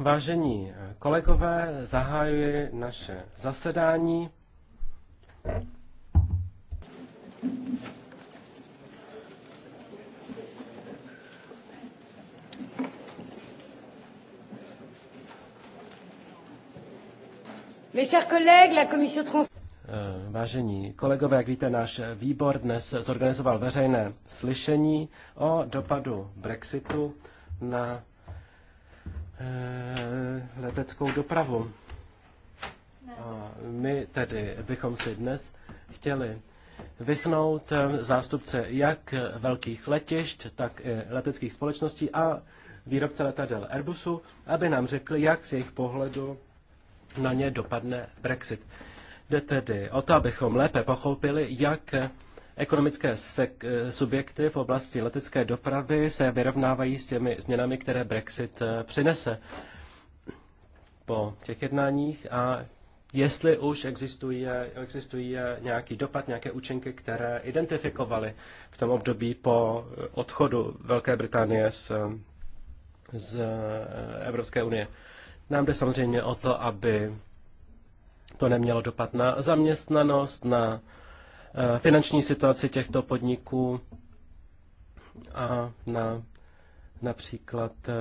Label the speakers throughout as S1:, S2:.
S1: Vážení kolegové, zahajuji naše zasedání.
S2: Mes chers collègues, la commission trans...
S1: Vážení kolegové, jak víte, náš výbor dnes zorganizoval veřejné slyšení o dopadu Brexitu na eh, leteckou dopravu. A my tedy bychom si dnes chtěli vysnout eh, zástupce jak velkých letišť, tak i leteckých společností a výrobce letadel Airbusu, aby nám řekli, jak z jejich pohledu na ně dopadne Brexit. Jde tedy o to, abychom lépe pochopili, jak ekonomické subjekty v oblasti letecké dopravy se vyrovnávají s těmi změnami, které Brexit eh, přinese po těch jednáních a jestli už existuje, existuje nějaký dopad, nějaké účinky, které identifikovali v tom období po eh, odchodu Velké Británie z, eh, z Evropské unie. Nám jde samozřejmě o to, aby to nemělo dopad na zaměstnanost, na eh, finanční situaci těchto podniků a na například eh,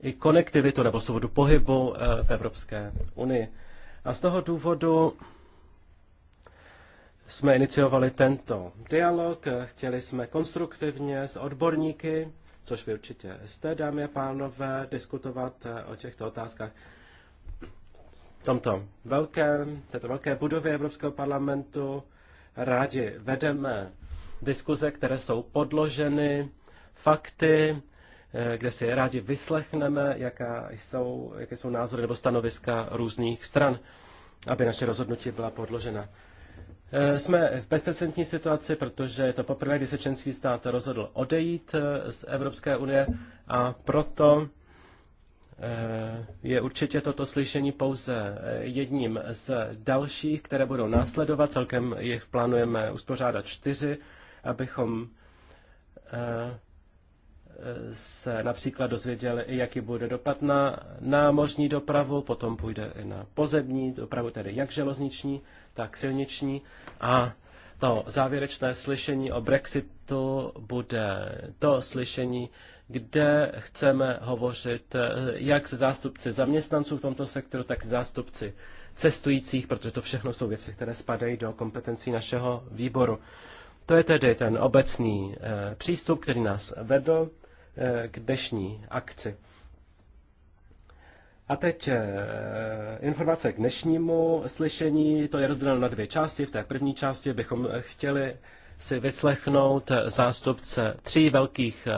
S1: i konektivitu nebo svobodu pohybu eh, v Evropské unii. A z toho důvodu jsme iniciovali tento dialog, chtěli jsme konstruktivně s odborníky, což vy určitě jste, dámy a pánové, diskutovat o těchto otázkách tomto velké, této velké budově Evropského parlamentu
S3: rádi vedeme
S1: diskuze, které jsou podloženy fakty, eh, kde si rádi vyslechneme, jaká jsou, jaké jsou názory nebo stanoviska různých stran, aby naše rozhodnutí byla podložena. Eh, jsme v bezprecedentní situaci, protože je to poprvé, kdy se členský stát rozhodl odejít eh, z Evropské unie a proto Eh, je určitě toto slyšení pouze eh, jedním z dalších, které budou následovat. Celkem jich plánujeme uspořádat čtyři, abychom eh, se například dozvěděli, jaký bude dopad na námořní dopravu, potom půjde i na pozemní dopravu, tedy jak železniční, tak silniční. A to závěrečné slyšení o Brexitu bude to slyšení, kde chceme hovořit eh, jak se zástupci zaměstnanců v tomto sektoru, tak zástupci cestujících, protože to všechno jsou věci, které spadají do kompetencí našeho výboru. To je tedy ten obecný eh, přístup, který nás vedl eh, k dnešní akci. A teď informace k dnešnímu slyšení. To je rozděleno na dvě části. V té první části bychom chtěli si vyslechnout zástupce tří velkých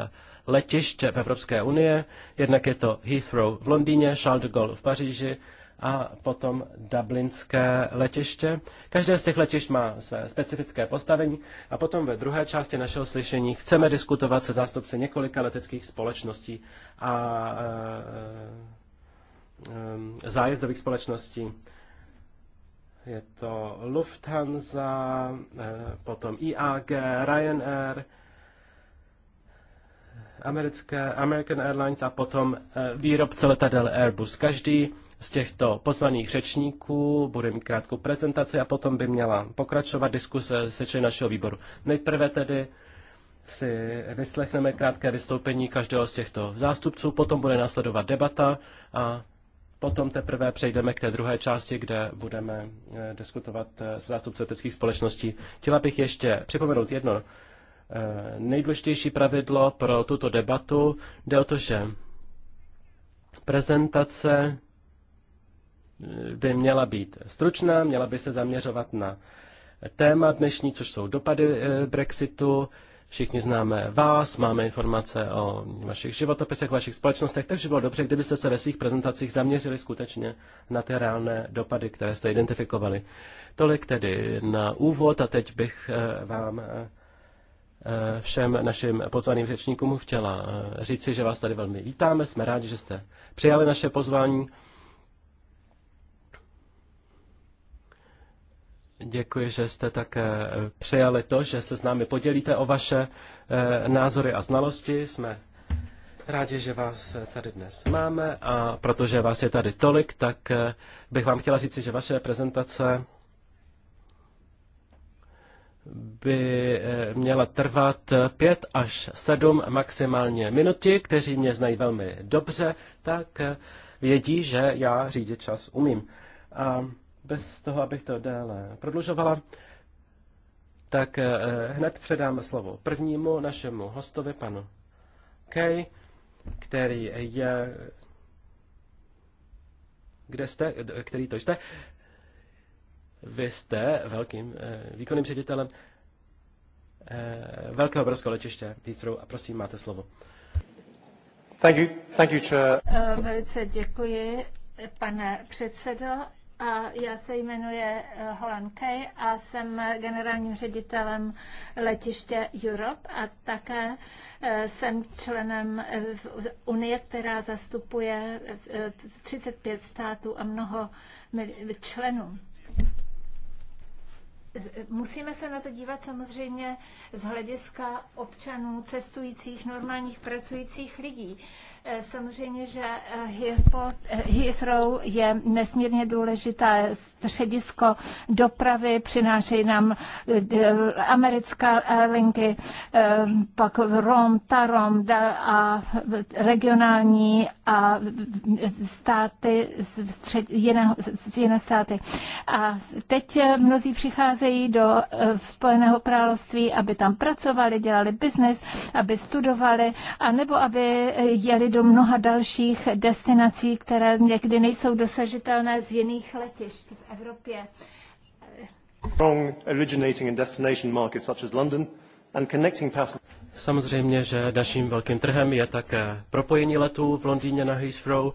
S1: letiště v Evropské unie. Jednak je to Heathrow v Londýně, Charles de Gaulle v Paříži a potom Dublinské letiště. Každé z těch letišť má své specifické postavení a potom ve druhé části našeho slyšení chceme diskutovat se zástupci několika leteckých společností a e, e, zájezdových společností. Je to Lufthansa, e, potom IAG, Ryanair, americké American Airlines a potom eh, výrobce letadel Airbus. Každý z těchto pozvaných řečníků bude mít krátkou prezentaci a potom by měla pokračovat diskuse se členy našeho výboru. Nejprve tedy si vyslechneme krátké vystoupení každého z těchto zástupců, potom bude následovat debata a potom teprve přejdeme k té druhé části, kde budeme eh, diskutovat eh, s zástupci leteckých společností. Chtěla bych ještě připomenout jedno Eh, nejdůležitější pravidlo pro tuto debatu. Jde o to, že prezentace eh, by měla být stručná, měla by se zaměřovat na téma dnešní, což jsou dopady eh, Brexitu. Všichni známe vás, máme informace o vašich životopisech, vašich společnostech, takže bylo dobře, kdybyste se ve svých prezentacích zaměřili skutečně na ty reálné dopady, které jste identifikovali. Tolik tedy na úvod a teď bych vám Eh, všem našim pozvaným řečníkům chtěla eh, říci, že vás tady velmi vítáme, jsme rádi, že jste přijali naše pozvání. Děkuji, že jste také eh, přijali to, že se s námi podělíte o vaše názory a znalosti. Jsme rádi, že vás tady dnes máme a protože vás je tady tolik, tak bych vám chtěla říci, že vaše prezentace by eh, měla trvat pět až sedm maximálně minuty, kteří mě znají velmi dobře, tak eh, vědí, že já řídit čas umím. A bez toho, abych to déle prodlužovala, tak eh, hned předám slovo prvnímu našemu hostovi, panu Kej, který je kde jste, který to jste, vy jste velkým eh, výkonným ředitelem eh, velkého obrovského letiště Heathrow a prosím, máte slovo. Thank you. Thank you, chair.
S2: Eh, velice děkuji, pane předsedo. A já se jmenuji Holan Kay a jsem generálním ředitelem letiště Europe a také jsem členem Unie, která zastupuje 35 států a mnoho členů. Musíme se na to dívat samozřejmě z hlediska občanů, cestujících, normálních pracujících lidí. Eh, samozřejmě, že eh, eh, Heathrow je nesmírně důležité středisko dopravy, přinášejí nám americké linky, pak Rom, Tarom a regionální a státy střed, jiného, jiné státy. A teď mnozí přicházejí do Spojeného království, aby tam pracovali, dělali biznis, aby studovali, anebo aby jeli do mnoha dalších destinací, které někdy nejsou dosažitelné z jiných letišť v Evropě.
S1: Samozřejmě, že naším velkým trhem je také propojení letů v Londýně na Heathrow,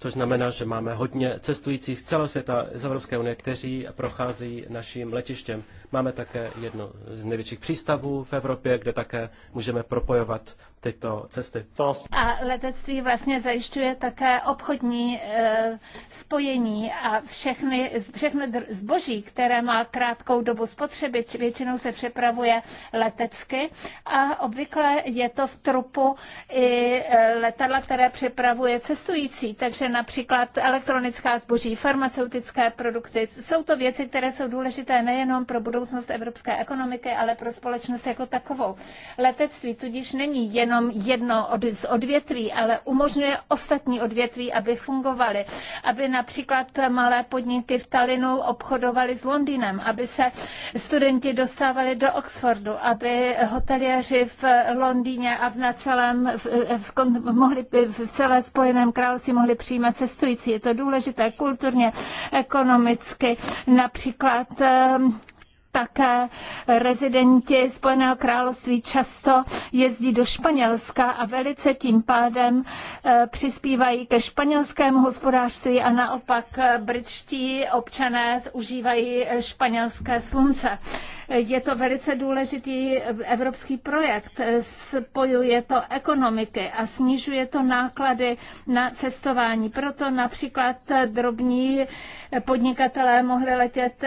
S1: což znamená, že máme hodně cestujících z celého světa, z Evropské unie, kteří prochází naším letištěm. Máme také jedno z největších přístavů v Evropě, kde také můžeme propojovat tyto cesty.
S2: A letectví vlastně zajišťuje také obchodní e, spojení a všechny, všechny zboží, které má krátkou dobu spotřeby, většinou se přepravuje letecky a obvykle je to v trupu i eh, letadla, které přepravuje cestující, takže například elektronická zboží, farmaceutické produkty. Jsou to věci, které jsou důležité nejenom pro budoucí budoucnost evropské ekonomiky, ale pro společnost jako takovou. Letectví tudíž není jenom jedno z odvětví, ale umožňuje ostatní odvětví, aby fungovaly, aby například malé podniky v Talinu obchodovaly s Londýnem, aby se studenti dostávali do Oxfordu, aby hoteliéři v Londýně a v na celém, v, v, mohli, v celé Spojeném království mohli přijímat cestující. Je to důležité kulturně, ekonomicky, například ehm, také rezidenti Spojeného království často jezdí do Španělska a velice tím pádem eh, přispívají ke španělskému hospodářství a naopak eh, britští občané užívají eh, španělské slunce. Je to velice důležitý evropský projekt, spojuje to ekonomiky a snižuje to náklady na cestování. Proto například drobní podnikatelé mohli letět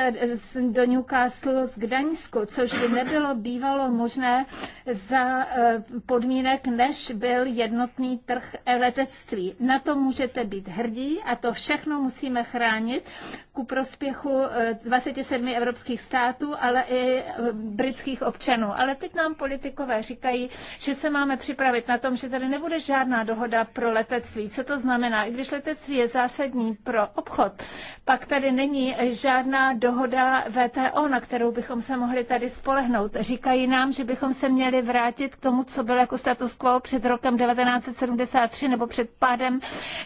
S2: do Newcastle z Gdaňsku, což by nebylo bývalo možné za eh, podmínek, než byl jednotný trh letectví. Na to můžete být hrdí a to všechno musíme chránit ku prospěchu 27 eh, evropských států, ale i eh, britských občanů. Ale teď nám politikové říkají, že se máme připravit na tom, že tady nebude žádná dohoda pro letectví. Co to znamená? I když letectví je zásadní pro obchod, pak tady není žádná dohoda VTO, na kterou bychom se mohli tady spolehnout. Říkají nám, že bychom se měli vrátit k tomu, co bylo jako status quo před rokem 1973 nebo před pádem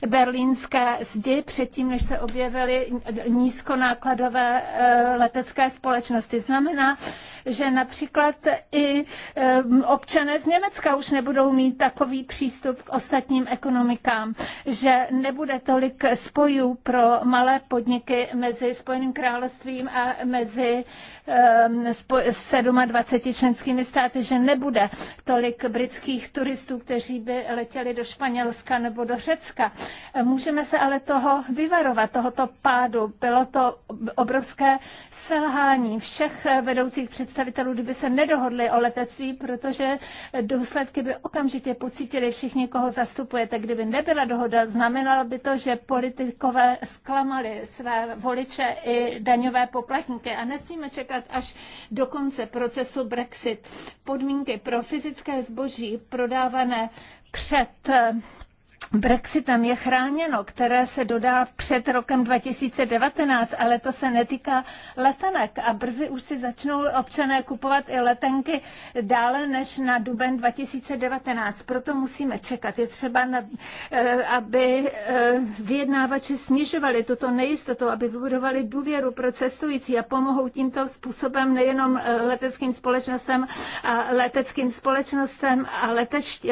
S2: berlínské zdi, předtím, než se objevily nízkonákladové eh, letecké společnosti. Znamená, že například i eh, občané z Německa už nebudou mít takový přístup k ostatním ekonomikám, že nebude tolik spojů pro malé podniky mezi Spojeným královstvím a mezi 27 eh, členskými státy, že nebude tolik britských turistů, kteří by letěli do Španělska nebo do Řecka. Můžeme se ale toho vyvarovat, tohoto pádu bylo to obrovské selhání všech vedoucích představitelů, kdyby se nedohodli o letectví, protože důsledky by okamžitě pocítili všichni, koho zastupujete. Kdyby nebyla dohoda, znamenalo by to, že politikové zklamali své voliče i daňové poplatníky a nesmíme čekat až do konce procesu Brexit. Podmínky pro fyzické zboží prodávané před Brexitem je chráněno, které se dodá před rokem 2019, ale to se netýká letenek a brzy už si začnou občané kupovat i letenky dále než na duben 2019. Proto musíme čekat. Je třeba, na, eh, aby eh, vyjednávači snižovali tuto nejistotu, aby vybudovali důvěru pro cestující a pomohou tímto způsobem nejenom eh, leteckým společnostem a leteckým společnostem a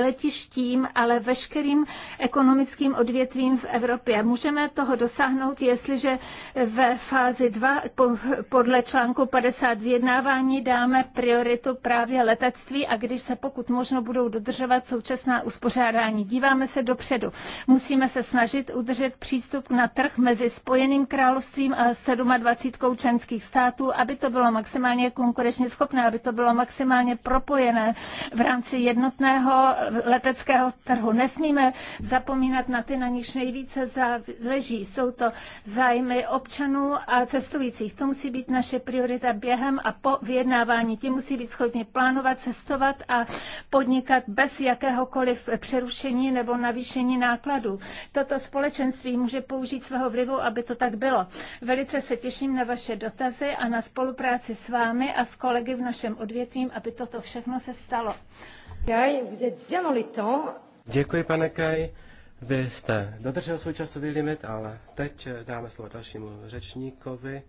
S2: letištím, ale veškerým ekonomickým odvětvím v Evropě. Můžeme toho dosáhnout, jestliže ve fázi 2 podle článku 50 vyjednávání dáme prioritu právě letectví a když se pokud možno budou dodržovat současná uspořádání. Díváme se dopředu. Musíme se snažit udržet přístup na trh mezi Spojeným královstvím a 27 členských států, aby to bylo maximálně konkurenčně schopné, aby to bylo maximálně propojené v rámci jednotného leteckého trhu. Nesmíme za zapomínat na ty, na nichž nejvíce záleží. Jsou to zájmy občanů a cestujících. To musí být naše priorita během a po vyjednávání. Ti musí být schopni plánovat, cestovat a podnikat bez jakéhokoliv přerušení nebo navýšení nákladů. Toto společenství může použít svého vlivu, aby to tak bylo. Velice se těším na vaše dotazy a na spolupráci s vámi a s kolegy v našem odvětvím, aby toto všechno se stalo.
S1: Děkuji, pane Kaj. Vy jste dodržel svůj časový limit, ale teď eh, dáme slovo dalšímu řečníkovi,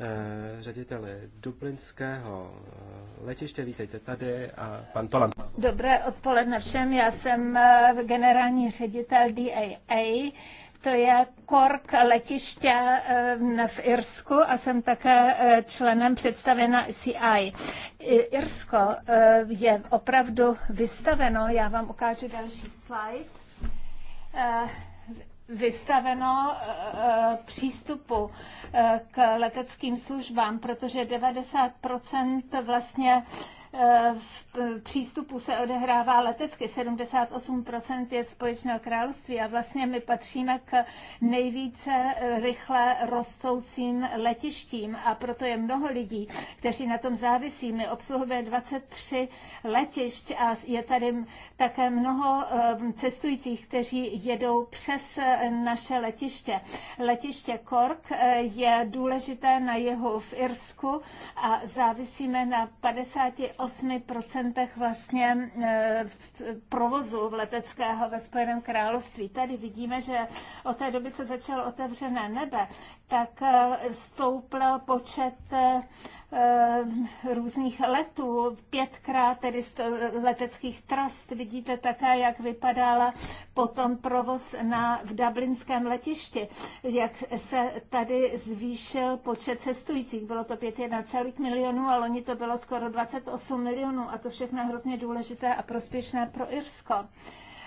S1: eh, řediteli Dublinského eh, letiště. Vítejte tady a pan Tolan.
S2: Dobré odpoledne všem. Já jsem generální ředitel DAA to je Cork letiště v Irsku a jsem také členem představena CI. Irsko je opravdu vystaveno, já vám ukážu další slide Eh, vystaveno eh, eh, přístupu k leteckým službám, protože 90 vlastně Eh, v eh, přístupu se odehrává letecky. 78% je Společného království a vlastně my patříme k nejvíce eh, rychle rostoucím letištím a proto je mnoho lidí, kteří na tom závisí. My obsluhujeme 23 letišť a je tady také mnoho cestujících, kteří jedou přes naše letiště. Letiště Cork je důležité na jihu v Irsku a závisíme na 50 8% vlastně e, v provozu v leteckého ve Spojeném království. Tady vidíme, že od té doby, co začalo otevřené nebe, tak e, stoupl počet e, Eh, různých letů, pětkrát tedy z leteckých trast. Vidíte také, jak vypadala potom provoz na, v dublinském letišti, jak se tady zvýšil počet cestujících. Bylo to 5,1 milionů ale oni to bylo skoro 28 milionů a to všechno hrozně důležité a prospěšné pro Irsko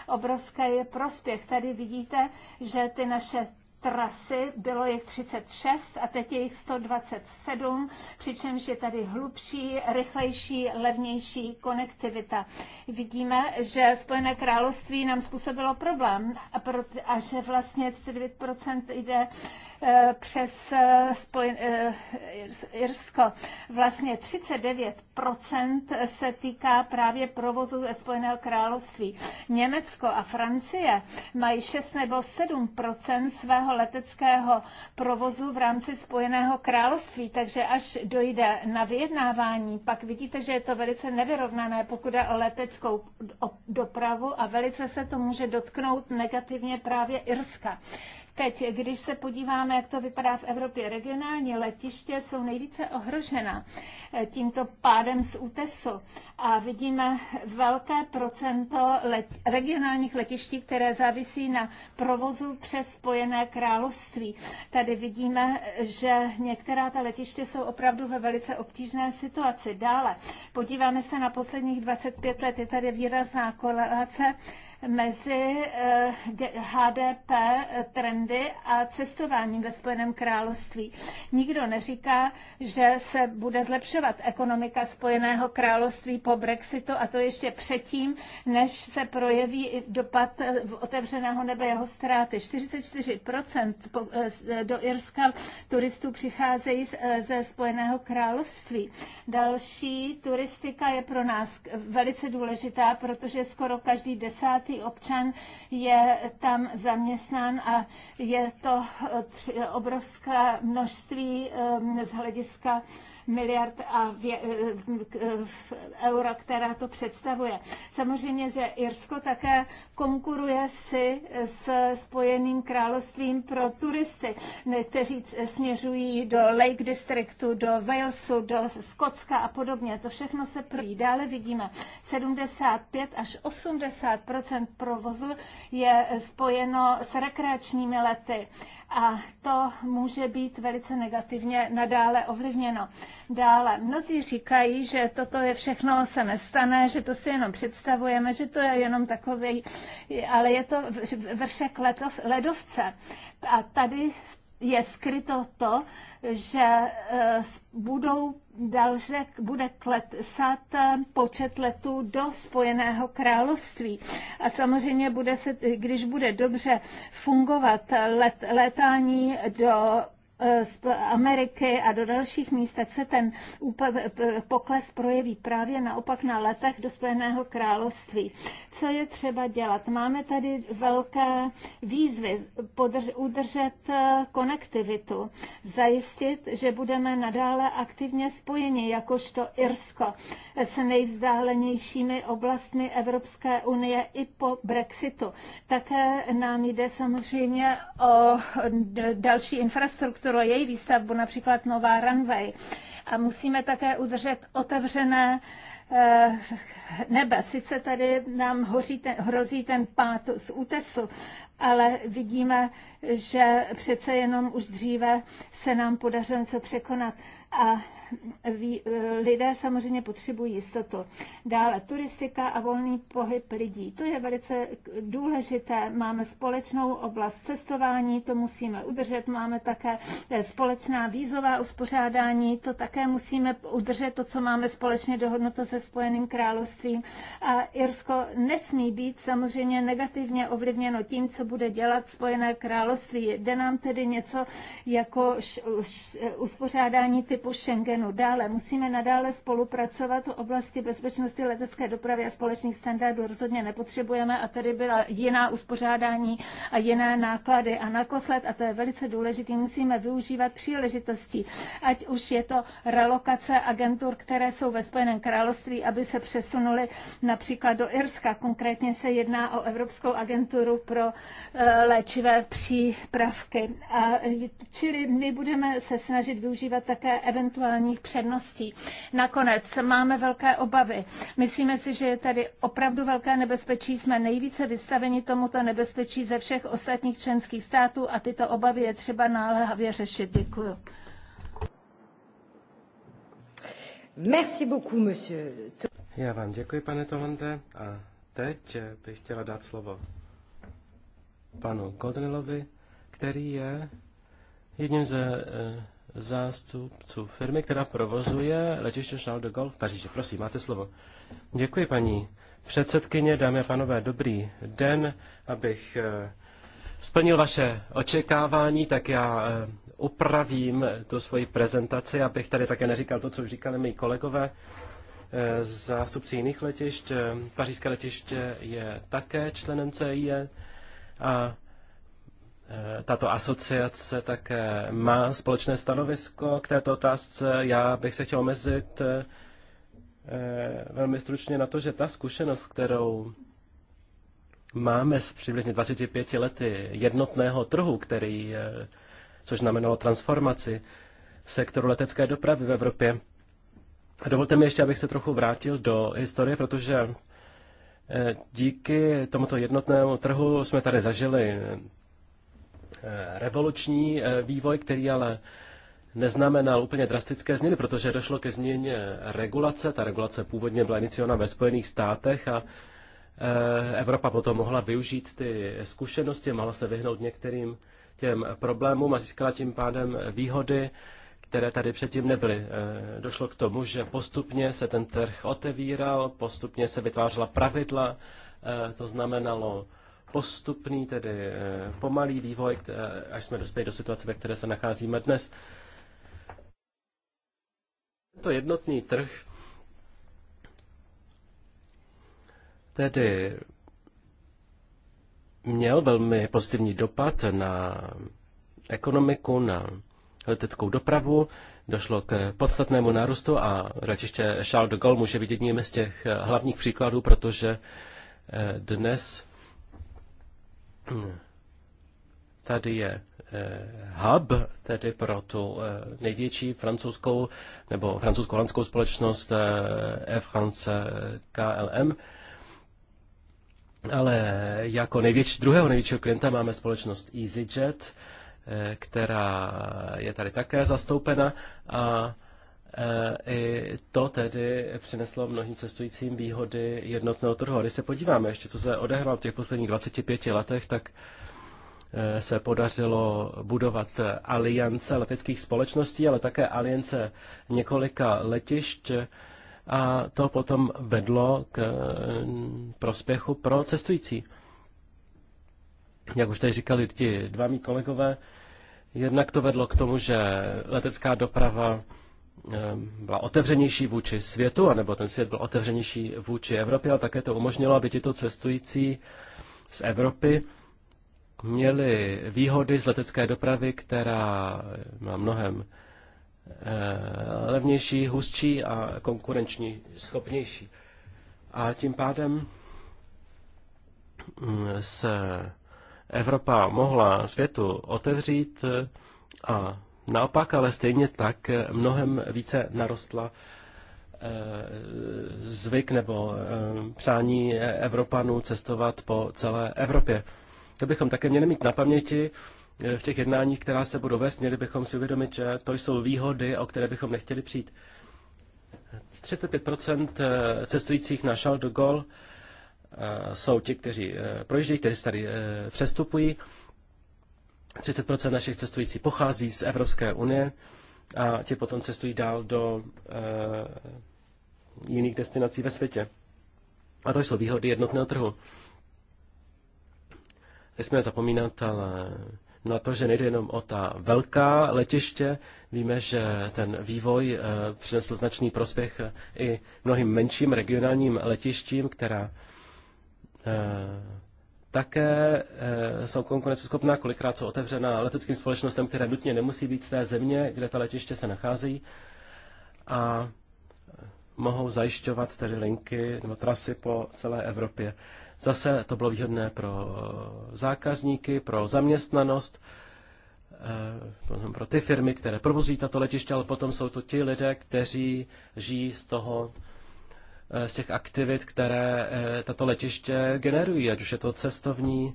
S2: obrovský je prospěch. Tady vidíte, že ty naše trasy, bylo jich 36 a teď je jich 127, přičemž je tady hlubší, rychlejší, levnější konektivita. Vidíme, že Spojené království nám způsobilo problém a, pro, a že vlastně 49% jde Eh, přes eh, Spojen, eh, Irsko. Vlastně 39% se týká právě provozu Spojeného království. Německo a Francie mají 6 nebo 7 svého leteckého provozu v rámci Spojeného království, takže až dojde na vyjednávání, pak vidíte, že je to velice nevyrovnané, pokud je o leteckou dopravu a velice se to může dotknout negativně právě Irska. Teď, když se podíváme, jak to vypadá v Evropě, regionální letiště jsou nejvíce ohrožena eh, tímto pádem z útesu a vidíme velké procento let, regionálních letiští, které závisí na provozu přes Spojené království. Tady vidíme, že některá ta letiště jsou opravdu ve velice obtížné situaci. Dále, podíváme se na posledních 25 let, je tady výrazná korelace mezi HDP eh, eh, trendy a cestováním ve Spojeném království. Nikdo neříká, že se bude zlepšovat ekonomika Spojeného království po Brexitu a to ještě předtím, než se projeví dopad eh, otevřeného nebe jeho ztráty. 44% do Irska turistů přicházejí ze Spojeného království. Další turistika je pro nás velice důležitá, protože skoro každý desátý každý občan je tam zaměstnán a je to obrovské množství eh, z hlediska miliard a vě, eh, eh, euro, která to představuje. Samozřejmě, že Irsko také konkuruje si s Spojeným královstvím pro turisty, kteří směřují do Lake Districtu, do Walesu, do Skotska a podobně. To všechno se prý. Dále vidíme 75 až 80 provozu je spojeno s rekreačními lety a to může být velice negativně nadále ovlivněno. Dále, mnozí říkají, že toto je všechno se nestane, že to si jenom představujeme, že to je jenom takový, ale je to vršek ledovce. A tady v je skryto to, že eh, budou dalže bude klesat eh, počet letů do Spojeného království. A samozřejmě, bude se, když bude dobře fungovat let, letání do Eh, z Ameriky a do dalších míst, tak se ten pokles projeví právě naopak na letech do Spojeného království. Co je třeba dělat? Máme tady velké výzvy podrž, udržet eh, konektivitu, zajistit, že budeme nadále aktivně spojeni, jakožto Irsko, s nejvzdálenějšími oblastmi Evropské unie i po Brexitu. Také nám jde samozřejmě o eh, další infrastrukturu, a její výstavbu, například Nová Runway. A musíme také udržet otevřené eh, nebe. Sice tady nám hoří ten, hrozí ten pát z útesu, ale vidíme, že přece jenom už dříve se nám podařilo něco překonat a lidé samozřejmě potřebují jistotu. Dále turistika a volný pohyb lidí. To je velice důležité. Máme společnou oblast cestování, to musíme udržet. Máme také společná vízová uspořádání, to také musíme udržet, to, co máme společně dohodnuto se Spojeným královstvím. A Irsko nesmí být samozřejmě negativně ovlivněno tím, co bude dělat Spojené království. Jde nám tedy něco jako š, š, uspořádání typu Schengenu. Dále musíme nadále spolupracovat v oblasti bezpečnosti letecké dopravy a společných standardů. Rozhodně nepotřebujeme a tady byla jiná uspořádání a jiné náklady. A nakosled, a to je velice důležité, musíme využívat příležitosti, ať už je to relokace agentur, které jsou ve Spojeném království, aby se přesunuli například do Irska. Konkrétně se jedná o Evropskou agenturu pro Eh, léčivé přípravky. A, čili my budeme se snažit využívat také eventuálních předností. Nakonec máme velké obavy. Myslíme si, že je tady opravdu velké nebezpečí. Jsme nejvíce vystaveni tomuto nebezpečí ze všech ostatních členských států a tyto obavy je třeba náléhavě řešit. Děkuji.
S3: Merci beaucoup, monsieur.
S1: Já vám děkuji, pane Tolande. A teď bych chtěla dát slovo panu Kodrilovi, který je jedním ze eh, zástupců firmy, která provozuje letiště Charles de Gaulle v Paříži. Prosím, máte slovo. Děkuji, paní předsedkyně, dámy a pánové, dobrý den. Abych eh, splnil vaše očekávání, tak já eh, upravím tu svoji prezentaci, abych tady také neříkal to, co říkali mý kolegové zástupci jiných letišť. Pařížské letiště je také členem CIE a e, tato asociace také má společné stanovisko k této otázce. Já bych se chtěl omezit e, e, velmi stručně na to, že ta zkušenost, kterou máme s přibližně 25 lety jednotného trhu, který, což znamenalo transformaci sektoru letecké dopravy v Evropě. A dovolte mi ještě, abych se trochu vrátil do historie, protože Díky tomuto jednotnému trhu jsme tady zažili eh, revoluční eh, vývoj, který ale neznamenal úplně drastické změny, protože došlo ke změně regulace. Ta regulace původně byla iniciována ve Spojených státech a eh, Evropa potom mohla využít ty zkušenosti, mohla se vyhnout některým těm problémům a získala tím pádem výhody které tady předtím nebyly. Eh, došlo k tomu, že postupně se ten trh otevíral, postupně se vytvářela pravidla, eh, to znamenalo postupný, tedy eh, pomalý vývoj, až jsme dospěli do situace, ve které se nacházíme dnes. To jednotný trh tedy měl velmi pozitivní dopad na ekonomiku, na leteckou dopravu, došlo k podstatnému nárůstu a letiště Charles de Gaulle může být jedním z těch eh, hlavních příkladů, protože eh, dnes hm, tady je eh, hub, tedy pro tu největší francouzskou nebo francouzsko-holandskou společnost Air France KLM. Ale jako největší, druhého největšího klienta máme společnost EasyJet, Eh, která je tady také zastoupena a eh, i to tedy přineslo mnohým cestujícím výhody jednotného trhu. Když se podíváme ještě, co se odehrálo v těch posledních 25 letech, tak eh, se podařilo budovat aliance leteckých společností, ale také aliance několika letišť a to potom vedlo k prospěchu pro cestující. Jak už tady říkali ti dva mý kolegové, Jednak to vedlo k tomu, že letecká doprava eh, byla otevřenější vůči světu, anebo ten svět byl otevřenější vůči Evropě, ale také to umožnilo, aby tito cestující z Evropy měli výhody z letecké dopravy, která má mnohem eh, levnější, hustší a konkurenční schopnější. A tím pádem mm, se Evropa mohla světu otevřít eh, a naopak, ale stejně tak mnohem více narostla eh, zvyk nebo eh, přání Evropanů cestovat po celé Evropě. To bychom také měli mít na paměti v těch jednáních, která se budou vést, měli bychom si uvědomit, že to jsou výhody, o které bychom nechtěli přijít. 35 cestujících na Charles de Gaulle Eh, jsou ti, kteří eh, projíždějí, kteří se tady eh, přestupují. 30% našich cestujících pochází z Evropské unie a ti potom cestují dál do jiných destinací ve světě. A to jsou výhody jednotného trhu. Nesmíme zapomínat ale na to, že nejde jenom o ta velká letiště. Víme, že ten vývoj přinesl značný prospěch i mnohým menším regionálním letištím, která Eh, také eh, jsou konkurenceschopná, kolikrát jsou otevřená leteckým společnostem, které nutně nemusí být z té země, kde ta letiště se nacházejí a mohou zajišťovat tedy linky nebo trasy po celé Evropě. Zase to bylo výhodné pro zákazníky, pro zaměstnanost, eh, pro ty firmy, které provozují tato letiště, ale potom jsou to ti lidé, kteří žijí z toho Eh, z těch aktivit, které eh, tato letiště generují, ať už je to cestovní,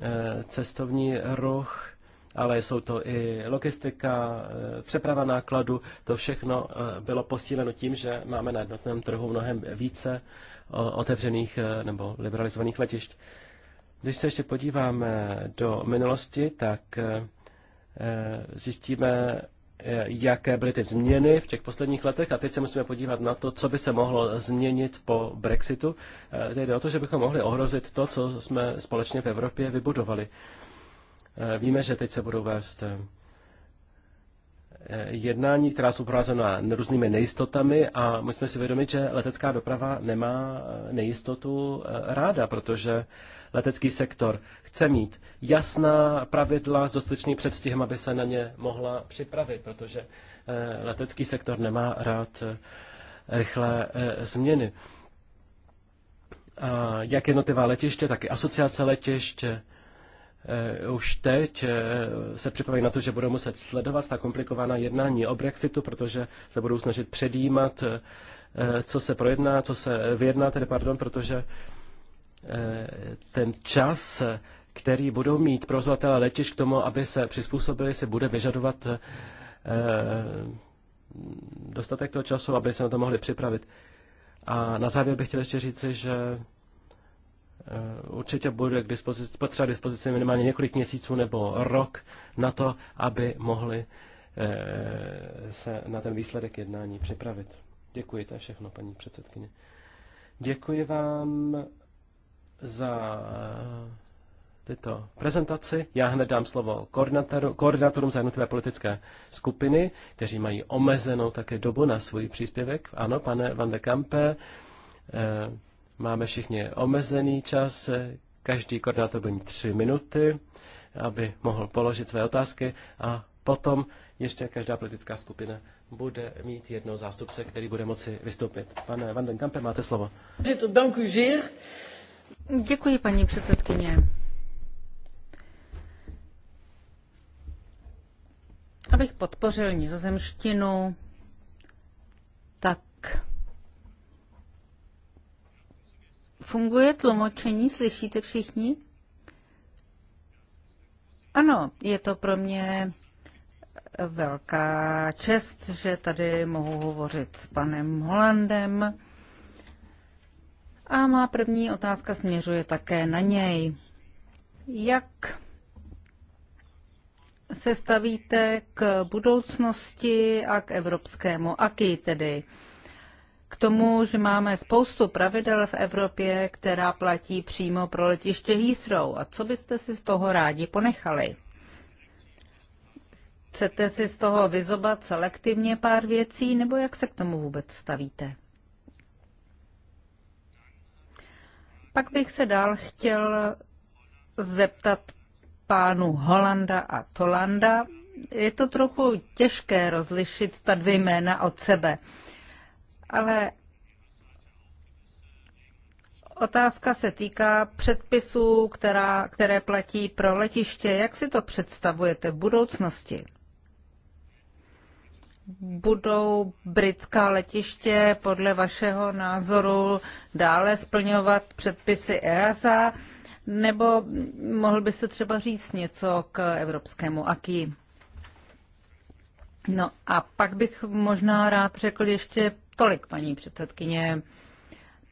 S1: eh, cestovní ruch, ale jsou to i logistika, přeprava nákladu. To všechno bylo posíleno tím, že máme na jednotném trhu mnohem více otevřených nebo liberalizovaných letišť. Když se ještě podíváme do minulosti, tak zjistíme, Eh, jaké byly ty změny v těch posledních letech a teď se musíme podívat na to, co by se mohlo změnit po Brexitu. Eh, teď jde o to, že bychom mohli ohrozit to, co jsme společně v Evropě vybudovali. Eh, víme, že teď se budou vést jednání, která jsou provázena různými nejistotami a my jsme si vědomi, že letecká doprava nemá nejistotu eh, ráda, protože letecký sektor chce mít jasná pravidla s dostatečným předstihem, aby se na ně mohla připravit, protože eh, letecký sektor nemá rád eh, rychlé změny. A jak jednotlivá letiště, tak i asociace letiště Eh, už teď eh, se připravují na to, že budou muset sledovat ta komplikovaná jednání o Brexitu, protože se budou snažit předjímat, eh, co se projedná, co se vyjedná, tedy pardon, protože ten čas, který budou mít provozovatele letiš k tomu, aby se přizpůsobili, se bude vyžadovat dostatek toho času, aby se na to mohli připravit. A na závěr bych chtěl ještě říci, že Eh, určitě bude k dispozici, potřeba dispozici minimálně několik měsíců nebo rok na to, aby mohli eh, se na ten výsledek jednání připravit. Děkuji, to je všechno, paní předsedkyně. Děkuji vám za tyto prezentaci. Já hned dám slovo koordinátorům za jednotlivé politické skupiny, kteří mají omezenou také dobu na svůj příspěvek. Ano, pane Van de Kampe, eh, Máme všichni omezený čas, každý koordinátor bude mít tři minuty, aby mohl položit své otázky a potom ještě každá politická skupina bude mít jednoho zástupce, který bude moci vystoupit. Pane Van den Kampe, máte slovo.
S3: Děkuji, paní předsedkyně. Abych podpořil nizozemštinu, tak Funguje tlumočení, slyšíte všichni? Ano, je to pro mě velká čest, že tady mohu hovořit s panem Holandem. A má první otázka směřuje také na něj. Jak se stavíte k budoucnosti a k evropskému aky tedy k tomu, že máme spoustu pravidel v Evropě, která platí přímo pro letiště Heathrow. A co byste si z toho rádi ponechali? Chcete si z toho vyzobat selektivně pár věcí, nebo jak se k tomu vůbec stavíte? Pak bych se dál chtěl zeptat pánu Holanda a Tolanda. Je to trochu těžké rozlišit ta dvě jména od sebe ale otázka se týká předpisů, která, které platí pro letiště. Jak si to představujete v budoucnosti? Budou britská letiště podle vašeho názoru dále splňovat předpisy EASA? Nebo mohl byste třeba říct něco k evropskému AKI? No a pak bych možná rád řekl ještě tolik, paní předsedkyně.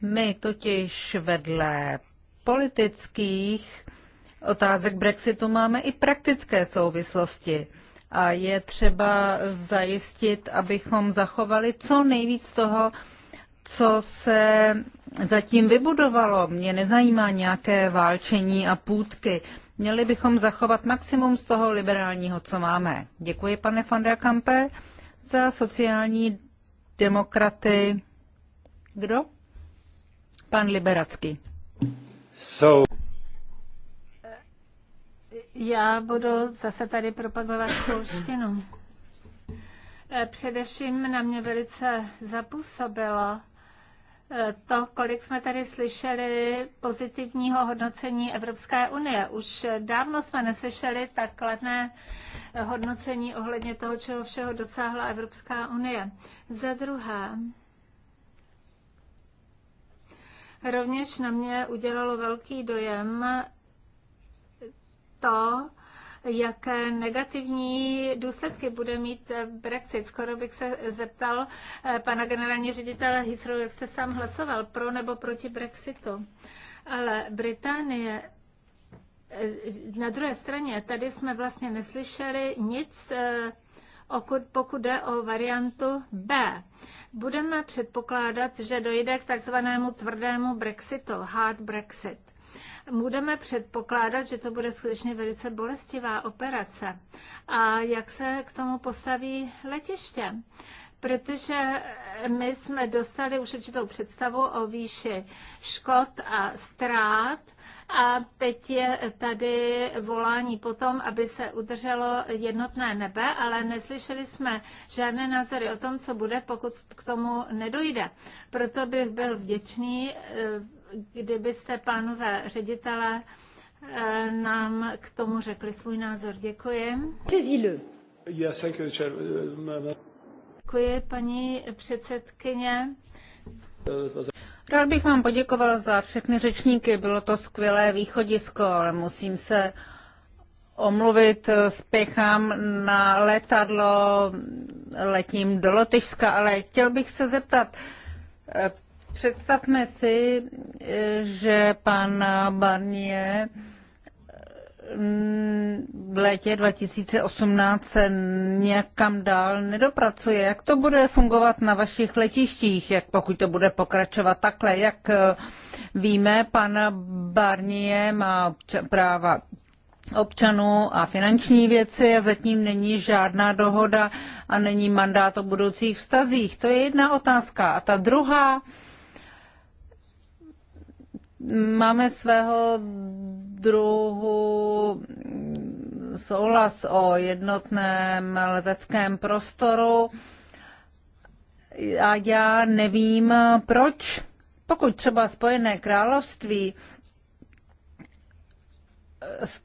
S3: My totiž vedle politických otázek Brexitu máme i praktické souvislosti. A je třeba zajistit, abychom zachovali co nejvíc toho, co se zatím vybudovalo. Mě nezajímá nějaké válčení a půdky. Měli bychom zachovat maximum z toho liberálního, co máme. Děkuji, pane van der Kampe, za sociální demokraty. Kdo? Pan Liberacký. So.
S2: Já budu zase tady propagovat polštinu.
S3: Eh, především
S2: na mě velice zapůsobilo, to, kolik jsme tady slyšeli pozitivního hodnocení Evropské unie. Už dávno jsme neslyšeli tak kladné hodnocení ohledně toho, čeho všeho dosáhla Evropská unie. Za druhé, rovněž na mě udělalo velký dojem to, jaké negativní důsledky bude mít eh, Brexit. Skoro bych se zeptal eh, pana generálního ředitele Heathrow, jak jste sám hlasoval, pro nebo proti Brexitu. Ale Británie eh, na druhé straně, tady jsme vlastně neslyšeli nic, pokud jde o variantu B. Budeme předpokládat, že dojde k takzvanému tvrdému Brexitu, hard Brexit. Budeme předpokládat, že to bude skutečně velice bolestivá operace. A jak se k tomu postaví letiště? protože my jsme dostali už určitou představu o výši škod a ztrát a teď je tady volání potom, aby se udrželo jednotné nebe, ale neslyšeli jsme žádné názory o tom, co bude, pokud k tomu nedojde. Proto bych byl vděčný eh, kdybyste, pánové ředitele, eh, nám k tomu řekli svůj názor. Děkuji. Děkuji, paní předsedkyně.
S3: Rád bych vám poděkoval za všechny řečníky, bylo to skvělé východisko, ale musím se omluvit, spěchám na letadlo, letím do Lotyšska, ale chtěl bych se zeptat, Představme si, eh, že pan Barnier mm, v létě 2018 se někam dál nedopracuje. Jak to bude fungovat na vašich letištích, jak pokud to bude pokračovat takhle? Jak eh, víme, pan Barnier má práva občanů a finanční věci a zatím není žádná dohoda a není mandát o budoucích vztazích. To je jedna otázka. A ta druhá, máme svého druhu souhlas o jednotném leteckém prostoru a já nevím proč. Pokud třeba Spojené království,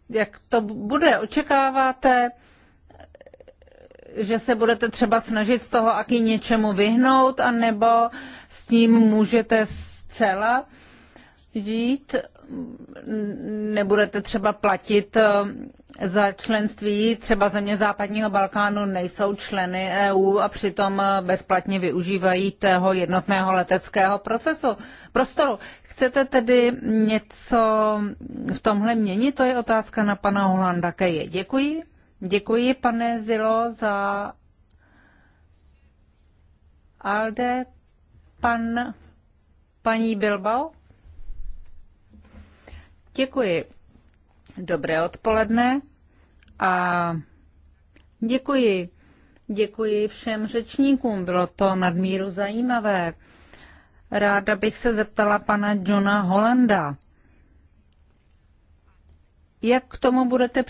S3: jak to bude, očekáváte, že se budete třeba snažit z toho aký něčemu vyhnout, anebo s tím můžete zcela žít, nebudete třeba platit eh, za členství, třeba země západního Balkánu nejsou členy EU a přitom eh, bezplatně využívají tého jednotného leteckého procesu, prostoru. Chcete tedy něco v tomhle měnit? To je otázka na pana Holanda Keje. Děkuji. Děkuji, pane Zilo, za Alde, pan, paní Bilbao. Děkuji. Dobré odpoledne a děkuji. Děkuji všem řečníkům, bylo to nadmíru zajímavé. Ráda bych se zeptala pana Johna Holanda. Jak k tomu budete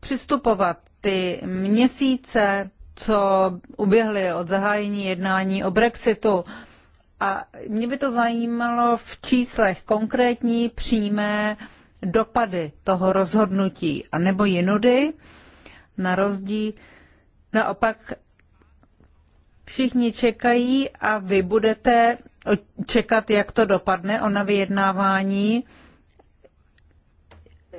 S3: přistupovat ty měsíce, co uběhly od zahájení jednání o Brexitu? A mě by to zajímalo v číslech konkrétní, přímé, dopady toho rozhodnutí. A nebo jinudy, na rozdíl, naopak všichni čekají a vy budete čekat, jak to dopadne, ona vyjednávání.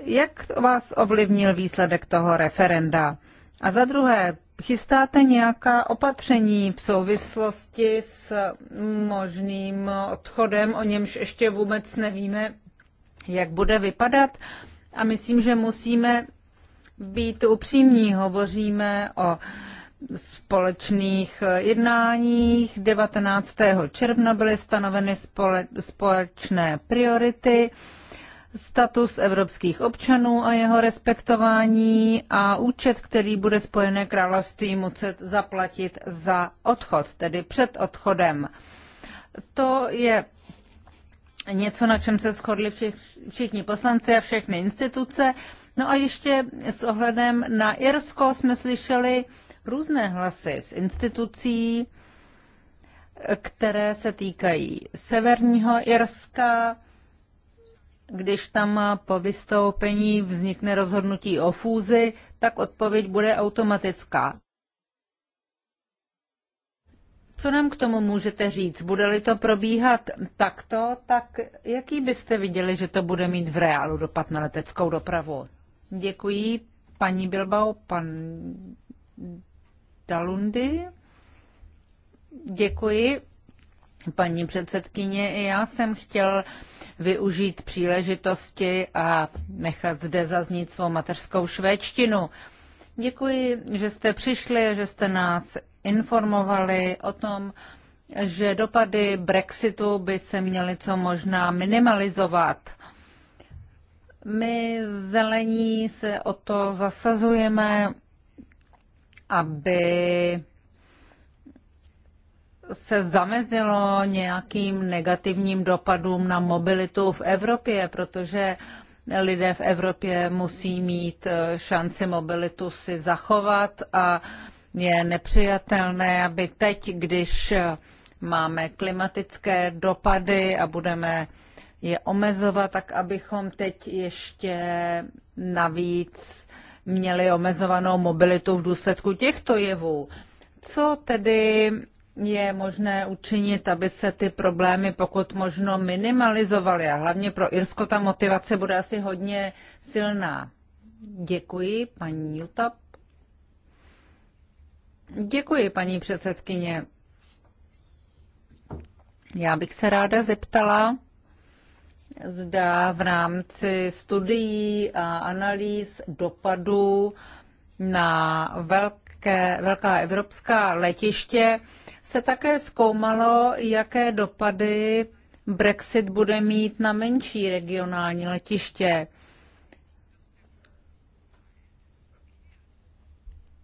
S3: Jak vás ovlivnil výsledek toho referenda? A za druhé, chystáte nějaká opatření v souvislosti s možným odchodem, o němž ještě vůbec nevíme, jak bude vypadat. A myslím, že musíme být upřímní. Hovoříme o společných jednáních. 19. června byly stanoveny spole, společné priority, status evropských občanů a jeho respektování a účet, který bude Spojené království muset zaplatit za odchod, tedy před odchodem. To je něco, na čem se shodli všichni poslanci a všechny instituce. No a ještě s ohledem na Irsko jsme slyšeli různé hlasy z institucí, které se týkají severního Irska, když tam po vystoupení vznikne rozhodnutí o fúzi, tak odpověď bude automatická. Co nám k tomu můžete říct? Bude-li to probíhat takto, tak jaký byste viděli, že to bude mít v reálu dopad na leteckou dopravu? Děkuji, paní Bilbao, pan Dalundy. Děkuji, paní předsedkyně. I já jsem chtěl využít příležitosti a nechat zde zaznít svou mateřskou švédštinu. Děkuji, že jste přišli, že jste nás informovali o tom, že dopady Brexitu by se měly co možná minimalizovat. My zelení se o to zasazujeme, aby se zamezilo nějakým negativním dopadům na mobilitu v Evropě, protože lidé v Evropě musí mít šanci mobilitu si zachovat a je nepřijatelné, aby teď, když máme klimatické dopady a budeme je omezovat, tak abychom teď ještě navíc měli omezovanou mobilitu v důsledku těchto jevů. Co tedy je možné učinit, aby se ty problémy pokud možno minimalizovaly? A hlavně pro Irsko ta motivace bude asi hodně silná. Děkuji, paní Jutap. Děkuji, paní předsedkyně. Já bych se ráda zeptala, zda v rámci studií a analýz dopadů na velké, velká evropská letiště se také zkoumalo, jaké dopady Brexit bude mít na menší regionální letiště.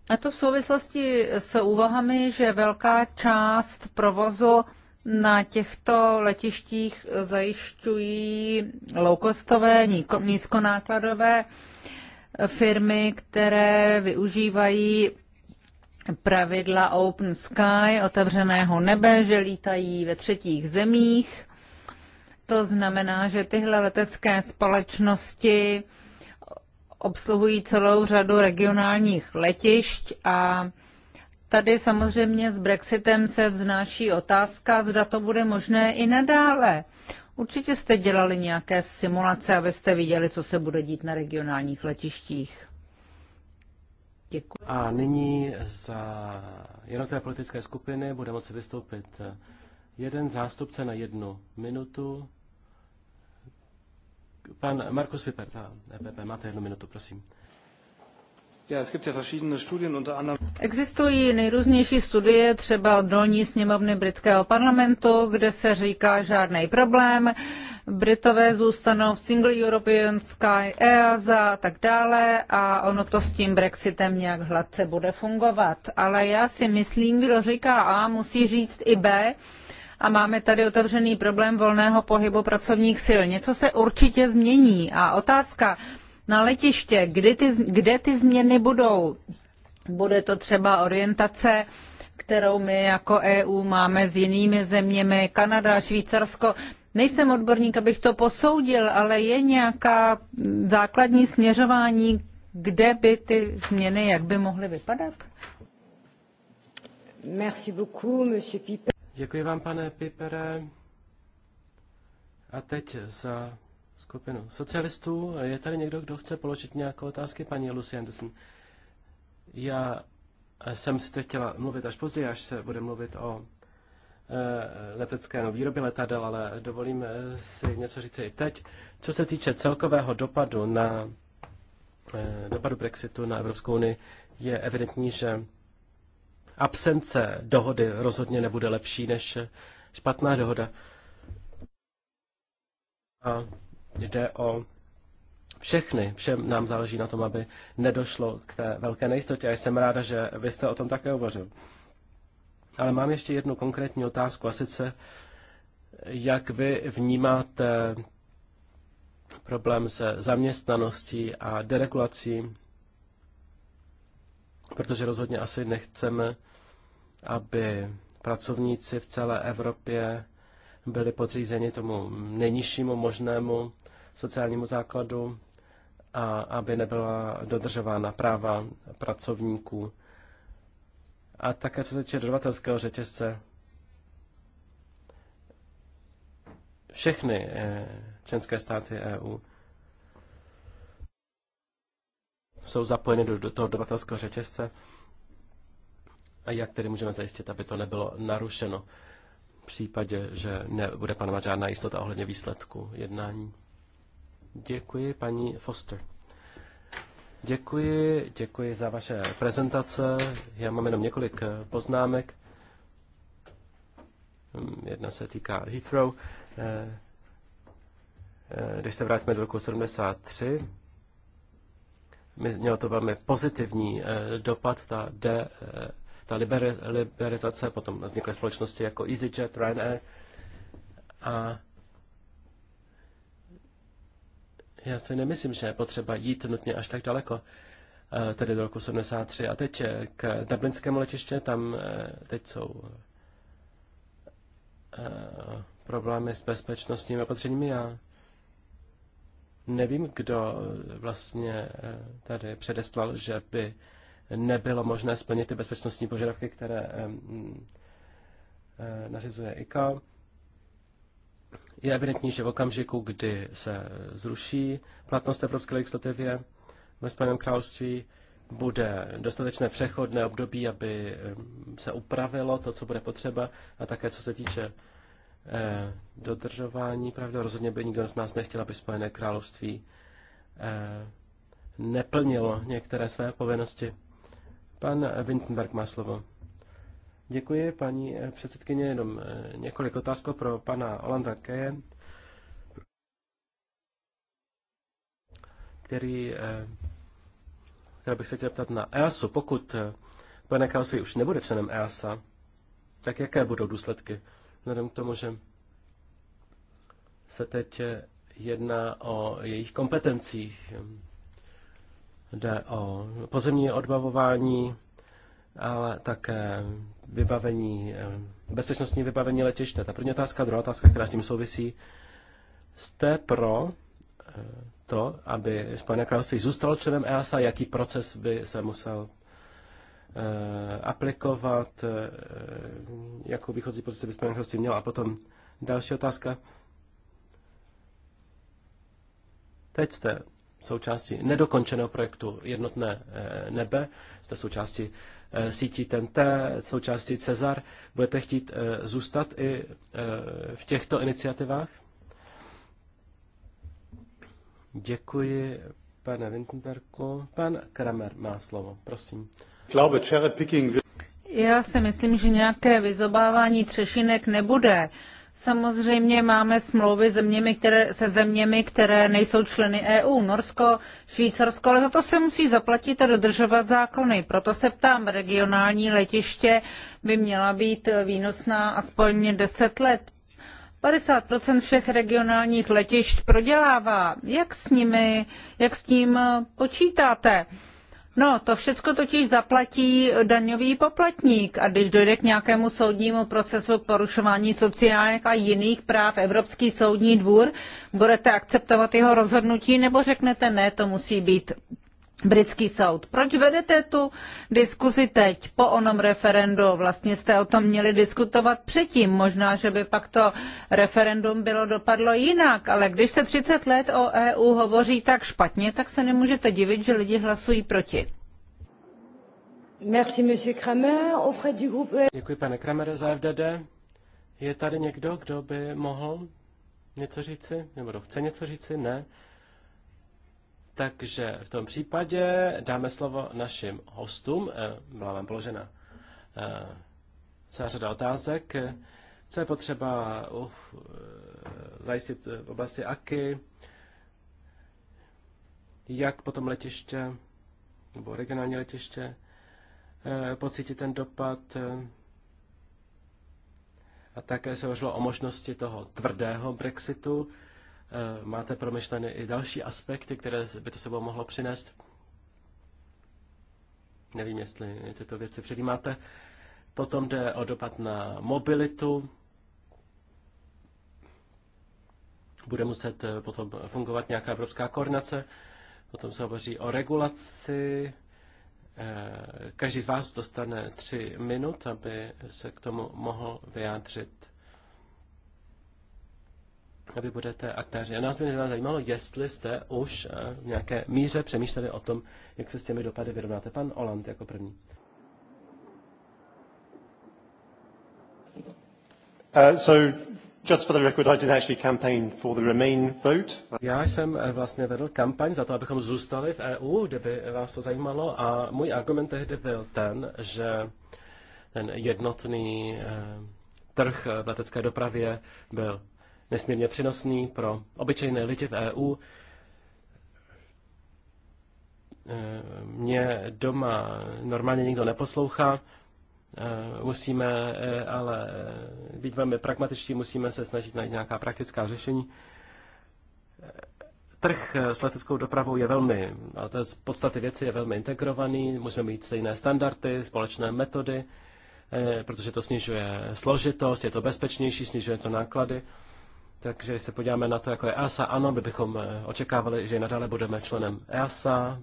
S3: A to v souvislosti s úvahami, že velká část provozu na těchto letištích zajišťují loukostové, nízkonákladové firmy, které využívají pravidla Open Sky, otevřeného nebe, že lítají ve třetích zemích. To znamená, že tyhle letecké společnosti obsluhují celou řadu regionálních letišť a tady samozřejmě s Brexitem se vznáší otázka, zda to bude možné i nadále. Určitě jste dělali nějaké simulace, abyste viděli, co se bude dít na regionálních letištích. Děkuji.
S1: A nyní za jednotlivé politické skupiny bude moci vystoupit jeden zástupce na jednu minutu. Pan Markus Viper EPP, máte jednu minutu, prosím.
S3: Existují nejrůznější studie, třeba od dolní sněmovny britského parlamentu, kde se říká žádný problém, Britové zůstanou v Single European Sky EASA a tak dále a ono to s tím Brexitem nějak hladce bude fungovat. Ale já si myslím, kdo říká A, musí říct i B, a máme tady otevřený problém volného pohybu pracovních sil. Něco se určitě změní a otázka na letiště, kdy ty, kde ty změny budou? Bude to třeba orientace kterou my jako EU máme s jinými zeměmi, Kanada, Švýcarsko. Nejsem odborník, abych to posoudil, ale je nějaká základní směřování, kde by ty změny, jak by mohly vypadat?
S1: Merci beaucoup,
S3: monsieur Piper.
S1: Děkuji vám, pane Pipere. A teď za skupinu socialistů. Je tady někdo, kdo chce položit nějaké otázky? Paní Lucy Anderson. Já jsem si teď chtěla mluvit až později, až se bude mluvit o eh, letecké no, výrobě letadel, ale dovolím eh, si něco říct i teď. Co se týče celkového dopadu na eh, dopadu Brexitu na Evropskou unii, je evidentní, že absence dohody rozhodně nebude lepší než špatná dohoda. A jde o všechny, všem nám záleží na tom, aby nedošlo k té velké nejistotě. A jsem ráda, že vy jste o tom také hovořil. Ale mám ještě jednu konkrétní otázku, a sice, jak vy vnímáte problém se zaměstnaností a deregulací protože rozhodně asi nechceme, aby pracovníci v celé Evropě byli podřízeni tomu nejnižšímu možnému sociálnímu základu a aby nebyla dodržována práva pracovníků. A také co se týče dodavatelského řetězce, všechny eh, členské státy EU jsou zapojeny do, do toho dodavatelského řetězce a jak tedy můžeme zajistit, aby to nebylo narušeno v případě, že nebude panovat žádná jistota ohledně výsledku jednání. Děkuji, paní Foster. Děkuji, děkuji za vaše prezentace. Já mám jenom několik eh, poznámek. Hmm, jedna se týká Heathrow. Eh, eh, když se vrátíme do roku 73, mělo to velmi pozitivní eh, dopad, ta, de, eh, ta liber, liberizace, potom vznikly společnosti jako EasyJet, Ryanair a já si nemyslím, že je potřeba jít nutně až tak daleko, eh, tedy do roku 73. A teď k Dublinskému letiště, tam teď jsou problémy s bezpečnostními opatřeními. Já Nevím, kdo eh, vlastně eh, tady předeslal, že by nebylo možné splnit ty bezpečnostní požadavky, které eh, nařizuje IKA. Je evidentní, že v okamžiku, kdy se zruší platnost evropské legislativě ve Spojeném království, bude dostatečné přechodné období, aby se upravilo to, co bude potřeba, a také co se týče Eh, dodržování pravda. Rozhodně by nikdo z nás nechtěl, aby Spojené království eh, neplnilo některé své povinnosti. Pan Wintenberg má slovo. Děkuji, paní eh, předsedkyně. Jenom několik otázek pro pana Olanda Keje, který, který bych se chtěl ptat na EASu. Pokud pane království už nebude členem EASa, tak jaké budou důsledky? vzhledem k tomu, že se teď jedná o jejich kompetencích. Jde o pozemní odbavování, ale také vybavení, bezpečnostní vybavení letiště. Ta první otázka, druhá otázka, která s tím souvisí. Jste pro eh, to, aby Spojené království zůstalo členem EASA, jaký proces by se musel Eh, aplikovat, eh, jakou výchozí pozici by Spojené měl A potom další otázka. Teď jste součástí nedokončeného projektu Jednotné eh, nebe, jste součástí sítí TNT, součástí Cezar. Budete chtít zůstat i v těchto iniciativách? Děkuji, pane Wintenberku. Pan Kramer má
S3: slovo, prosím. Já si myslím, že nějaké vyzobávání třešinek nebude. Samozřejmě máme smlouvy zeměmi, které, se zeměmi, které nejsou členy EU, Norsko, Švýcarsko, ale za to se musí zaplatit a dodržovat zákony. Proto se ptám, regionální letiště by měla být výnosná aspoň 10 let. 50 všech regionálních letišť prodělává. Jak s nimi, jak s tím počítáte? No, to všechno totiž zaplatí daňový poplatník a když dojde k nějakému soudnímu procesu k porušování sociálních a jiných práv Evropský soudní dvůr, budete akceptovat jeho rozhodnutí nebo řeknete ne, to musí být britský soud. Proč vedete tu diskusi teď po onom referendu? Vlastně jste o tom měli diskutovat předtím. Možná, že by pak to referendum bylo dopadlo jinak, ale když se 30 let o EU hovoří tak špatně, tak se nemůžete divit, že lidi hlasují proti. Merci, monsieur Kramer.
S1: Auprès du groupe... E Děkuji, pane Kramer, za FDD. Je tady někdo, kdo by mohl něco říci? Nebo kdo chce něco říci? Ne. Takže v tom případě dáme slovo našim hostům. Eh, byla vám položena eh, celá řada otázek. Co je potřeba uh, eh, zajistit v oblasti AKY? Jak potom letiště nebo regionální letiště pocítit ten dopad? A také se hovořilo o možnosti toho tvrdého Brexitu. Eh, máte promyšleny i další aspekty, které by to sebou mohlo přinést? Nevím, jestli tyto věci předjímáte. Potom jde o dopad na mobilitu. Bude muset eh, potom fungovat nějaká evropská koordinace. Potom se hovoří o regulaci. Eh, každý z vás dostane tři minut, aby se k tomu mohl vyjádřit vy budete aktéři. A nás by nás zajímalo, jestli jste už eh, v nějaké míře přemýšleli o tom, jak se s těmi dopady vyrovnáte. Pan Oland jako první. Uh, so Just for the record, I didn't actually campaign for the Remain vote. Já jsem eh, vlastně vedl kampaň za to, abychom zůstali v EU, kdyby vás to zajímalo, a můj argument tehdy byl ten, že ten jednotný eh, trh v letecké dopravě byl nesmírně přínosný pro obyčejné lidi v EU. E, mě doma normálně nikdo neposlouchá, e, musíme e, ale být velmi pragmatičtí, musíme se snažit najít nějaká praktická řešení. Trh s leteckou dopravou je velmi, a to je z podstaty věci, je velmi integrovaný, můžeme mít stejné standardy, společné metody, protože to snižuje složitost, je to bezpečnější, snižuje to náklady. Takže když se podíváme na to, jako je EASA, ano, my bychom eh, očekávali, že nadále budeme členem EASA.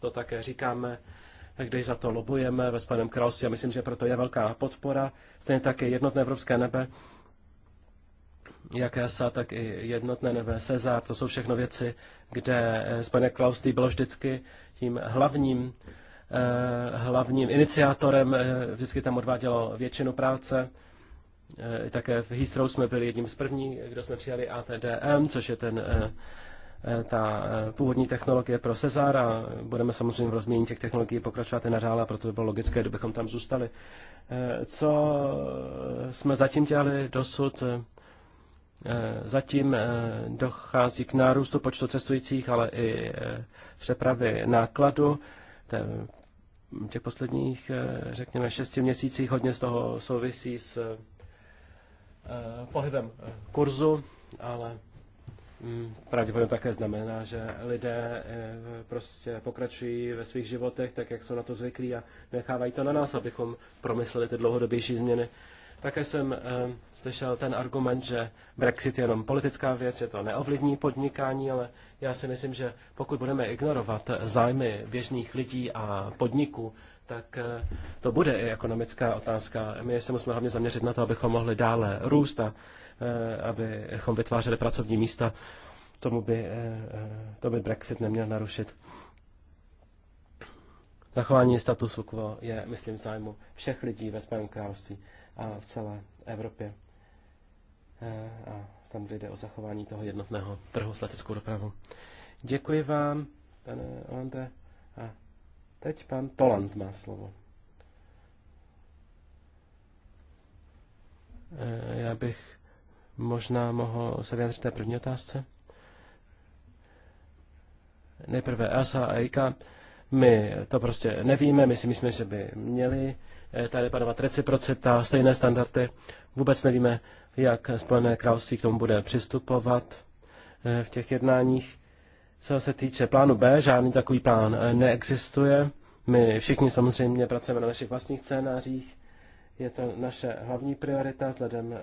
S1: To také říkáme, když za to lobujeme ve Spojeném království a myslím, že proto je velká podpora. Stejně tak je jednotné evropské nebe, jak EASA, tak i jednotné nebe Cezar. To jsou všechno věci, kde eh, Spojené království bylo vždycky tím hlavním eh, hlavním iniciátorem, vždycky tam odvádělo většinu práce Eh, také v Heathrow jsme byli jedním z prvních, kdo jsme přijali ATDM, což je ten, eh, eh, ta původní technologie pro A Budeme samozřejmě v rozmění těch technologií pokračovat i nadále, proto by bylo logické, kdybychom tam zůstali. Co jsme zatím dělali dosud? Zatím dochází k nárůstu počtu cestujících, ale i přepravy nákladu. V těch posledních, řekněme, šesti měsících hodně z toho souvisí s Eh, pohybem eh, kurzu, ale mm, pravděpodobně také znamená, že lidé eh, prostě pokračují ve svých životech tak, jak jsou na to zvyklí a nechávají to na nás, abychom promysleli ty dlouhodobější změny. Také jsem slyšel ten argument, že Brexit je jenom politická věc, že to neovlivní podnikání, ale já si myslím, že pokud budeme ignorovat zájmy běžných lidí a podniků, tak eh, to bude i ekonomická otázka. My se musíme hlavně zaměřit na to, abychom mohli dále růst a eh, abychom vytvářeli pracovní místa. Tomu by, eh, to by Brexit neměl narušit. Zachování statusu quo je, myslím, v zájmu všech lidí ve Spojeném království a v celé Evropě. A tam, kde jde o zachování toho jednotného trhu s leteckou dopravou. Děkuji vám, pane Olandre. Teď pan Toland má slovo. Eh, já bych možná mohl se vyjádřit té první otázce. Nejprve Elsa a ICA. My to prostě nevíme, my si myslíme, že by měli eh, tady panovat reciprocita, stejné standardy. Vůbec nevíme, jak Spojené království k tomu bude přistupovat eh, v těch jednáních. Co se týče plánu B, žádný takový plán eh, neexistuje. My všichni samozřejmě pracujeme na našich vlastních scénářích. Je to naše hlavní priorita vzhledem eh,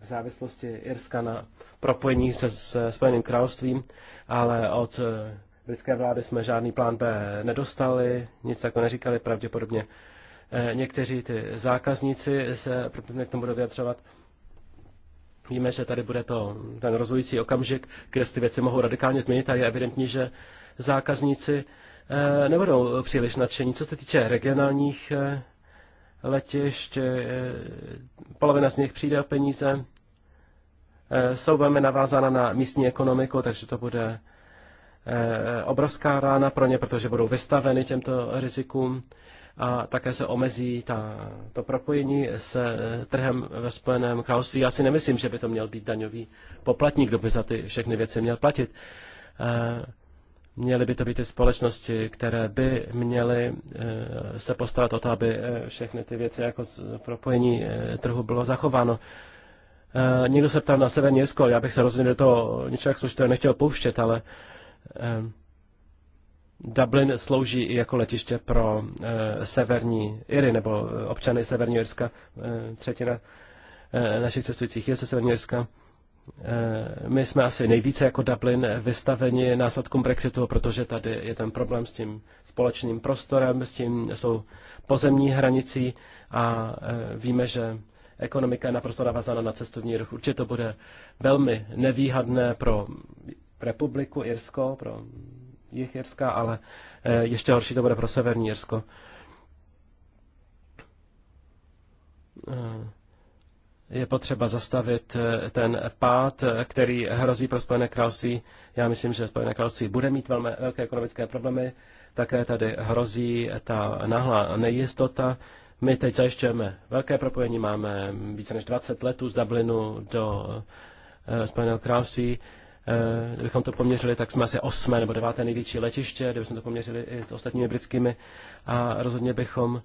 S1: k závislosti Irska na propojení se s Spojeným královstvím, ale od eh, britské vlády jsme žádný plán B nedostali, nic jako neříkali pravděpodobně. Někteří ty zákazníci se k tomu budou vyjadřovat. Víme, že tady bude to, ten rozvojící okamžik, kde ty věci mohou radikálně změnit a je evidentní, že zákazníci eh, nebudou příliš nadšení. Co se týče regionálních eh, letišť, eh, polovina z nich přijde o peníze, jsou velmi navázána na místní ekonomiku, takže to bude obrovská rána pro ně, protože budou vystaveny těmto rizikům a také se omezí ta, to propojení se eh, trhem ve Spojeném království. Já si nemyslím, že by to měl být daňový poplatník, kdo by za ty všechny věci měl platit. Eh, měly by to být ty společnosti, které by měly eh, se postarat o to, aby všechny ty věci jako propojení trhu bylo zachováno. Někdo se ptal na Severní Jirsko, já bych se rozhodně do toho ničeho, což to nechtěl pouštět, ale Dublin slouží i jako letiště pro e, severní Iry nebo eh, občany severní Irska. E, třetina e, našich cestujících je ze Severní Irska. E, my jsme asi nejvíce jako Dublin vystaveni následkům Brexitu, protože tady je ten problém s tím společným prostorem, s tím jsou pozemní hranicí a e, víme, že ekonomika je naprosto navazána na cestovní ruch. Určitě to bude velmi nevýhadné pro republiku Irsko, pro jich Jirska, ale eh, ještě horší to bude pro severní Jirsko. Eh, je potřeba zastavit eh, ten pád, který hrozí pro Spojené království. Já myslím, že Spojené království bude mít velmi velké ekonomické problémy. Také tady hrozí ta nahlá nejistota. My teď zajišťujeme velké propojení, máme více než 20 letů z Dublinu do Spojeného království. Eh, kdybychom to poměřili, tak jsme asi osmé nebo deváté největší letiště, kdybychom to poměřili i s ostatními britskými a rozhodně bychom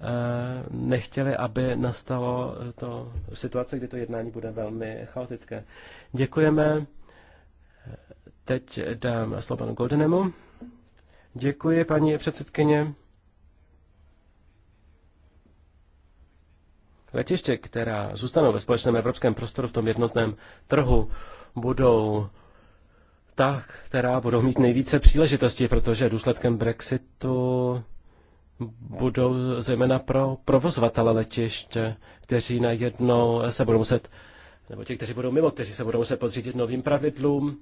S1: eh, nechtěli, aby nastalo to situace, kdy to jednání bude velmi chaotické. Děkujeme. Eh, teď dám slovo panu Goldenemu. Děkuji, paní předsedkyně. Letiště, která zůstanou ve společném evropském prostoru v tom jednotném trhu, budou ta, která budou mít nejvíce příležitostí, protože důsledkem Brexitu budou zejména pro provozovatele letišť, kteří najednou se budou muset, nebo ti, kteří budou mimo, kteří se budou muset podřídit novým pravidlům,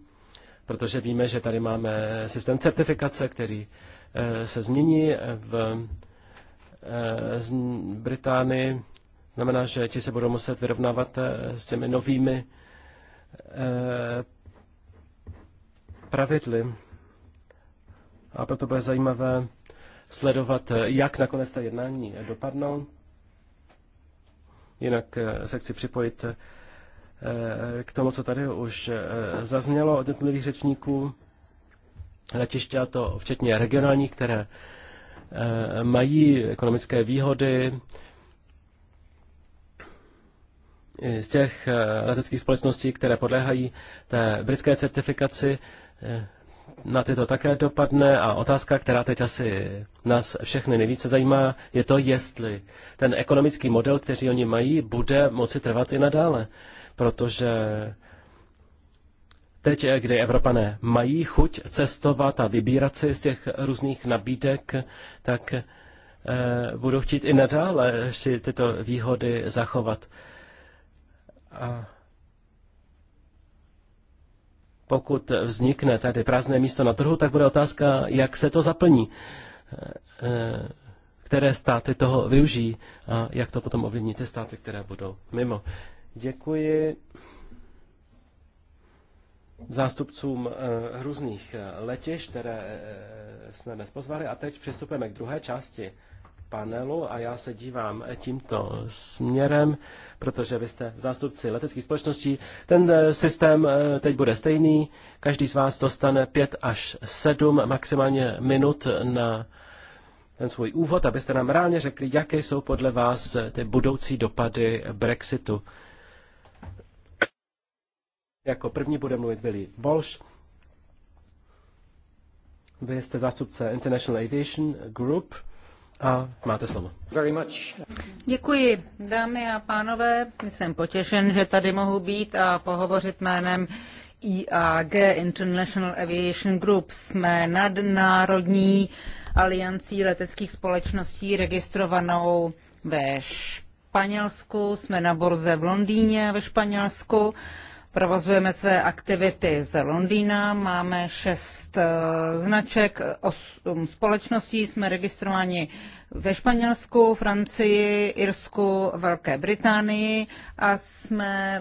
S1: protože víme, že tady máme systém certifikace, který eh, se změní v eh, Británii. Znamená, že ti se budou muset vyrovnávat eh, s těmi novými Eh, pravidly. A proto bude zajímavé sledovat, jak nakonec ta jednání dopadnou. Jinak eh, se chci připojit eh, k tomu, co tady už zaznělo od jednotlivých řečníků. Letiště, a to včetně regionálních, které mají ekonomické výhody, z těch eh, leteckých společností, které podléhají té britské certifikaci, eh, na ty to také dopadne a otázka, která teď asi nás všechny nejvíce zajímá, je to, jestli ten ekonomický model, který oni mají, bude moci trvat i nadále. Protože teď, eh, kdy Evropané mají chuť cestovat a vybírat si z těch různých nabídek, tak budou chtít i nadále si tyto výhody zachovat. A pokud vznikne tady prázdné místo na trhu, tak bude otázka, jak se to zaplní, eh, eh, které státy toho využijí a jak to potom ovlivní ty státy, které budou mimo. Děkuji zástupcům eh, různých letišť, které jsme dnes pozvali. A teď přistupujeme k druhé části panelu a já se dívám tímto směrem, protože vy jste zástupci leteckých společností. Ten eh, systém eh, teď bude stejný, každý z vás dostane 5 až 7 maximálně minut na ten svůj úvod, abyste nám reálně řekli, jaké jsou podle vás eh, ty budoucí dopady Brexitu. Jako první bude mluvit Willy Bolš. Vy jste zástupce International Aviation Group a máte slovo.
S3: Děkuji, dámy a pánové. Jsem potěšen, že tady mohu být a pohovořit jménem IAG, International Aviation Group. Jsme nadnárodní aliancí leteckých společností registrovanou ve Španělsku. Jsme na borze v Londýně ve Španělsku Provozujeme své aktivity z Londýna, máme šest eh, značek, osm společností, jsme registrováni ve Španělsku, Francii, Irsku, Velké Británii a jsme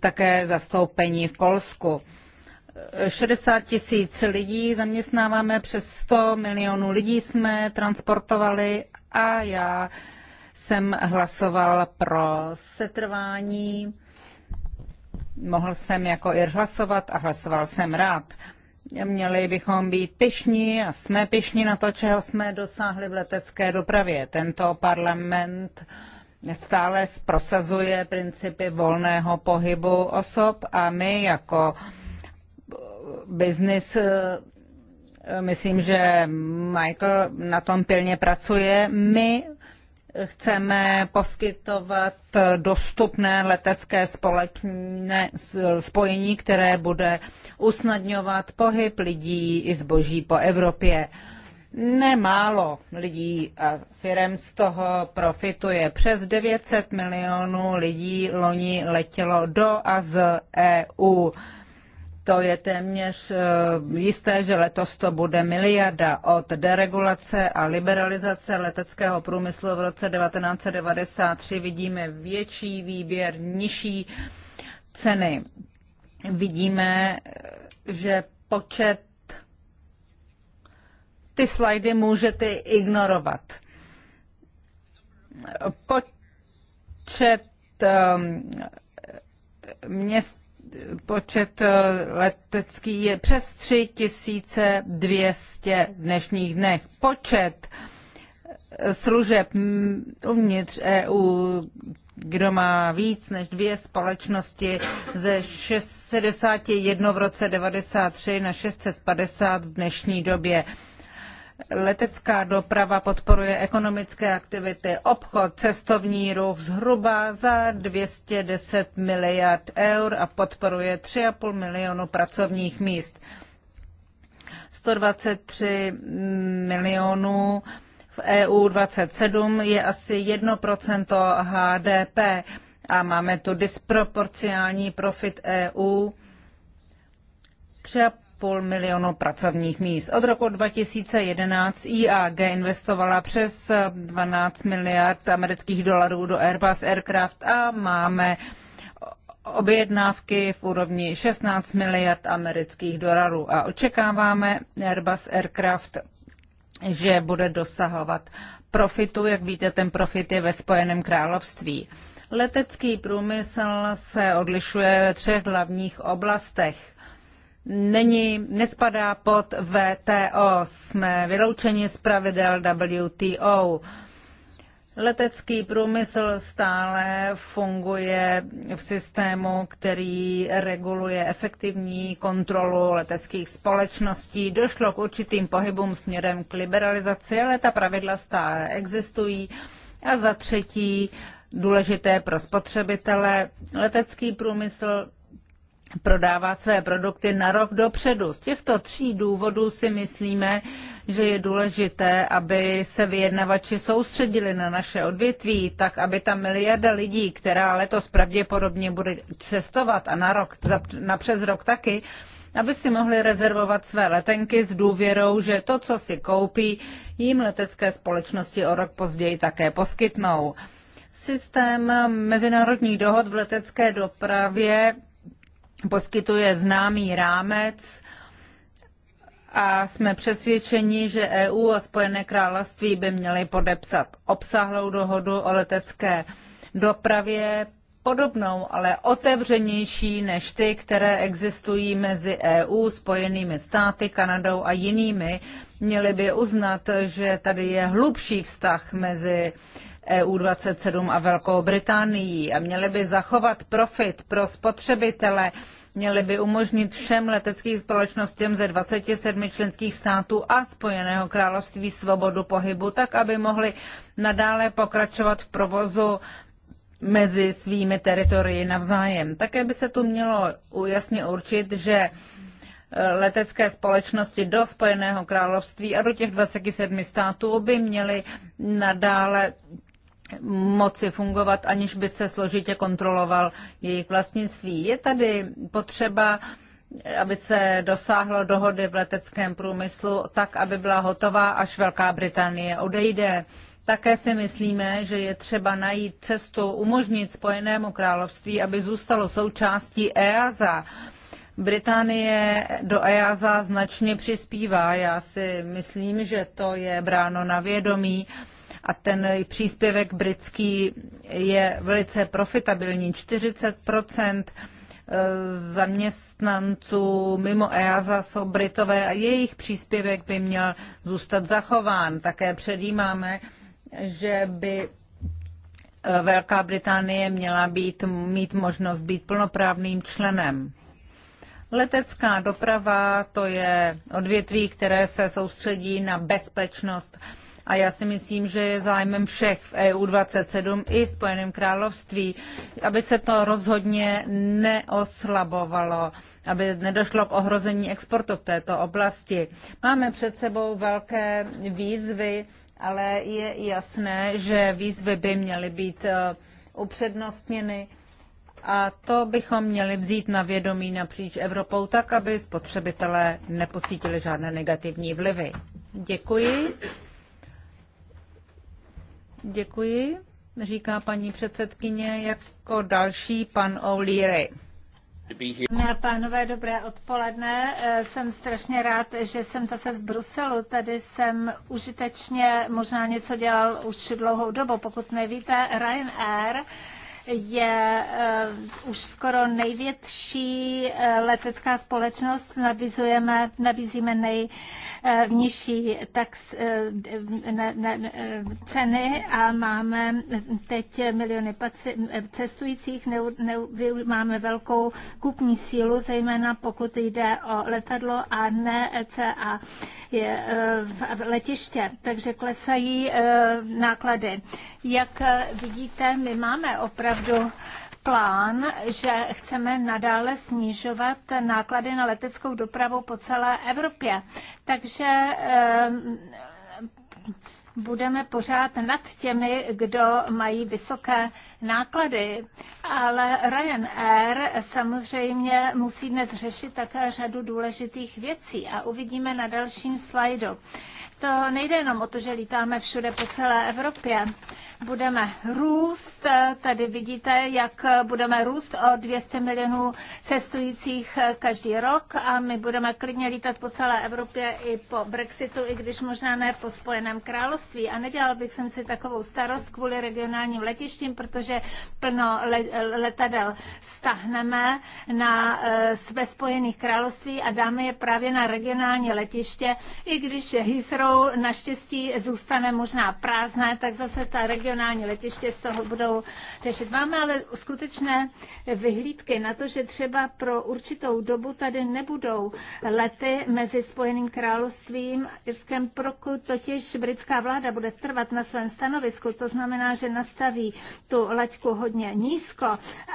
S3: také zastoupení v Polsku. 60 tisíc lidí zaměstnáváme, přes 100 milionů lidí jsme transportovali a já jsem hlasoval pro setrvání Mohl jsem jako Ir hlasovat a hlasoval jsem rád. Měli bychom být pišní a jsme pišní na to, čeho jsme dosáhli v letecké dopravě. Tento parlament stále prosazuje principy volného pohybu osob a my jako biznis myslím, že Michael na tom pilně pracuje. My chceme poskytovat dostupné letecké společné spojení, které bude usnadňovat pohyb lidí i zboží po Evropě. Nemálo lidí a firm z toho profituje. Přes 900 milionů lidí loni letělo do a z EU to je téměř eh, jisté, že letos to bude miliarda od deregulace a liberalizace leteckého průmyslu v roce 1993 vidíme větší výběr, nižší ceny. Vidíme, eh, že počet ty slajdy můžete ignorovat. Počet um, měst počet eh, letecký je přes 3200 v dnešních dnech. Počet eh, služeb uvnitř EU, kdo má víc než dvě společnosti ze 61 v roce 93 na 650 v dnešní době. Letecká doprava podporuje ekonomické aktivity, obchod, cestovní ruch zhruba za 210 miliard eur a podporuje 3,5 milionu pracovních míst. 123 milionů v EU 27 je asi 1% HDP a máme tu disproporciální profit EU půl milionu pracovních míst. Od roku 2011 IAG investovala přes 12 miliard amerických dolarů do Airbus Aircraft a máme objednávky v úrovni 16 miliard amerických dolarů a očekáváme Airbus Aircraft, že bude dosahovat profitu. Jak víte, ten profit je ve Spojeném království. Letecký průmysl se odlišuje ve třech hlavních oblastech není, nespadá pod VTO. Jsme vyloučeni z pravidel WTO. Letecký průmysl stále funguje v systému, který reguluje efektivní kontrolu leteckých společností. Došlo k určitým pohybům směrem k liberalizaci, ale ta pravidla stále existují. A za třetí, důležité pro spotřebitele, letecký průmysl prodává své produkty na rok dopředu. Z těchto tří důvodů si myslíme, že je důležité, aby se vyjednavači soustředili na naše odvětví, tak aby ta miliarda lidí, která letos pravděpodobně bude cestovat a na, rok, na přes rok taky, aby si mohli rezervovat své letenky s důvěrou, že to, co si koupí, jim letecké společnosti o rok později také poskytnou. Systém mezinárodních dohod v letecké dopravě poskytuje známý rámec a jsme přesvědčeni, že EU a Spojené království by měly podepsat obsáhlou dohodu o letecké dopravě, podobnou, ale otevřenější než ty, které existují mezi EU, Spojenými státy, Kanadou a jinými. Měli by uznat, že tady je hlubší vztah mezi EU27 a Velkou Británií a měly by zachovat profit pro spotřebitele, měly by umožnit všem leteckým společnostem ze 27 členských států a Spojeného království svobodu pohybu, tak aby mohli nadále pokračovat v provozu mezi svými teritorii navzájem. Také by se tu mělo jasně určit, že e, letecké společnosti do Spojeného království a do těch 27 států by měly nadále moci fungovat, aniž by se složitě kontroloval jejich vlastnictví. Je tady potřeba aby se dosáhlo dohody v leteckém průmyslu tak, aby byla hotová, až Velká Británie odejde. Také si myslíme, že je třeba najít cestu umožnit Spojenému království, aby zůstalo součástí EASA. Británie do EASA značně přispívá. Já si myslím, že to je bráno na vědomí a ten příspěvek britský je velice profitabilní. 40 eh, zaměstnanců mimo EASA jsou Britové a jejich příspěvek by měl zůstat zachován. Také předjímáme, že by eh, Velká Británie měla být, mít možnost být plnoprávným členem. Letecká doprava to je odvětví, které se soustředí na bezpečnost a já si myslím, že je zájmem všech v EU27 i Spojeném království, aby se to rozhodně neoslabovalo, aby nedošlo k ohrození exportu v této oblasti. Máme před sebou velké výzvy, ale je jasné, že výzvy by měly být e, upřednostněny a to bychom měli vzít na vědomí napříč Evropou tak, aby spotřebitelé nepocítili žádné negativní vlivy. Děkuji. Děkuji, říká paní předsedkyně, jako další pan O'Leary. Dámy a pánové, dobré
S2: odpoledne. E, jsem strašně rád, že jsem zase z Bruselu. Tady jsem užitečně možná něco dělal už dlouhou dobu. Pokud nevíte, Ryanair je eh, už skoro největší eh, letecká společnost, nabízujeme, nabízíme nejnižší eh, uh, ne, ne, ne, ceny a máme teď miliony paci, cestujících, ne, ne, máme velkou kupní sílu, zejména pokud jde o letadlo a ne ECA je, v letiště, takže klesají náklady. Jak vidíte, my máme opravdu opravdu plán, že chceme nadále snižovat náklady na leteckou dopravu po celé Evropě. Takže ehm, budeme pořád nad těmi, kdo mají vysoké náklady. Ale Ryanair samozřejmě musí dnes řešit také řadu důležitých věcí a uvidíme na dalším slajdu. To nejde jenom o to, že lítáme všude po celé Evropě, budeme růst. Tady vidíte, jak budeme růst o 200 milionů cestujících každý rok a my budeme klidně lítat po celé Evropě i po Brexitu, i když možná ne po Spojeném království. A nedělal bych jsem si takovou starost kvůli regionálním letištím, protože plno letadel stahneme na, eh, ve Spojených království a dáme je právě na regionální letiště, i když Heathrow naštěstí zůstane možná prázdné, tak zase ta regionální regionální letiště z toho budou řešit. Máme ale skutečné vyhlídky na to, že třeba pro určitou dobu tady nebudou lety mezi Spojeným královstvím a Irskem, pokud totiž britská vláda bude trvat na svém stanovisku, to znamená, že nastaví tu laťku hodně nízko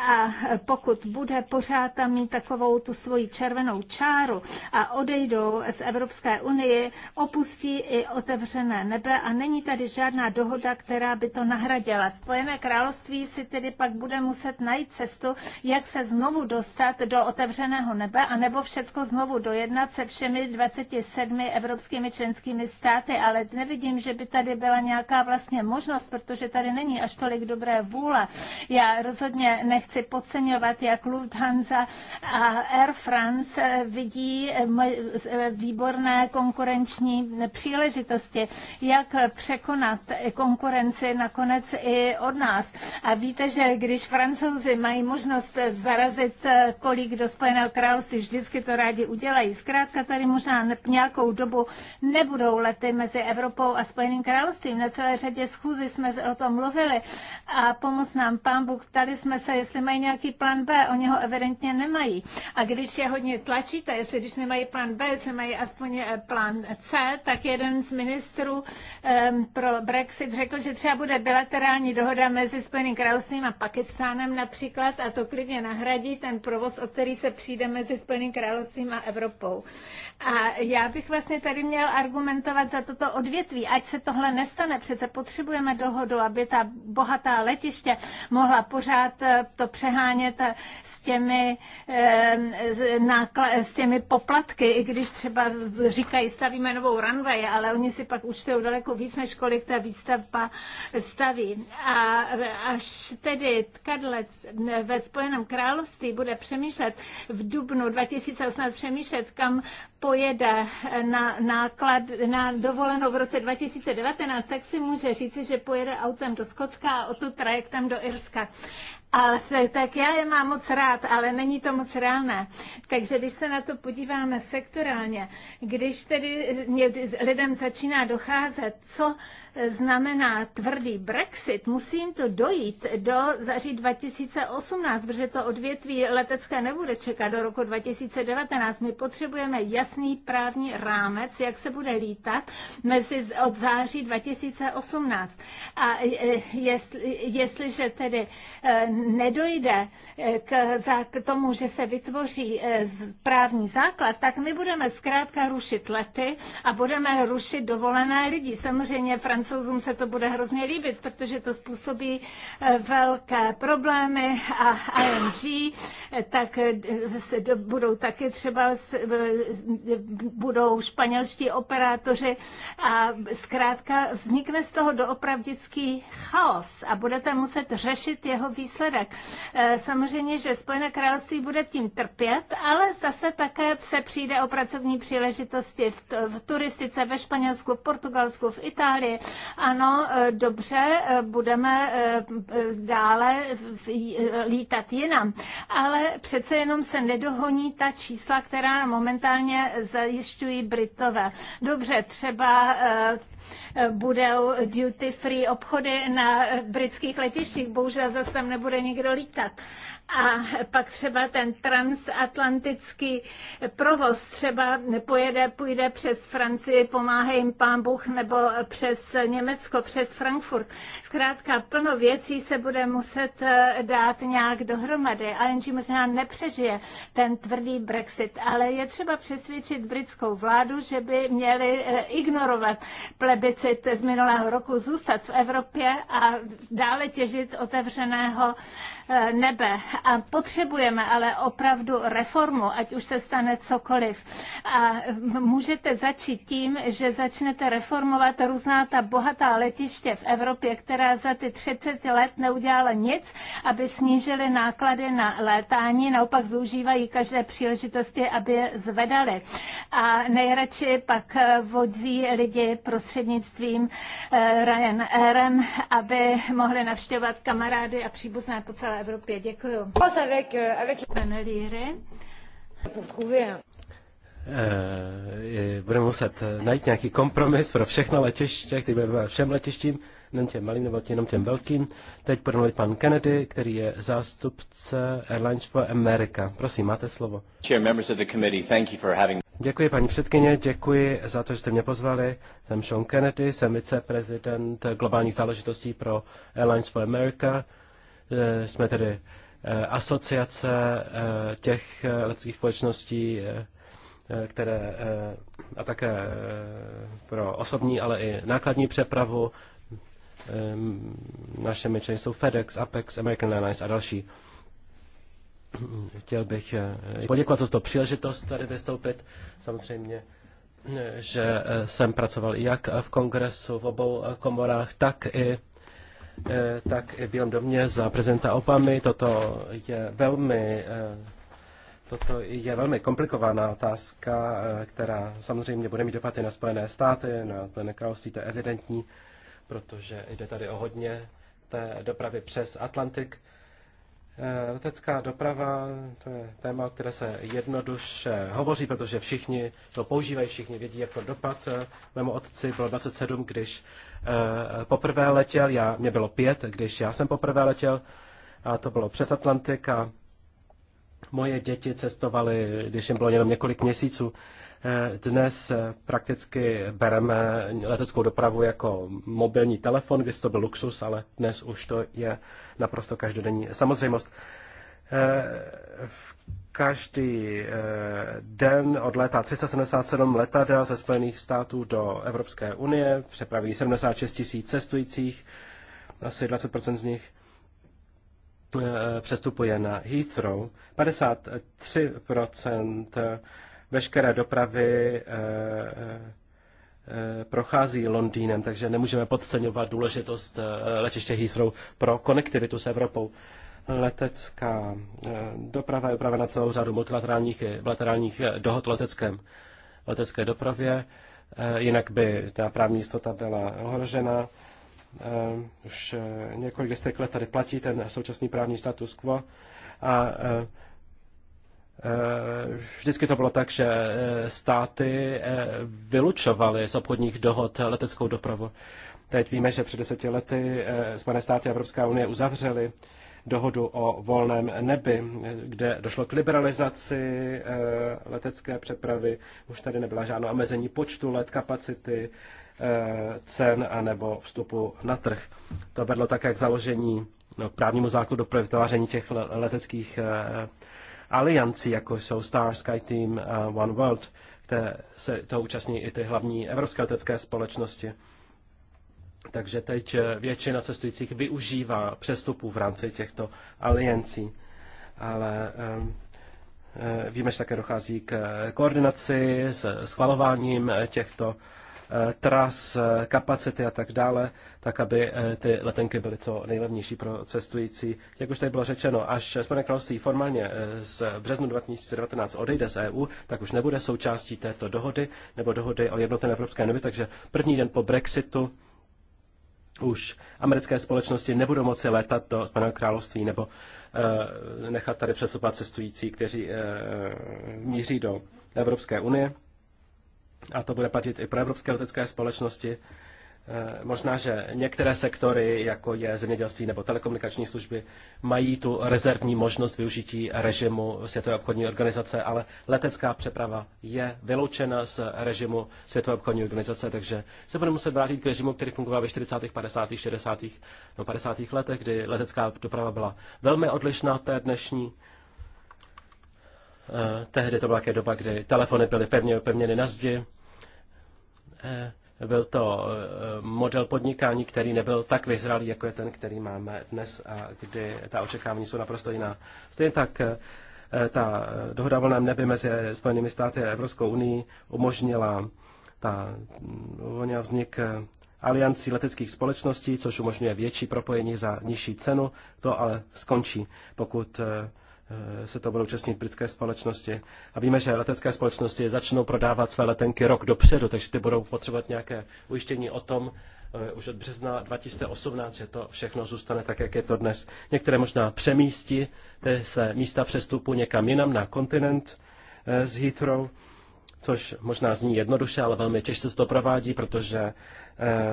S2: a pokud bude pořád tam mít takovou tu svoji červenou čáru a odejdou z Evropské unie, opustí i otevřené nebe a není tady žádná dohoda, která by to to nahradila. Spojené království si tedy pak bude muset najít cestu, jak se znovu dostat do otevřeného nebe, anebo všecko znovu dojednat se všemi 27 evropskými členskými státy, ale nevidím, že by tady byla nějaká vlastně možnost, protože tady není až tolik dobré vůle. Já rozhodně nechci podceňovat, jak Lufthansa a Air France eh, vidí eh, eh, výborné konkurenční příležitosti, jak překonat konkurenci na nakonec i od nás. A víte, že když francouzi mají možnost zarazit eh, kolik do Spojeného království, vždycky to rádi udělají. Zkrátka tady možná nějakou dobu nebudou lety mezi Evropou a Spojeným královstvím. Na celé řadě schůzy jsme o tom mluvili a pomoc nám pán Bůh, ptali jsme se, jestli mají nějaký plán B, oni ho evidentně nemají. A když je hodně tlačíte, jestli když nemají plán B, jestli mají aspoň eh, plán C, tak jeden z ministrů um, pro Brexit řekl, že třeba bude bilaterální dohoda mezi Spojeným královstvím a Pakistánem například a to klidně nahradí ten provoz, o který se přijde mezi Spojeným královstvím a Evropou. A já bych vlastně tady měl argumentovat za toto odvětví, ať se tohle nestane. Přece potřebujeme dohodu, aby ta bohatá letiště mohla pořád eh, to přehánět eh, s těmi, eh, s těmi poplatky, i když třeba říkají, stavíme novou runway, ale oni si pak účtují daleko víc, než kolik ta výstavba postaví. A až tedy Karlec ve Spojeném království bude přemýšlet v dubnu 2018 přemýšlet, kam pojede na, náklad, na dovolenou v roce 2019, tak si může říci, že pojede autem do Skotska a tu trajektem do Irska. Ale tak já je mám moc rád, ale není to moc reálné. Takže když se na to podíváme sektorálně, když tedy lidem začíná docházet, co znamená tvrdý Brexit, musím to dojít do září 2018, protože to odvětví letecké nebude čekat do roku 2019. My potřebujeme jasný právní rámec, jak se bude lítat mezi od září 2018. A e, e, jestli, jestliže tedy e, nedojde k tomu, že se vytvoří právní základ, tak my budeme zkrátka rušit lety a budeme rušit dovolené lidi. Samozřejmě Fran francouzům se to bude hrozně líbit, protože to způsobí eh, velké problémy a IMG, eh, tak eh, budou taky třeba, budou španělští operátoři a zkrátka vznikne z toho doopravdický chaos a budete muset řešit jeho výsledek. Samozřejmě, že Spojené království bude tím trpět, ale zase také se přijde o pracovní příležitosti v, v turistice ve Španělsku, v Portugalsku, v Itálii, ano, eh, dobře, eh, budeme eh, dále lítat jinam, ale přece jenom se nedohoní ta čísla, která momentálně zajišťují Britové. Dobře, třeba budou duty free obchody na britských letištích. Bohužel zase tam nebude nikdo lítat a pak třeba ten transatlantický provoz třeba pojede, půjde přes Francii, pomáhá jim pán Bůh, nebo přes Německo, přes Frankfurt. Zkrátka plno věcí se bude muset eh, dát nějak dohromady. A jenže možná nepřežije ten tvrdý Brexit, ale je třeba přesvědčit britskou vládu, že by měli eh, ignorovat plebicit z minulého roku, zůstat v Evropě a dále těžit otevřeného E, nebe. A potřebujeme ale opravdu reformu, ať už se stane cokoliv. A můžete začít tím, že začnete reformovat různá ta bohatá letiště v Evropě, která za ty 30 let neudělala nic, aby snížili náklady na létání, naopak využívají každé příležitosti, aby je zvedali. A nejradši pak e, vodzí lidi prostřednictvím e, Ryanairem, aby mohli navštěvovat kamarády a příbuzné po celé Evropě. Děkuju.
S1: Eh, budeme muset najít nějaký kompromis pro všechna letiště, který bude všem letištím, nejen těm malým nebo jenom těm velkým. Teď bude mluvit pan Kennedy, který je zástupce Airlines for America. Prosím, máte slovo. Děkuji, paní předkyně, děkuji za to, že jste mě pozvali. Jsem Sean Kennedy, jsem viceprezident globálních záležitostí pro Airlines for America. Eh, jsme tedy eh, asociace eh, těch leteckých společností, které a také pro osobní, ale i nákladní přepravu. Naše členy jsou FedEx, Apex, American Airlines a další. Chtěl bych poděkovat za tuto příležitost tady vystoupit. Samozřejmě, že jsem pracoval jak v kongresu, v obou komorách, tak i Eh, tak i v Bílém domě za prezidenta Obamy. Toto je velmi eh, Toto je velmi komplikovaná otázka, eh, která samozřejmě bude mít dopady na Spojené státy, na Spojené království, to je evidentní, protože jde tady o hodně té dopravy přes Atlantik. Letecká doprava, to je téma, o které se jednoduše hovoří, protože všichni to používají, všichni vědí, jak to dopad. Mému otci bylo 27, když Eh, poprvé letěl, já, mě bylo pět, když já jsem poprvé letěl, a to bylo přes Atlantik a moje děti cestovaly, když jim bylo jenom několik měsíců. Eh, dnes eh, prakticky bereme leteckou dopravu jako mobilní telefon, když to byl luxus, ale dnes už to je naprosto každodenní samozřejmost každý eh, den odlétá 377 letadel ze Spojených států do Evropské unie, přepraví 76 tisíc cestujících, asi 20% z nich eh, přestupuje na Heathrow, 53% veškeré dopravy eh, prochází Londýnem, takže nemůžeme podceňovat důležitost letiště Heathrow pro konektivitu s Evropou. Letecká eh, doprava je upravena celou řadu multilaterálních eh, bilaterálních eh, dohod leteckém, letecké dopravě, jinak by ta právní jistota byla ohrožena. Už několik desetek let tady platí ten současný právní status quo a Vždycky to bylo tak, že státy vylučovaly z obchodních dohod leteckou dopravu. Teď víme, že před deseti lety Spojené státy a Evropská unie uzavřely dohodu o volném nebi, kde došlo k liberalizaci eh, letecké přepravy. Už tady nebyla žádná omezení počtu let, kapacity, eh, cen a nebo vstupu na trh. To vedlo také k založení no, k právnímu základu pro vytváření těch leteckých eh, aliancí, jako jsou Star, Sky Team One World, které se toho účastní i ty hlavní evropské letecké společnosti. Takže teď eh, většina cestujících využívá přestupů v rámci těchto aliancí. Ale ehm, eh, víme, že také dochází k eh, koordinaci s schvalováním těchto tras, kapacity a tak dále, tak aby ty letenky byly co nejlevnější pro cestující. Jak už tady bylo řečeno, až Spojené království formálně z březnu 2019 odejde z EU, tak už nebude součástí této dohody nebo dohody o jednotné evropské nově, takže první den po Brexitu už americké společnosti nebudou moci létat do Spojeného království nebo e, nechat tady přesupat cestující, kteří e, míří do Evropské unie. A to bude platit i pro evropské letecké společnosti. Eh, možná, že některé sektory, jako je zemědělství nebo telekomunikační služby, mají tu rezervní možnost využití režimu Světové obchodní organizace, ale letecká přeprava je vyloučena z režimu Světové obchodní organizace, takže se budeme muset vrátit k režimu, který fungoval ve 40., 50., 60. no 50. letech, kdy letecká doprava byla velmi odlišná té dnešní. Eh, tehdy to byla také doba, kdy telefony byly pevně opevněny na zdi eh, byl to eh, model podnikání, který nebyl tak vyzralý, jako je ten, který máme dnes a kdy ta očekávání jsou naprosto jiná. Stejně tak eh, ta eh, dohoda o volném nebi mezi Spojenými státy a Evropskou unii umožnila ta uvolnila mm, vznik aliancí leteckých společností, což umožňuje větší propojení za nižší cenu. To ale skončí, pokud Eh, se to budou účastnit britské společnosti. A víme, že letecké společnosti začnou prodávat své letenky rok dopředu, takže ty budou potřebovat nějaké ujištění o tom, eh, už od března 2018, že to všechno zůstane tak, jak je to dnes. Některé možná přemístí se místa přestupu někam jinam na kontinent z eh, Heathrow, což možná zní jednoduše, ale velmi těžce se to provádí, protože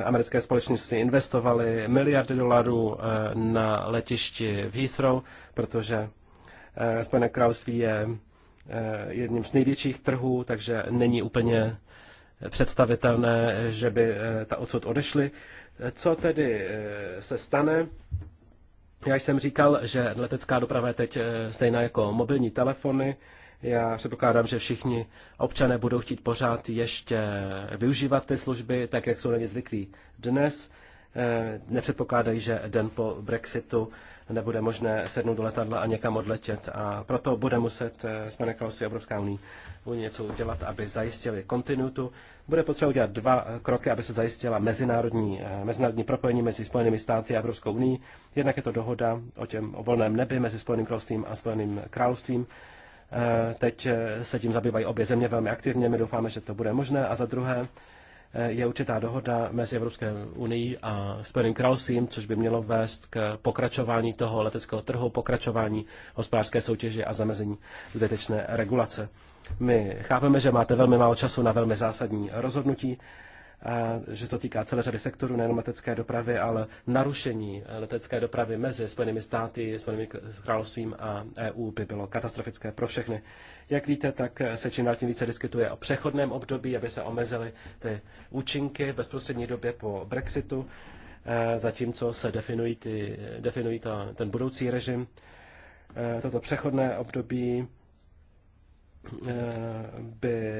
S1: americké společnosti investovaly miliardy dolarů na letišti v Heathrow, protože Eh, Spojené království je eh, jedním z největších trhů, takže není úplně představitelné, že by eh, ta odsud odešly. Co tedy se stane? Já jsem říkal, že letecká doprava je teď stejná jako mobilní telefony. Já předpokládám, že všichni občané budou chtít pořád ještě využívat ty služby, tak jak jsou na ně zvyklí dnes. Nepředpokládají, že den po Brexitu nebude možné sednout do letadla a někam odletět. A proto bude muset eh, Spojené království a Evropská unie něco udělat, aby zajistili kontinuitu. Bude potřeba udělat dva eh, kroky, aby se zajistila mezinárodní, eh, mezinárodní propojení mezi Spojenými státy a Evropskou unii. Jednak je to dohoda o těm o volném nebi mezi Spojeným královstvím a Spojeným královstvím. Teď se tím zabývají obě země velmi aktivně, my doufáme, že to bude možné. A za druhé, je určitá dohoda mezi Evropské unii a Spojeným královstvím, což by mělo vést k pokračování toho leteckého trhu, pokračování hospodářské soutěže a zamezení zbytečné regulace. My chápeme, že máte velmi málo času na velmi zásadní rozhodnutí že to týká celé řady sektorů, nejenom letecké dopravy, ale narušení letecké dopravy mezi Spojenými státy, Spojeným královstvím a EU by bylo katastrofické pro všechny. Jak víte, tak se čím dál tím více diskutuje o přechodném období, aby se omezily ty účinky v bezprostřední době po Brexitu, e, zatímco se definují, ty, definují to, ten budoucí režim. E, toto přechodné období e, by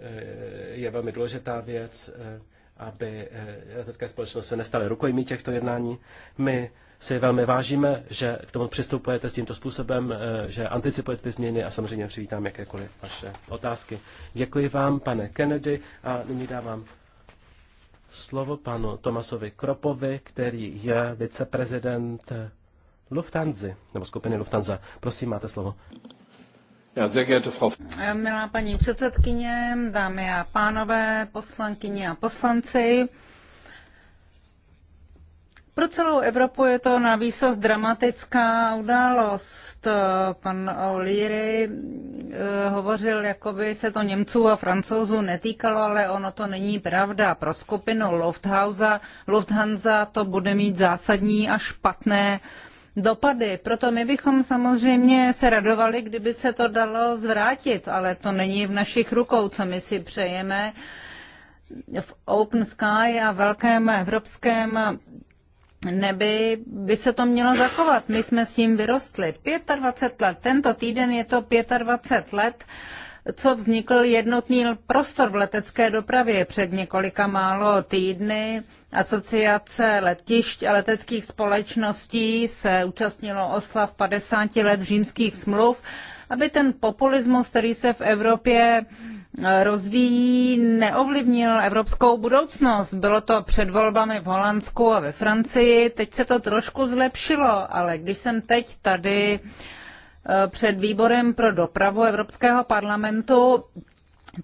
S1: Eh, je velmi důležitá věc, eh, aby eh, letecké společnosti se nestaly rukojmí těchto jednání. My si velmi vážíme, že k tomu přistupujete s tímto způsobem, že anticipujete ty změny a samozřejmě přivítám jakékoliv vaše otázky. Děkuji vám, pane Kennedy, a nyní dávám slovo panu Tomasovi Kropovi, který je viceprezident Lufthansa, nebo skupiny Lufthansa. Prosím, máte slovo.
S3: Milá paní předsedkyně, dámy a pánové, poslankyně a poslanci, pro celou Evropu je to na výsost dramatická událost. Pan O'Leary eh, hovořil, jako by se to Němců a Francouzů netýkalo, ale ono to není pravda. Pro skupinu Lufthansa, Lufthansa to bude mít zásadní a špatné uh, dopady. Proto my bychom samozřejmě se radovali, kdyby se to dalo zvrátit, ale to není v našich rukou, co my si přejeme. V Open Sky a velkém evropském neby by se to mělo zachovat. My jsme s tím vyrostli. 25 let, tento týden je to 25 let co vznikl jednotný prostor v letecké dopravě před několika málo týdny. Asociace letišť a leteckých společností se účastnilo oslav 50 let římských smluv, aby ten populismus, který se v Evropě eh, rozvíjí, neovlivnil evropskou budoucnost. Bylo to před volbami v Holandsku a ve Francii, teď se to trošku zlepšilo, ale když jsem teď tady, Eh, před výborem pro dopravu Evropského parlamentu,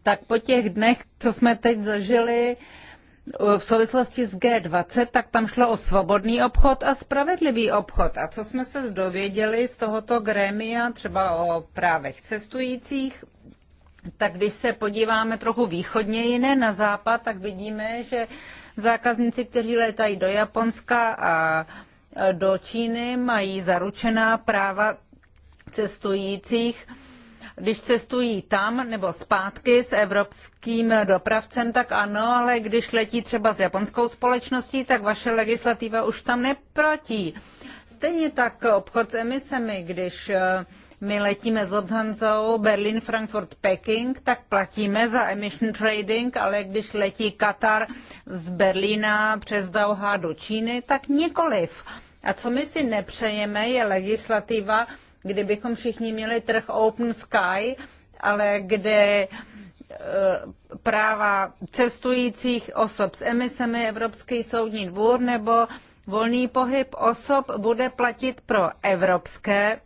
S3: tak po těch dnech, co jsme teď zažili eh, v souvislosti s G20, tak tam šlo o svobodný obchod a spravedlivý obchod. A co jsme se dověděli z tohoto grémia, třeba o právech cestujících, tak když se podíváme trochu východně jiné na západ, tak vidíme, že zákazníci, kteří létají do Japonska a do Číny, mají zaručená práva cestujících, když cestují tam nebo zpátky s evropským dopravcem, tak ano, ale když letí třeba s japonskou společností, tak vaše legislativa už tam neplatí. Stejně tak obchod s emisemi, když eh, my letíme s Lufthansou Berlin, Frankfurt, Peking, tak platíme za emission trading, ale když letí Katar z Berlína přes Dauha do Číny, tak nikoliv. A co my si nepřejeme, je legislativa, kdybychom všichni měli trh Open Sky, ale kde eh, práva cestujících osob s emisemi Evropský soudní dvůr nebo volný pohyb osob bude platit pro evropské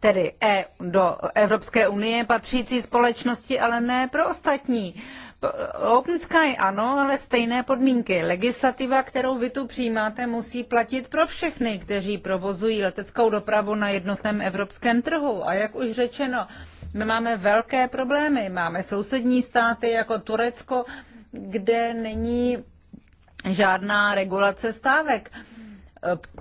S3: tedy e, do Evropské unie patřící společnosti, ale ne pro ostatní. Open Sky ano, ale stejné podmínky. Legislativa, kterou vy tu přijímáte, musí platit pro všechny, kteří provozují leteckou dopravu na jednotném evropském trhu. A jak už řečeno, my máme velké problémy. Máme sousední státy jako Turecko, kde není žádná regulace stávek.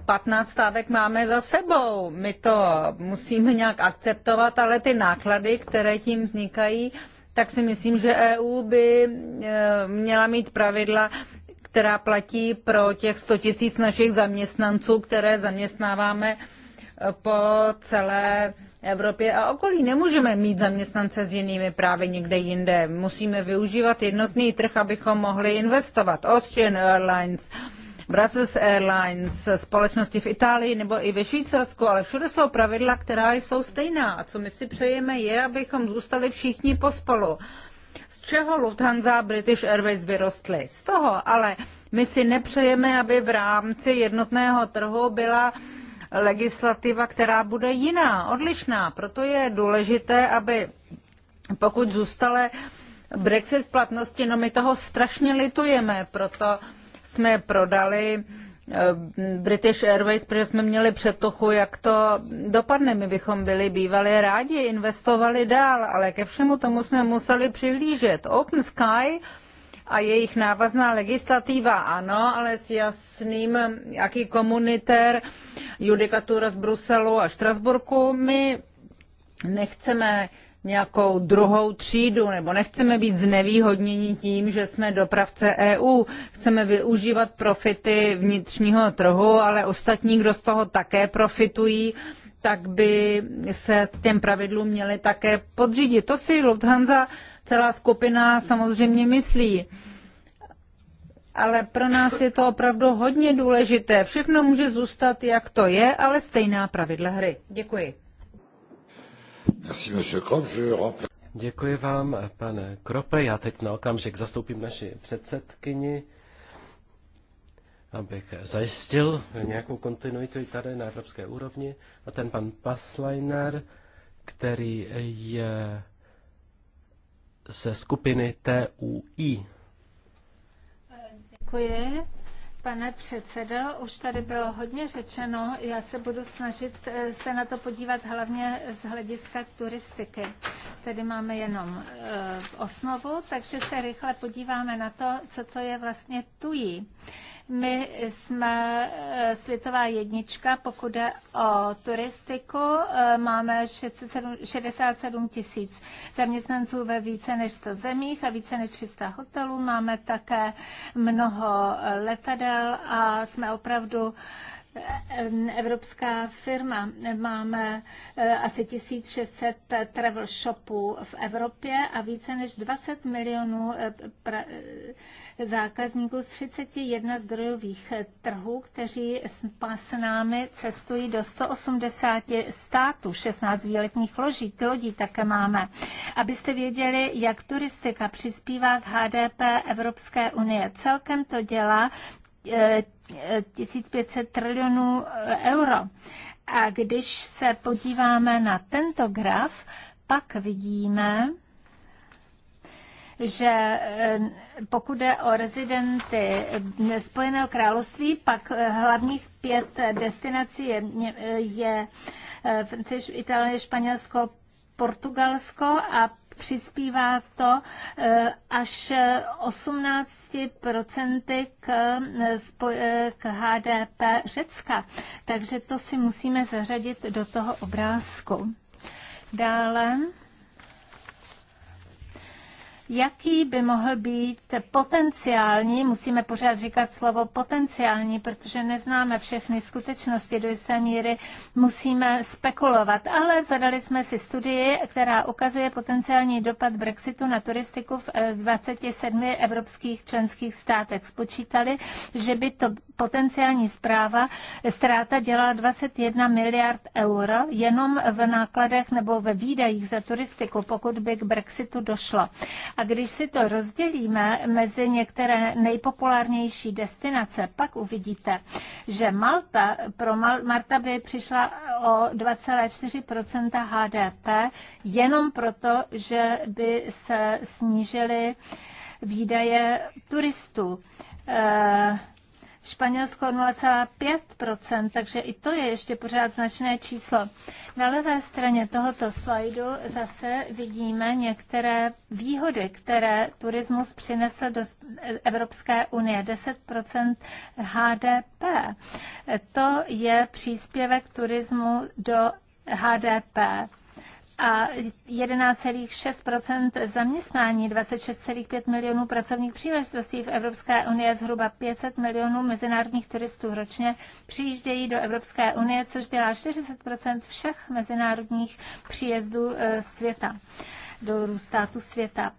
S3: 15 stávek máme za sebou. My to musíme nějak akceptovat, ale ty náklady, které tím vznikají, tak si myslím, že EU by e, měla mít pravidla, která platí pro těch 100 tisíc našich zaměstnanců, které zaměstnáváme e, po celé Evropě a okolí. Nemůžeme mít zaměstnance s jinými právě někde jinde. Musíme využívat jednotný trh, abychom mohli investovat. Austrian Airlines, uh, Brussels Airlines, společnosti v Itálii nebo i ve Švýcarsku, ale všude jsou pravidla, která jsou stejná. A co my si přejeme, je, abychom zůstali všichni pospolu. Z čeho Lufthansa British Airways vyrostly? Z toho, ale my si nepřejeme, aby v rámci jednotného trhu byla legislativa, která bude jiná, odlišná. Proto je důležité, aby pokud zůstale Brexit v platnosti, no my toho strašně litujeme, proto jsme prodali eh, British Airways, protože jsme měli předtuchu, jak to dopadne. My bychom byli bývali rádi, investovali dál, ale ke všemu tomu jsme museli přihlížet. Open Sky a jejich návazná legislativa ano, ale s jasným, jaký komunitér, judikatura z Bruselu a Štrasburku, my nechceme nějakou druhou třídu, nebo nechceme být znevýhodněni tím, že jsme dopravce EU. Chceme využívat profity vnitřního trhu, ale ostatní, kdo z toho také profitují, tak by se těm pravidlům měli také podřídit. To si Lufthansa celá skupina samozřejmě myslí. Ale pro nás je to opravdu hodně důležité. Všechno může zůstat, jak to je, ale stejná pravidla hry. Děkuji.
S1: Děkuji vám, pane Krope. Já teď na okamžik zastoupím naši předsedkyni, abych zajistil nějakou kontinuitu i tady na evropské úrovni. A ten pan Paslajner, který je ze skupiny TUI.
S2: Děkuji. Pane předsedo, už tady bylo hodně řečeno, já se budu snažit eh, se na to podívat hlavně z hlediska turistiky. Tady máme jenom eh, osnovu, takže se rychle podíváme na to, co to je vlastně tují. My jsme eh, světová jednička, pokud jde o turistiku. Eh, máme 67 tisíc zaměstnanců ve více než 100 zemích a více než 300 hotelů. Máme také mnoho letadel a jsme opravdu evropská firma. Máme eh, asi 1600 travel shopů v Evropě a více než 20 milionů eh, eh, zákazníků z 31 zdrojových trhů, kteří s námi cestují do 180 států, 16 výletních loží, ty lodí také máme. Abyste věděli, jak turistika přispívá k HDP Evropské unie. Celkem to dělá 1500 trilionů eh, euro. A když se podíváme na tento graf, pak vidíme, že eh, pokud jde o rezidenty Spojeného království, pak eh, hlavních pět destinací je, je Francie, Itálie, Španělsko, Portugalsko a přispívá to eh, až 18% k, eh, eh, k HDP Řecka. Takže to si musíme zařadit do toho obrázku. Dále Jaký by mohl být potenciální, musíme pořád říkat slovo potenciální, protože neznáme všechny skutečnosti, do jisté míry musíme spekulovat, ale zadali jsme si studii, která ukazuje potenciální dopad Brexitu na turistiku v 27 eh, evropských členských státech. Spočítali, že by to potenciální zpráva, eh, ztráta dělala 21 miliard euro jenom v nákladech nebo ve výdajích za turistiku, pokud by k Brexitu došlo. A když si to rozdělíme mezi některé nejpopulárnější destinace, pak uvidíte, že Malta, pro Mal- Marta by přišla o 2,4 HDP jenom proto, že by se snížily výdaje turistů. Eh, Španělsko 0,5%, takže i to je ještě pořád značné číslo. Na levé straně tohoto slajdu zase vidíme některé výhody, které turismus přinesl do Evropské unie. 10% HDP. To je příspěvek turismu do HDP a 11,6 zaměstnání, 26,5 milionů pracovních příležitostí v Evropské unii, zhruba 500 milionů mezinárodních turistů ročně přijíždějí do Evropské unie, což dělá 40 všech mezinárodních příjezdů e, světa do růstátu světa.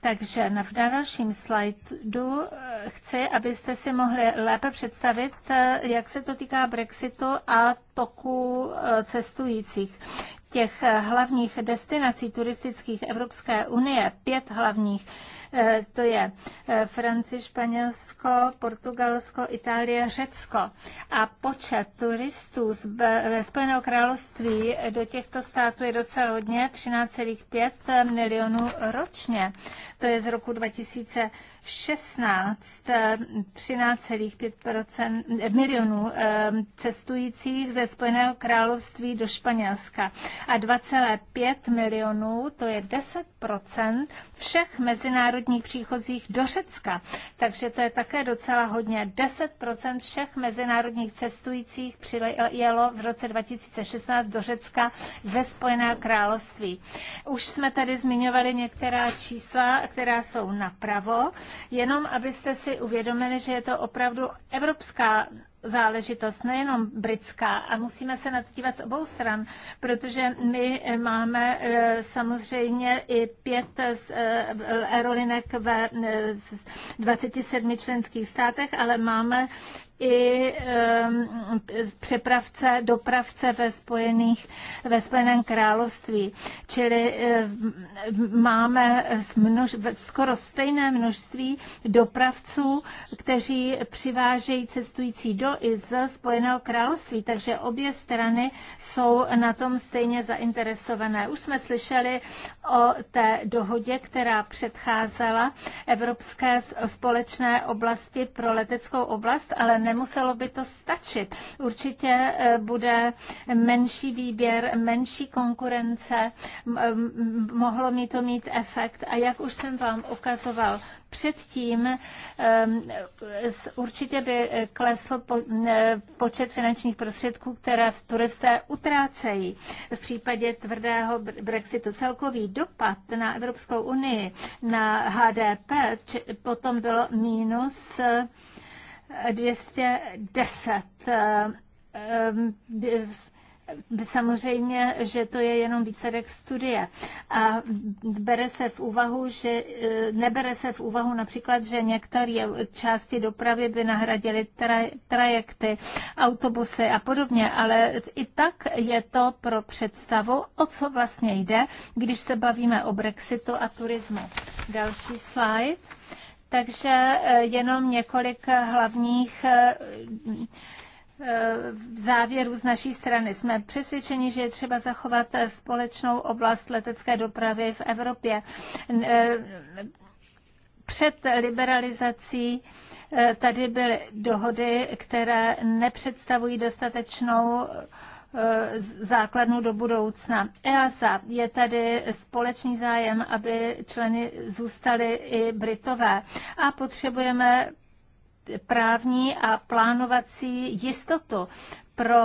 S2: Takže na dalším slajdu e, chci, abyste si mohli lépe představit, e, jak se to týká Brexitu a toku cestujících těch hlavních destinací turistických Evropské unie, pět hlavních, eh, to je eh, Francie, Španělsko, Portugalsko, Itálie, Řecko. A počet turistů z Spojeného království do těchto států je docela hodně, 13,5 milionů ročně. To je z roku 2000 16, 13,5 eh, eh, milionů eh, cestujících ze Spojeného království do Španělska a 2,5 milionů, to je 10 všech mezinárodních příchozích do Řecka. Takže to je také docela hodně. 10 všech mezinárodních cestujících přijelo v roce 2016 do Řecka ze Spojené království. Už jsme tady zmiňovali některá čísla, která jsou napravo, jenom abyste si uvědomili, že je to opravdu evropská záležitost, nejenom britská, a musíme se na to dívat z obou stran, protože my máme eh, samozřejmě i pět eh, aerolinek ve eh, 27 členských státech, ale máme i přepravce, dopravce ve, spojených, ve Spojeném království. Čili máme množ, skoro stejné množství dopravců, kteří přivážejí cestující do i z Spojeného království, takže obě strany jsou na tom stejně zainteresované. Už jsme slyšeli o té dohodě, která předcházela Evropské společné oblasti pro leteckou oblast, ale ne nemuselo by to stačit. Určitě eh, bude menší výběr, menší konkurence, mohlo mi to mít efekt. A jak už jsem vám ukazoval, předtím ehm, určitě by eh, klesl počet finančních prostředků, které v turisté utrácejí. V případě tvrdého Brexitu celkový dopad na Evropskou unii, na HDP, potom bylo mínus eh, 210 ehm, Samozřejmě, že to je jenom výsledek studie. A bere se v úvahu, že e, nebere se v úvahu například, že některé části dopravy by nahradily trajekty, autobusy a podobně, ale i tak je to pro představu, o co vlastně jde, když se bavíme o Brexitu a turismu. Další slide. Takže eh, jenom několik eh, hlavních v eh, závěru z naší strany. Jsme přesvědčeni, že je třeba zachovat společnou oblast letecké dopravy v Evropě. Před liberalizací tady byly dohody, které nepředstavují dostatečnou Eh, základnu do budoucna. EASA je tady společný zájem, aby členy zůstaly i Britové a potřebujeme právní a plánovací jistotu pro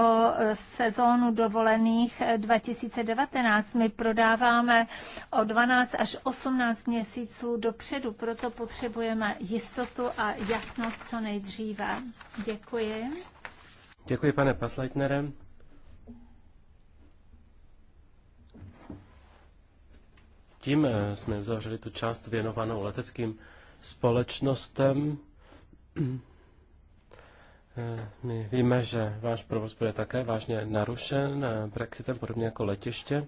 S2: sezónu dovolených 2019. My prodáváme o 12 až 18 měsíců dopředu, proto potřebujeme jistotu a jasnost co nejdříve. Děkuji.
S1: Děkuji, pane Pasleitnere. Tím eh, jsme uzavřeli tu část věnovanou leteckým společnostem. Eh, my víme, že váš provoz bude také vážně narušen eh, Brexitem, podobně jako letiště.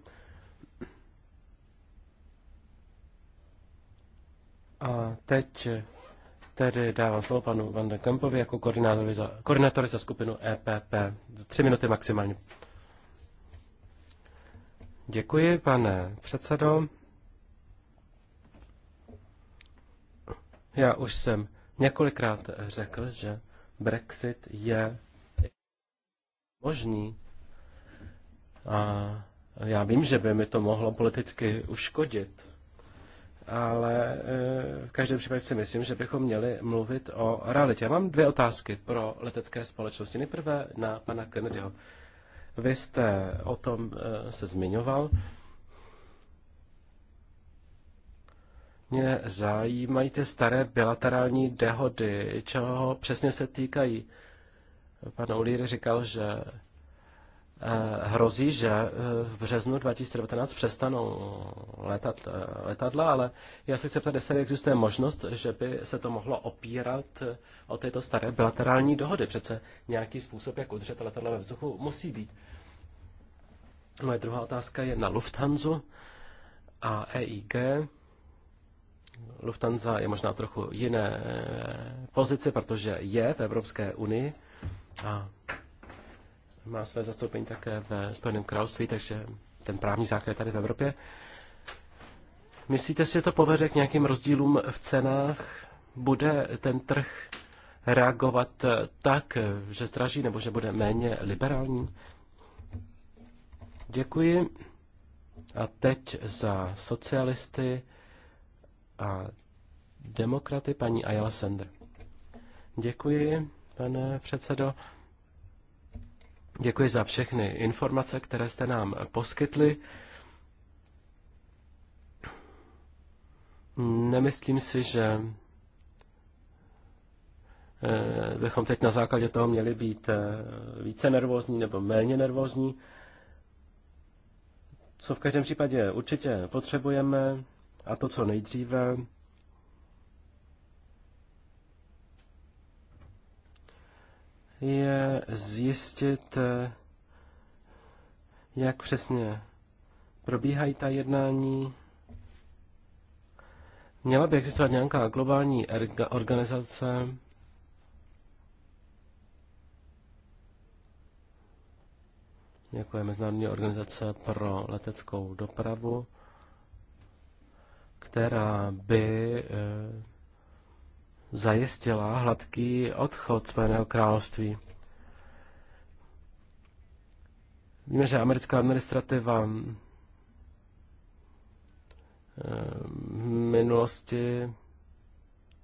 S1: A teď tedy dávám slovo panu Van de Kampovi jako koordinátorovi za, koordinátorovi za skupinu EPP. Tři minuty maximálně. Děkuji, pane předsedo. Já už jsem několikrát řekl, že Brexit je možný. A já vím, že by mi to mohlo politicky uškodit, ale e, v každém případě si myslím, že bychom měli mluvit o realitě. Já mám dvě otázky pro letecké společnosti. Nejprve na pana Kennedyho. Vy jste o tom e, se zmiňoval. mě zajímají ty staré bilaterální dehody, čeho přesně se týkají. Pan Ulír říkal, že eh, hrozí, že eh, v březnu 2019 přestanou letat, eh, letadla, ale já se chci ptat, jestli existuje možnost, že by se to mohlo opírat o tyto staré bilaterální dohody. Přece nějaký způsob, jak udržet letadla ve vzduchu, musí být. Moje druhá otázka je na Lufthansa a EIG. Lufthansa je možná trochu jiné pozice, protože je v Evropské unii a má své zastoupení také ve Spojeném království, takže ten právní základ je tady v Evropě. Myslíte si, že to povede k nějakým rozdílům v cenách? Bude ten trh reagovat tak, že zdraží nebo že bude méně liberální? Děkuji. A teď za socialisty a demokraty paní Ayala Sender. Děkuji, pane předsedo. Děkuji za všechny informace, které jste nám poskytli. Nemyslím si, že eh, bychom teď na základě toho měli být eh, více nervózní nebo méně nervózní. Co v každém případě určitě potřebujeme, a to co nejdříve. je zjistit, jak přesně probíhají ta jednání. Měla by existovat nějaká globální organizace, jako je Mezinárodní organizace pro leteckou dopravu, která by eh, zajistila hladký odchod Spojeného království. Víme, že americká administrativa eh, v minulosti,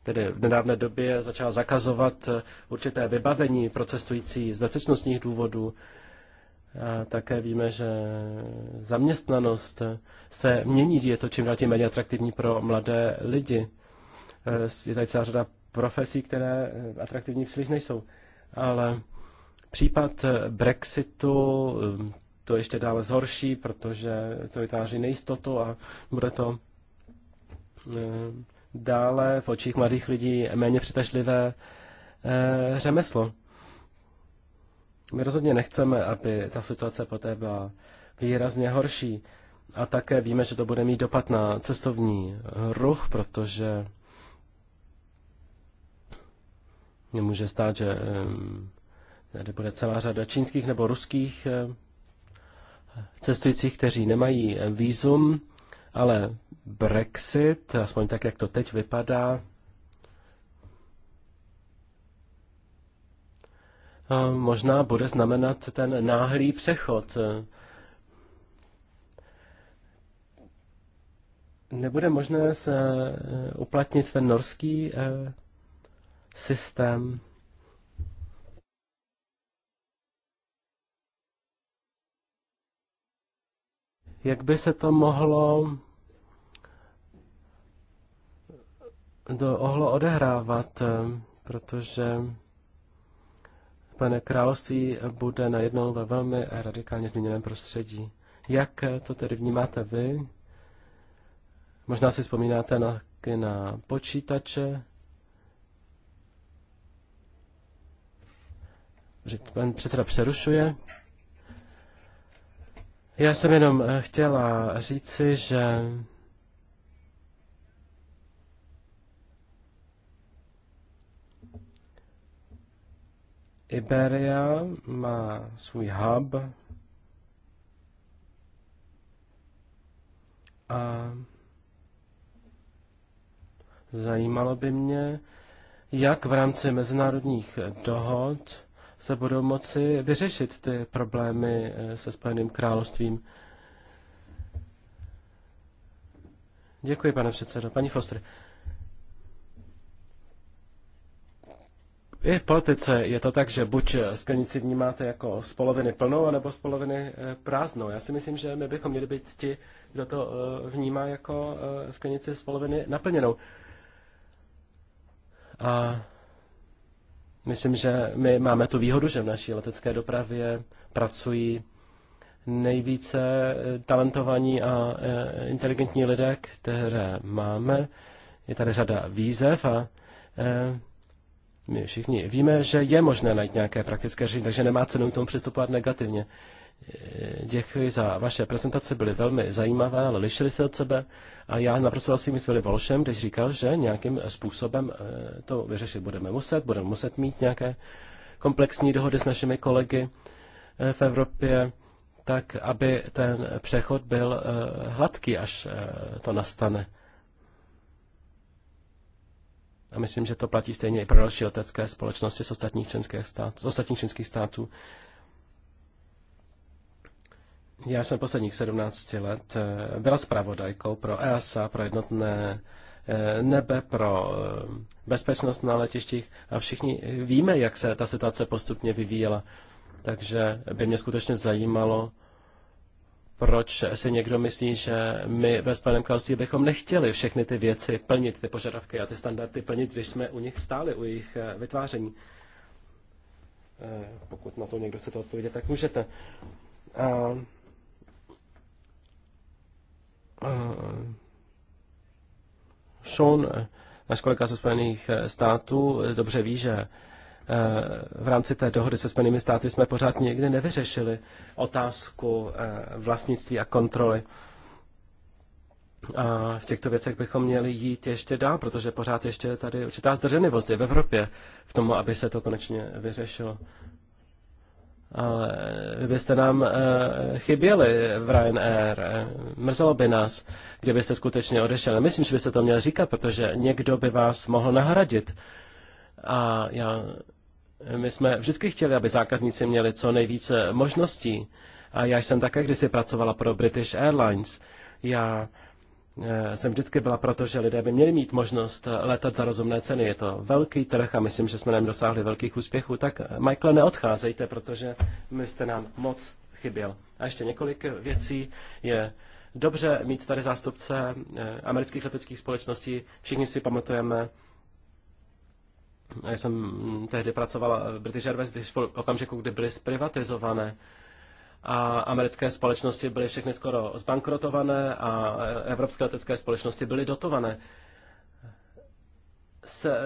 S1: tedy v nedávné době, začala zakazovat eh, určité vybavení pro cestující z bezpečnostních důvodů. A také víme, že zaměstnanost se mění, je to čím dál tím méně atraktivní pro mladé lidi. E, je tady celá řada profesí, které atraktivní příliš nejsou. Ale případ Brexitu e, to ještě dále zhorší, protože to vytváří nejistotu a bude to e, dále v očích mladých lidí méně přitažlivé řemeslo. My rozhodně nechceme, aby ta situace poté byla výrazně horší. A také víme, že to bude mít dopad na cestovní ruch, protože nemůže stát, že eh, tady bude celá řada čínských nebo ruských eh, cestujících, kteří nemají eh, vízum, ale Brexit, aspoň tak, jak to teď vypadá, možná bude znamenat ten náhlý přechod. Nebude možné se eh, uplatnit ten norský eh, systém. Jak by se to mohlo do ohlo odehrávat, eh, protože Spojené království bude najednou ve velmi radikálně změněném prostředí. Jak to tedy vnímáte vy? Možná si vzpomínáte na, na počítače. Pan předseda přerušuje. Já jsem jenom chtěla říci, že Iberia má svůj hub a zajímalo by mě, jak v rámci mezinárodních dohod se budou moci vyřešit ty problémy eh, se Spojeným královstvím. Děkuji, pane předsedo. Paní Foster. I v politice je to tak, že buď sklenici vnímáte jako z poloviny plnou, nebo z poloviny eh, prázdnou. Já si myslím, že my bychom měli být ti, kdo to eh, vnímá jako eh, sklenici z poloviny naplněnou. A myslím, že my máme tu výhodu, že v naší letecké dopravě pracují nejvíce talentovaní a inteligentní lidé, které máme. Je tady řada výzev a my všichni víme, že je možné najít nějaké praktické řešení, takže nemá cenu k tomu přistupovat negativně. Eh, děkuji za vaše prezentace, byly velmi zajímavé, ale lišily se od sebe. A já naprosto si s Vili Volšem, když říkal, že nějakým způsobem eh, to vyřešit budeme muset, budeme muset mít nějaké komplexní dohody s našimi kolegy eh, v Evropě, tak aby ten přechod byl hladký, až to nastane. A myslím, že to platí stejně i pro další letecké společnosti z ostatních členských, stát, z ostatních členských států. Já jsem posledních 17 let eh, byla zpravodajkou pro EASA, pro jednotné eh, nebe, pro eh, bezpečnost na letištích a všichni víme, jak se ta situace postupně vyvíjela. Takže by mě skutečně zajímalo, proč si někdo myslí, že my ve Spojeném království bychom nechtěli všechny ty věci plnit, ty požadavky a ty standardy plnit, když jsme u nich stáli, u jejich eh, vytváření. Eh, pokud na to někdo chcete odpovědět, tak můžete. A, eh, a, Sean, náš kolega ze Spojených států, dobře ví, že Eh, v rámci té dohody se Spojenými státy jsme pořád nikdy nevyřešili otázku eh, vlastnictví a kontroly. A v těchto věcech bychom měli jít ještě dál, protože pořád ještě tady určitá zdrženlivost je v Evropě k tomu, aby se to konečně vyřešilo. Ale vy byste nám eh, chyběli v Ryanair, mrzelo by nás, kdybyste skutečně odešel. Myslím, že byste to měl říkat, protože někdo by vás mohl nahradit. A já, my jsme vždycky chtěli, aby zákazníci měli co nejvíce eh, možností. A já jsem také kdysi pracovala pro British Airlines. Já eh, jsem vždycky byla proto, že lidé by měli mít možnost eh, letat za rozumné ceny. Je to velký trh a myslím, že jsme nám dosáhli velkých úspěchů. Tak, Michael, neodcházejte, protože my jste nám moc chyběl. A ještě několik věcí je dobře mít tady zástupce amerických leteckých společností. Všichni si pamatujeme já jsem tehdy pracovala v British Airways, když v okamžiku, kdy byly zprivatizované a americké společnosti byly všechny skoro zbankrotované a evropské letecké společnosti byly dotované. Se, e,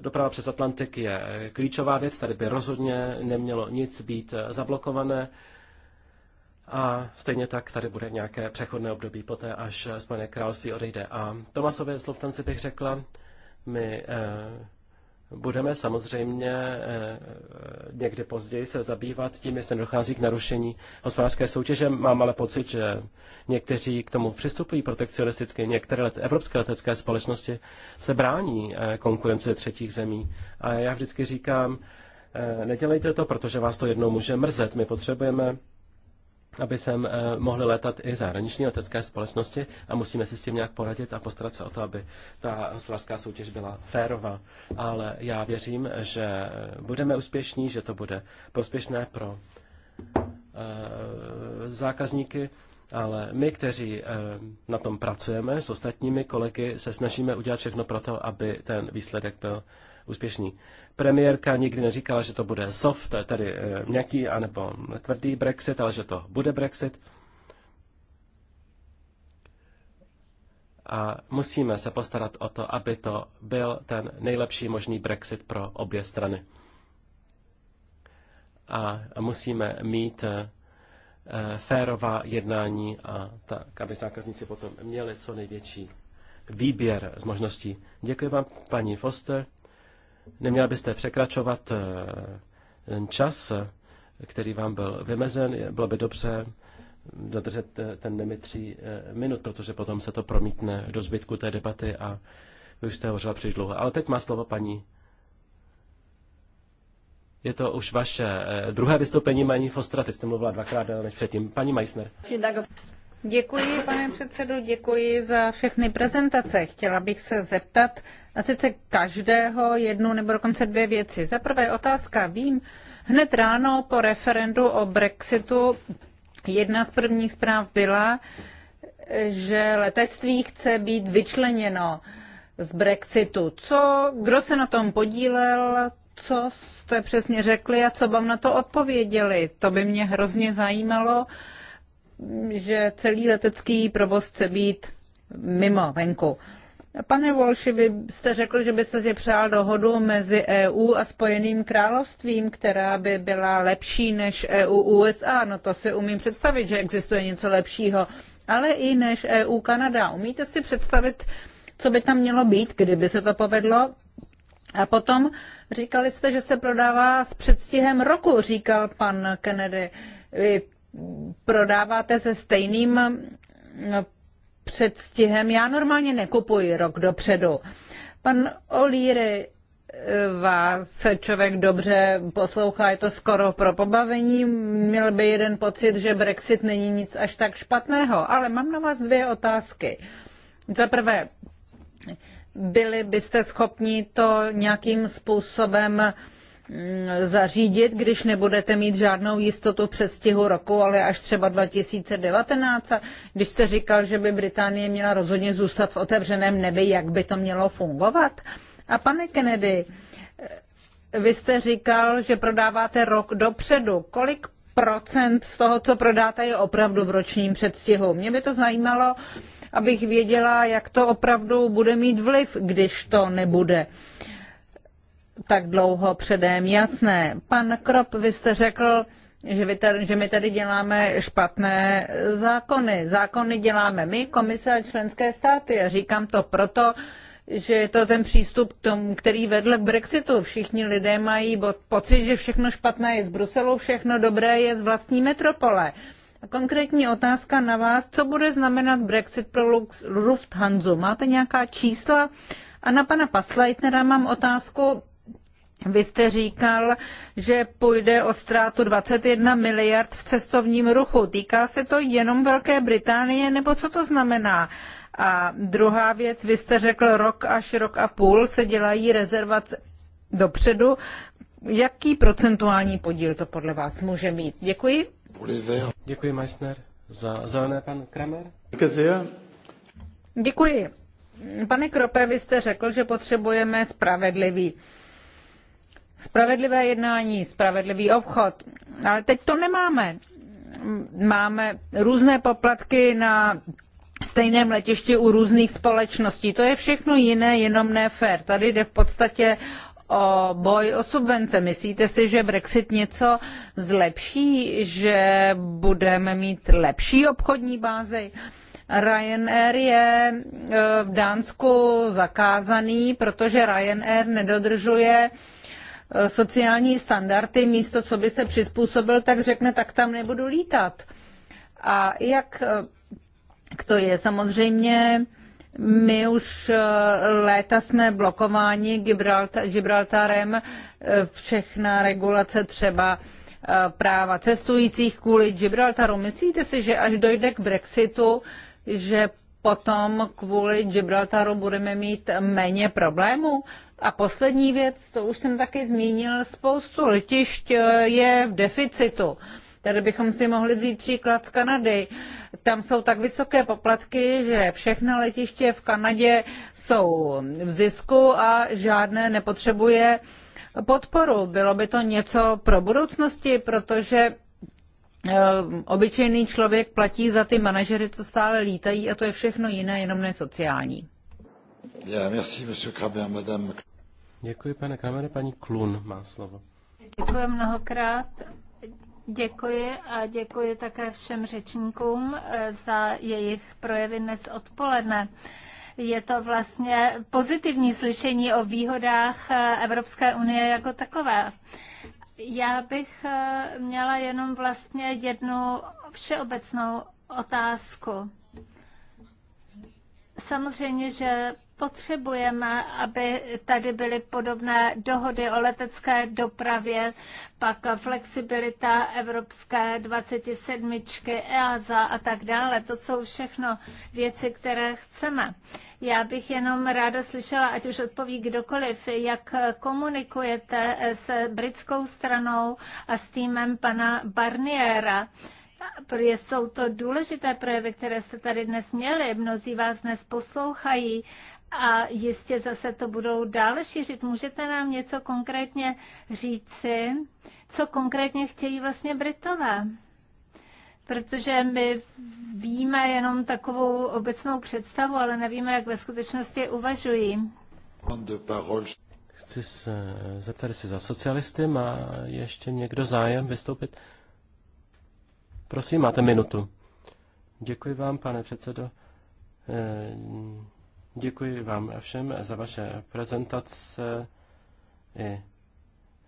S1: doprava přes Atlantik je klíčová věc, tady by rozhodně nemělo nic být zablokované. A stejně tak tady bude nějaké přechodné období poté, až Spojené království odejde. A Tomasově Slovtanci bych řekla, my eh, budeme samozřejmě eh, někdy později se zabývat tím, jestli dochází k narušení hospodářské soutěže. Mám ale pocit, že někteří k tomu přistupují protekcionisticky. Některé let, evropské letecké společnosti se brání eh, konkurenci třetích zemí. A já vždycky říkám, eh, nedělejte to, protože vás to jednou může mrzet. My potřebujeme aby sem eh, mohly létat i zahraniční letecké společnosti a musíme si s tím nějak poradit a postarat se o to, aby ta hospodářská soutěž byla férová. Ale já věřím, že budeme úspěšní, že to bude prospěšné pro eh, zákazníky, ale my, kteří eh, na tom pracujeme s ostatními kolegy, se snažíme udělat všechno pro to, aby ten výsledek byl úspěšní. Premiérka nikdy neříkala, že to bude soft, tedy eh, měkký anebo tvrdý Brexit, ale že to bude Brexit. A musíme se postarat o to, aby to byl ten nejlepší možný Brexit pro obě strany. A musíme mít eh, eh, férová jednání a tak, aby zákazníci potom měli co největší výběr z možností. Děkuji vám, paní Foster. Neměla byste překračovat eh, čas, eh, který vám byl vymezen. Bylo by dobře dodržet eh, ten limit tří minut, protože potom se to promítne do zbytku té debaty a vy už jste hořela příliš dlouho. Ale teď má slovo paní. Je to už vaše druhé vystoupení, paní Fostra, teď jste mluvila dvakrát než předtím. Paní Meissner.
S3: Děkuji, pane předsedo, děkuji za všechny prezentace. Chtěla bych se zeptat, a sice každého jednu nebo dokonce dvě věci. Za prvé otázka, vím, hned ráno po referendu o Brexitu jedna z prvních zpráv byla, že letectví chce být vyčleněno z Brexitu. Co, kdo se na tom podílel, co jste přesně řekli a co vám na to odpověděli? To by mě hrozně zajímalo, že celý letecký provoz chce být mimo venku. Pane Walshi, vy jste řekl, že byste si přál dohodu mezi EU a Spojeným královstvím, která by byla lepší než EU-USA. No to si umím představit, že existuje něco lepšího. Ale i než EU-Kanada. Umíte si představit, co by tam mělo být, kdyby se to povedlo? A potom říkali jste, že se prodává s předstihem roku, říkal pan Kennedy. Vy prodáváte se stejným no, předstihem. Já normálně nekupuji rok dopředu. Pan Olíry eh, vás člověk dobře poslouchá, je to skoro pro pobavení. Měl by jeden pocit, že Brexit není nic až tak špatného, ale mám na vás dvě otázky. Za prvé, byli byste schopni to nějakým způsobem Mm, zařídit, když nebudete mít žádnou jistotu přestihu roku, ale až třeba 2019. A když jste říkal, že by Británie měla rozhodně zůstat v otevřeném nebi, jak by to mělo fungovat? A pane Kennedy, vy jste říkal, že prodáváte rok dopředu. Kolik procent z toho, co prodáte, je opravdu v ročním předstihu? Mě by to zajímalo, abych věděla, jak to opravdu bude mít vliv, když to nebude tak dlouho předem jasné. Pan Krop, vy jste řekl, že, vy tady, že my tady děláme špatné zákony. Zákony děláme my, komise a členské státy. A říkám to proto, že je to ten přístup, k tomu, který vedl k Brexitu. Všichni lidé mají pocit, že všechno špatné je z Bruselu, všechno dobré je z vlastní metropole. A konkrétní otázka na vás, co bude znamenat Brexit pro Lufthansa? Máte nějaká čísla? A na pana Pastleitnera mám otázku, vy jste říkal, že půjde o ztrátu 21 miliard v cestovním ruchu. Týká se to jenom Velké Británie, nebo co to znamená? A druhá věc, vy jste řekl, rok až rok a půl se dělají rezervace dopředu. Jaký procentuální podíl to podle vás může mít? Děkuji.
S1: Děkuji, Meissner. Za zelené pan Kramer.
S3: Děkuji. Pane Krope, vy jste řekl, že potřebujeme spravedlivý Spravedlivé jednání, spravedlivý obchod. Ale teď to nemáme. Máme různé poplatky na stejném letišti u různých společností. To je všechno jiné, jenom ne fair. Tady jde v podstatě o boj o subvence. Myslíte si, že Brexit něco zlepší, že budeme mít lepší obchodní bázi? Ryanair je eh, v Dánsku zakázaný, protože Ryanair nedodržuje Eh, sociální standardy, místo co by se přizpůsobil, tak řekne, tak tam nebudu lítat. A jak eh, to je? Samozřejmě my už eh, léta jsme blokováni Gibraltarem všechna regulace třeba práva cestujících kvůli Gibraltaru. Myslíte si, že až dojde k Brexitu, že potom kvůli Gibraltaru budeme mít méně problémů? A poslední věc, to už jsem taky zmínil, spoustu letišť eh, je v deficitu. Tady bychom si mohli vzít příklad z Kanady. Tam jsou tak vysoké poplatky, že všechna letiště v Kanadě jsou v zisku a žádné nepotřebuje podporu. Bylo by to něco pro budoucnosti, protože Eh, obyčejný člověk platí za ty manažery, co stále lítají a to je všechno jiné, jenom ne sociální.
S1: Děkuji, pane Kramere. Paní Klun má slovo.
S3: Děkuji mnohokrát. Děkuji
S2: a děkuji také všem řečníkům eh, za jejich projevy dnes odpoledne je to vlastně pozitivní slyšení o výhodách eh, Evropské unie jako takové. Já bych eh, měla jenom vlastně jednu všeobecnou otázku. Samozřejmě, že potřebujeme, aby tady byly podobné dohody o letecké dopravě, pak flexibilita Evropské 27. EASA a tak dále. To jsou všechno věci, které chceme. Já bych jenom ráda slyšela, ať už odpoví kdokoliv, jak komunikujete s britskou stranou a s týmem pana Barniera. Jsou to důležité projevy, které jste tady dnes měli. Mnozí vás dnes poslouchají a jistě zase to budou dále šířit. Můžete nám něco konkrétně říci, co konkrétně chtějí vlastně Britové? protože my víme jenom takovou obecnou představu, ale nevíme, jak ve skutečnosti uvažují.
S1: Chci se zeptat, jestli za socialisty má ještě někdo zájem vystoupit? Prosím, máte minutu. Děkuji vám, pane předsedo. Eh, děkuji vám všem za vaše prezentace. I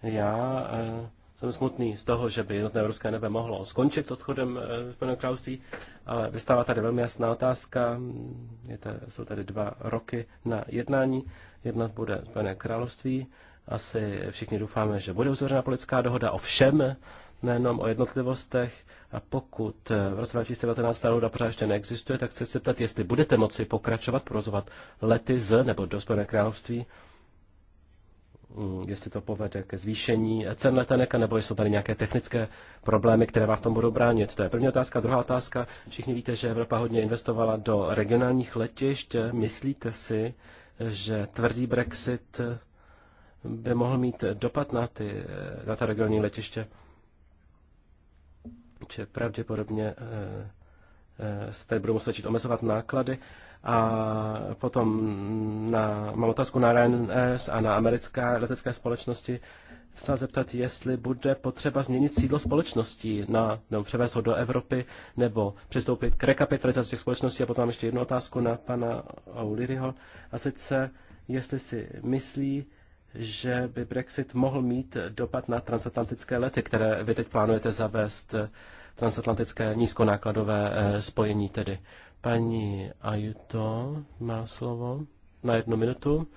S1: já eh, jsem smutný z toho, že by jednotné evropské nebe mohlo skončit s odchodem eh, Spojeného království, ale vystává tady velmi jasná otázka. Je to, jsou tady dva roky na jednání. Jednat bude Spojené království. Asi všichni doufáme, že bude uzavřena politická dohoda o všem, nejenom o jednotlivostech. A pokud eh, v roce 2019 ta dohoda pořád ještě neexistuje, tak chci se zeptat jestli budete moci pokračovat, provozovat lety z nebo do Spojeného království Mm, jestli to povede ke zvýšení cen letenek, nebo jsou tady nějaké technické problémy, které vám v tom budou bránit. To je první otázka. Druhá otázka. Všichni víte, že Evropa hodně investovala do regionálních letišť. Myslíte si, že tvrdý Brexit by mohl mít dopad na, ty, na ta regionální letiště? Či pravděpodobně eh, eh, se tady budou muset začít omezovat náklady. A potom na, mám otázku na Ryanair a na americké letecké společnosti. Se zeptat, jestli bude potřeba změnit sídlo společností, na, nebo převést ho do Evropy, nebo přistoupit k rekapitalizaci těch společností. A potom mám ještě jednu otázku na pana O'Learyho. A sice, jestli si myslí, že by Brexit mohl mít dopad na transatlantické lety, které vy teď plánujete zavést eh, transatlantické nízkonákladové eh, spojení tedy. Paní Ajuto má slovo na jednu minutu.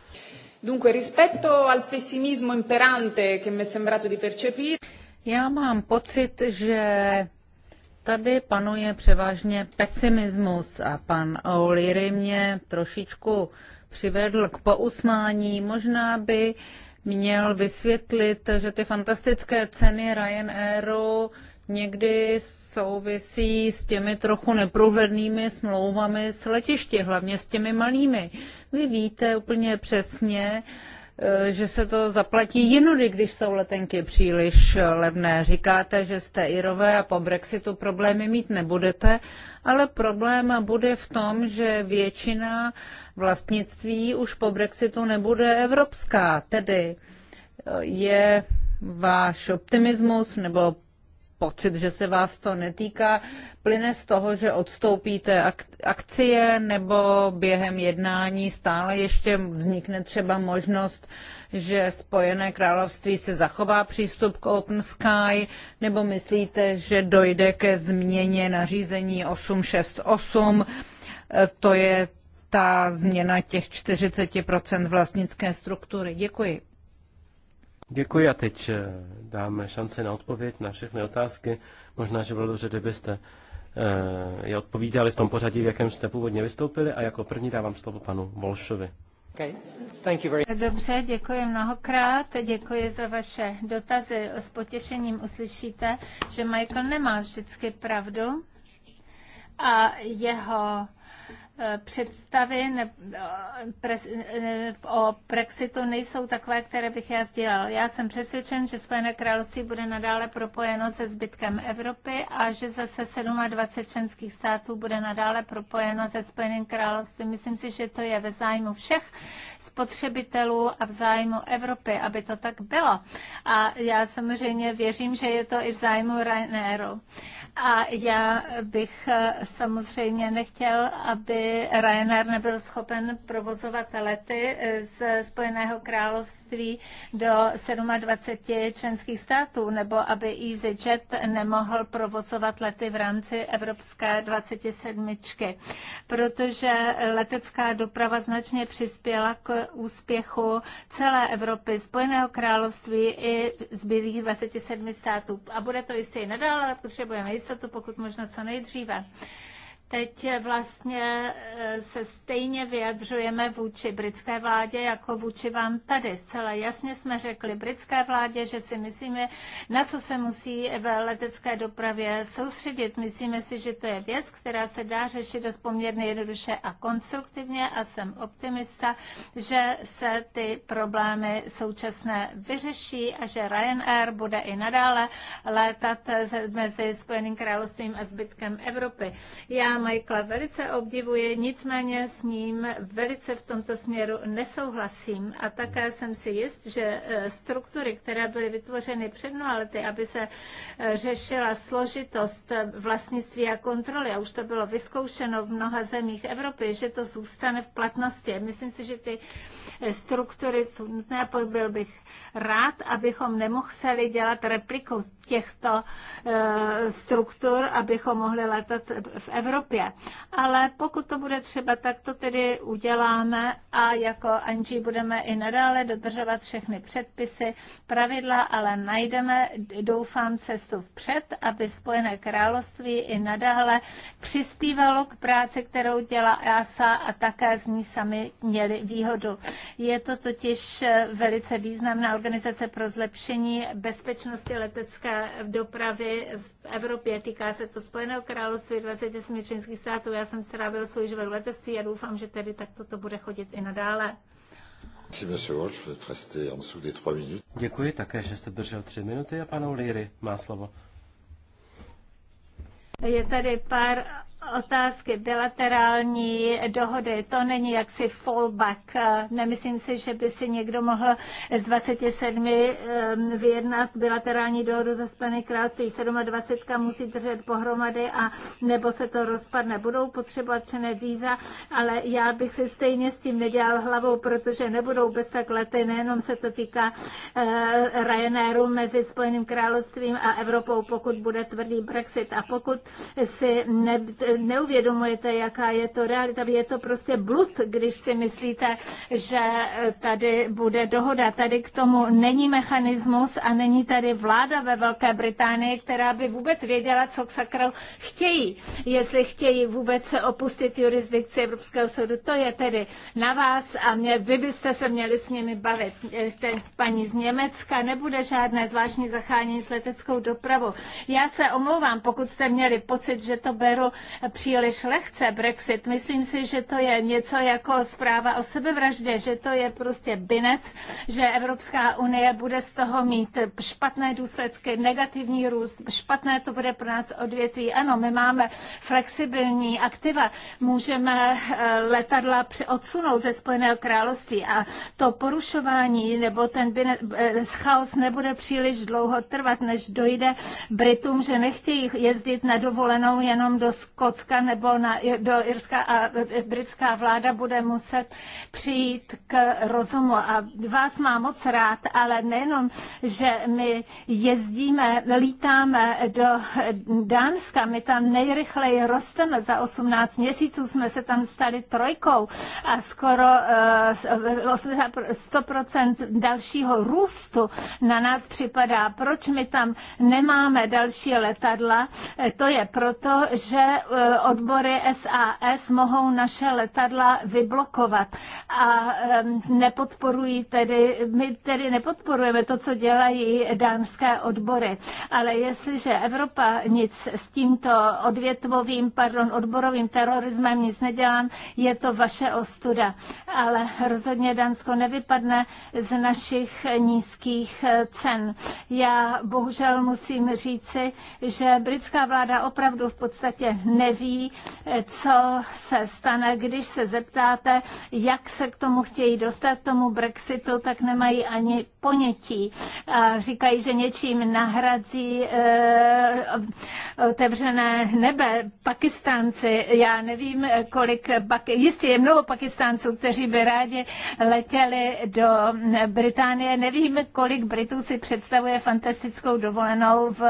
S3: Dunque, rispetto al pessimismo imperante che mi è sembrato di percepire... Já mám pocit, že tady panuje převážně pesimismus a pan O'Leary mě trošičku přivedl k pousmání. Možná by měl vysvětlit, že ty fantastické ceny Ryanairu někdy souvisí s těmi trochu neprůhlednými smlouvami s letišti, hlavně s těmi malými. Vy víte úplně přesně, eh, že se to zaplatí jinudy, když jsou letenky příliš levné. Říkáte, že jste Irové a po Brexitu problémy mít nebudete, ale problém bude v tom, že většina vlastnictví už po Brexitu nebude evropská. Tedy eh, je váš optimismus nebo pocit, že se vás to netýká. Plyne z toho, že odstoupíte akcie nebo během jednání stále ještě vznikne třeba možnost, že Spojené království se zachová přístup k Open Sky, nebo myslíte, že dojde ke změně nařízení 868, to je ta změna těch 40% vlastnické struktury. Děkuji.
S1: Děkuji a teď eh, dáme šanci na odpověď na všechny otázky. Možná, že bylo dobře, kdybyste eh, je odpovídali v tom pořadí, v jakém jste původně vystoupili a jako první dávám slovo panu Volšovi.
S2: Dobře, děkuji mnohokrát, děkuji za vaše dotazy. S potěšením uslyšíte, že Michael nemá vždycky pravdu a jeho představy ne, pre, ne, o Brexitu nejsou takové, které bych já sdělal. Já jsem přesvědčen, že Spojené království bude nadále propojeno se zbytkem Evropy a že zase 27 členských států bude nadále propojeno se Spojeným královstvím. Myslím si, že to je ve zájmu všech spotřebitelů a v zájmu Evropy, aby to tak bylo. A já samozřejmě věřím, že je to i v zájmu Ryanairu. A já bych eh, samozřejmě nechtěl, aby Ryanair nebyl schopen provozovat lety eh, z Spojeného království do 27 členských států, nebo aby EasyJet nemohl provozovat lety v rámci Evropské 27. Protože letecká doprava značně přispěla k úspěchu celé Evropy, Spojeného království i zbylých 27 států. A bude to jistě i nadále, ale potřebujeme jistotu, pokud možno co nejdříve. Teď vlastně eh, se stejně vyjadřujeme vůči britské vládě, jako vůči vám tady. Zcela jasně jsme řekli britské vládě, že si myslíme, na co se musí v letecké dopravě soustředit. Myslíme si, že to je věc, která se dá řešit dost poměrně jednoduše a konstruktivně a jsem optimista, že se ty problémy současné vyřeší a že Ryanair bude i nadále létat mezi Spojeným královstvím a zbytkem Evropy. Já Michaela velice obdivuji, nicméně s ním velice v tomto směru nesouhlasím a také jsem si jist, že eh, struktury, které byly vytvořeny před mnoha lety, aby se eh, řešila složitost eh, vlastnictví a kontroly, a už to bylo vyzkoušeno v mnoha zemích Evropy, že to zůstane v platnosti. Myslím si, že ty struktury jsou nutné a byl bych rád, abychom nemohli dělat repliku těchto struktur, abychom mohli letat v Evropě Evropě. Ale pokud to bude třeba, tak to tedy uděláme a jako Angie budeme i nadále dodržovat všechny předpisy, pravidla, ale najdeme, doufám, cestu vpřed, aby Spojené království i nadále přispívalo k práci, kterou dělá EASA a také z ní sami měli výhodu. Je to totiž eh, velice významná organizace pro zlepšení bezpečnosti letecké dopravy v Evropě. Týká se to Spojeného království 27 členských států. Já jsem strávil svůj život v letectví a doufám, že tedy tak toto bude chodit i nadále.
S1: Děkuji také, že jste držel tři minuty a panu Líry má slovo.
S2: Je tady pár otázky bilaterální dohody, to není jaksi fallback. Nemyslím si, že by si někdo mohl z 27 vyjednat bilaterální dohodu ze Spojených království. 27 musí držet pohromady a nebo se to rozpadne. Budou potřebovat čené víza, ale já bych si stejně s tím nedělal hlavou, protože nebudou bez tak lety. Nejenom se to týká eh, Ryanairu mezi Spojeným královstvím a Evropou, pokud bude tvrdý Brexit a pokud si ne, neuvědomujete, jaká je to realita. Je to prostě blud, když si myslíte, že tady bude dohoda. Tady k tomu není mechanismus a není tady vláda ve Velké Británii, která by vůbec věděla, co k sakral chtějí. Jestli chtějí vůbec opustit jurisdikci Evropského soudu, to je tedy na vás a mě, vy byste se měli s nimi bavit. Ten paní z Německa nebude žádné zvláštní zachání s leteckou dopravou. Já se omlouvám, pokud jste měli pocit, že to beru příliš lehce Brexit. Myslím si, že to je něco jako zpráva o sebevraždě, že to je prostě binec, že Evropská unie bude z toho mít špatné důsledky, negativní růst, špatné to bude pro nás odvětví. Ano, my máme flexibilní aktiva, můžeme eh, letadla odsunout ze Spojeného království a to porušování nebo ten eh, chaos nebude příliš dlouho trvat, než dojde Britům, že nechtějí jezdit na dovolenou jenom do Skotska Skotska nebo na, do Irska a britská vláda bude muset přijít k rozumu. A vás má moc rád, ale nejenom, že my jezdíme, lítáme do Dánska, my tam nejrychleji rosteme. Za 18 měsíců jsme se tam stali trojkou a skoro 100% eh, dalšího růstu na nás připadá. Proč my tam nemáme další letadla? Eh, to je proto, že eh, odbory SAS mohou naše letadla vyblokovat a nepodporují tedy, my tedy nepodporujeme to, co dělají dánské odbory, ale jestliže Evropa nic s tímto odvětvovým, pardon, odborovým terorismem nic nedělá, je to vaše ostuda. Ale rozhodně Dánsko nevypadne z našich nízkých eh, cen. Já bohužel musím říci, že britská vláda opravdu v podstatě ne neví, co se stane, když se zeptáte, jak se k tomu chtějí dostat, tomu Brexitu, tak nemají ani ponětí. A říkají, že něčím nahradí e, otevřené nebe Pakistánci. Já nevím, kolik, jistě je mnoho Pakistánců, kteří by rádi letěli do Británie. Nevím, kolik Britů si představuje fantastickou dovolenou v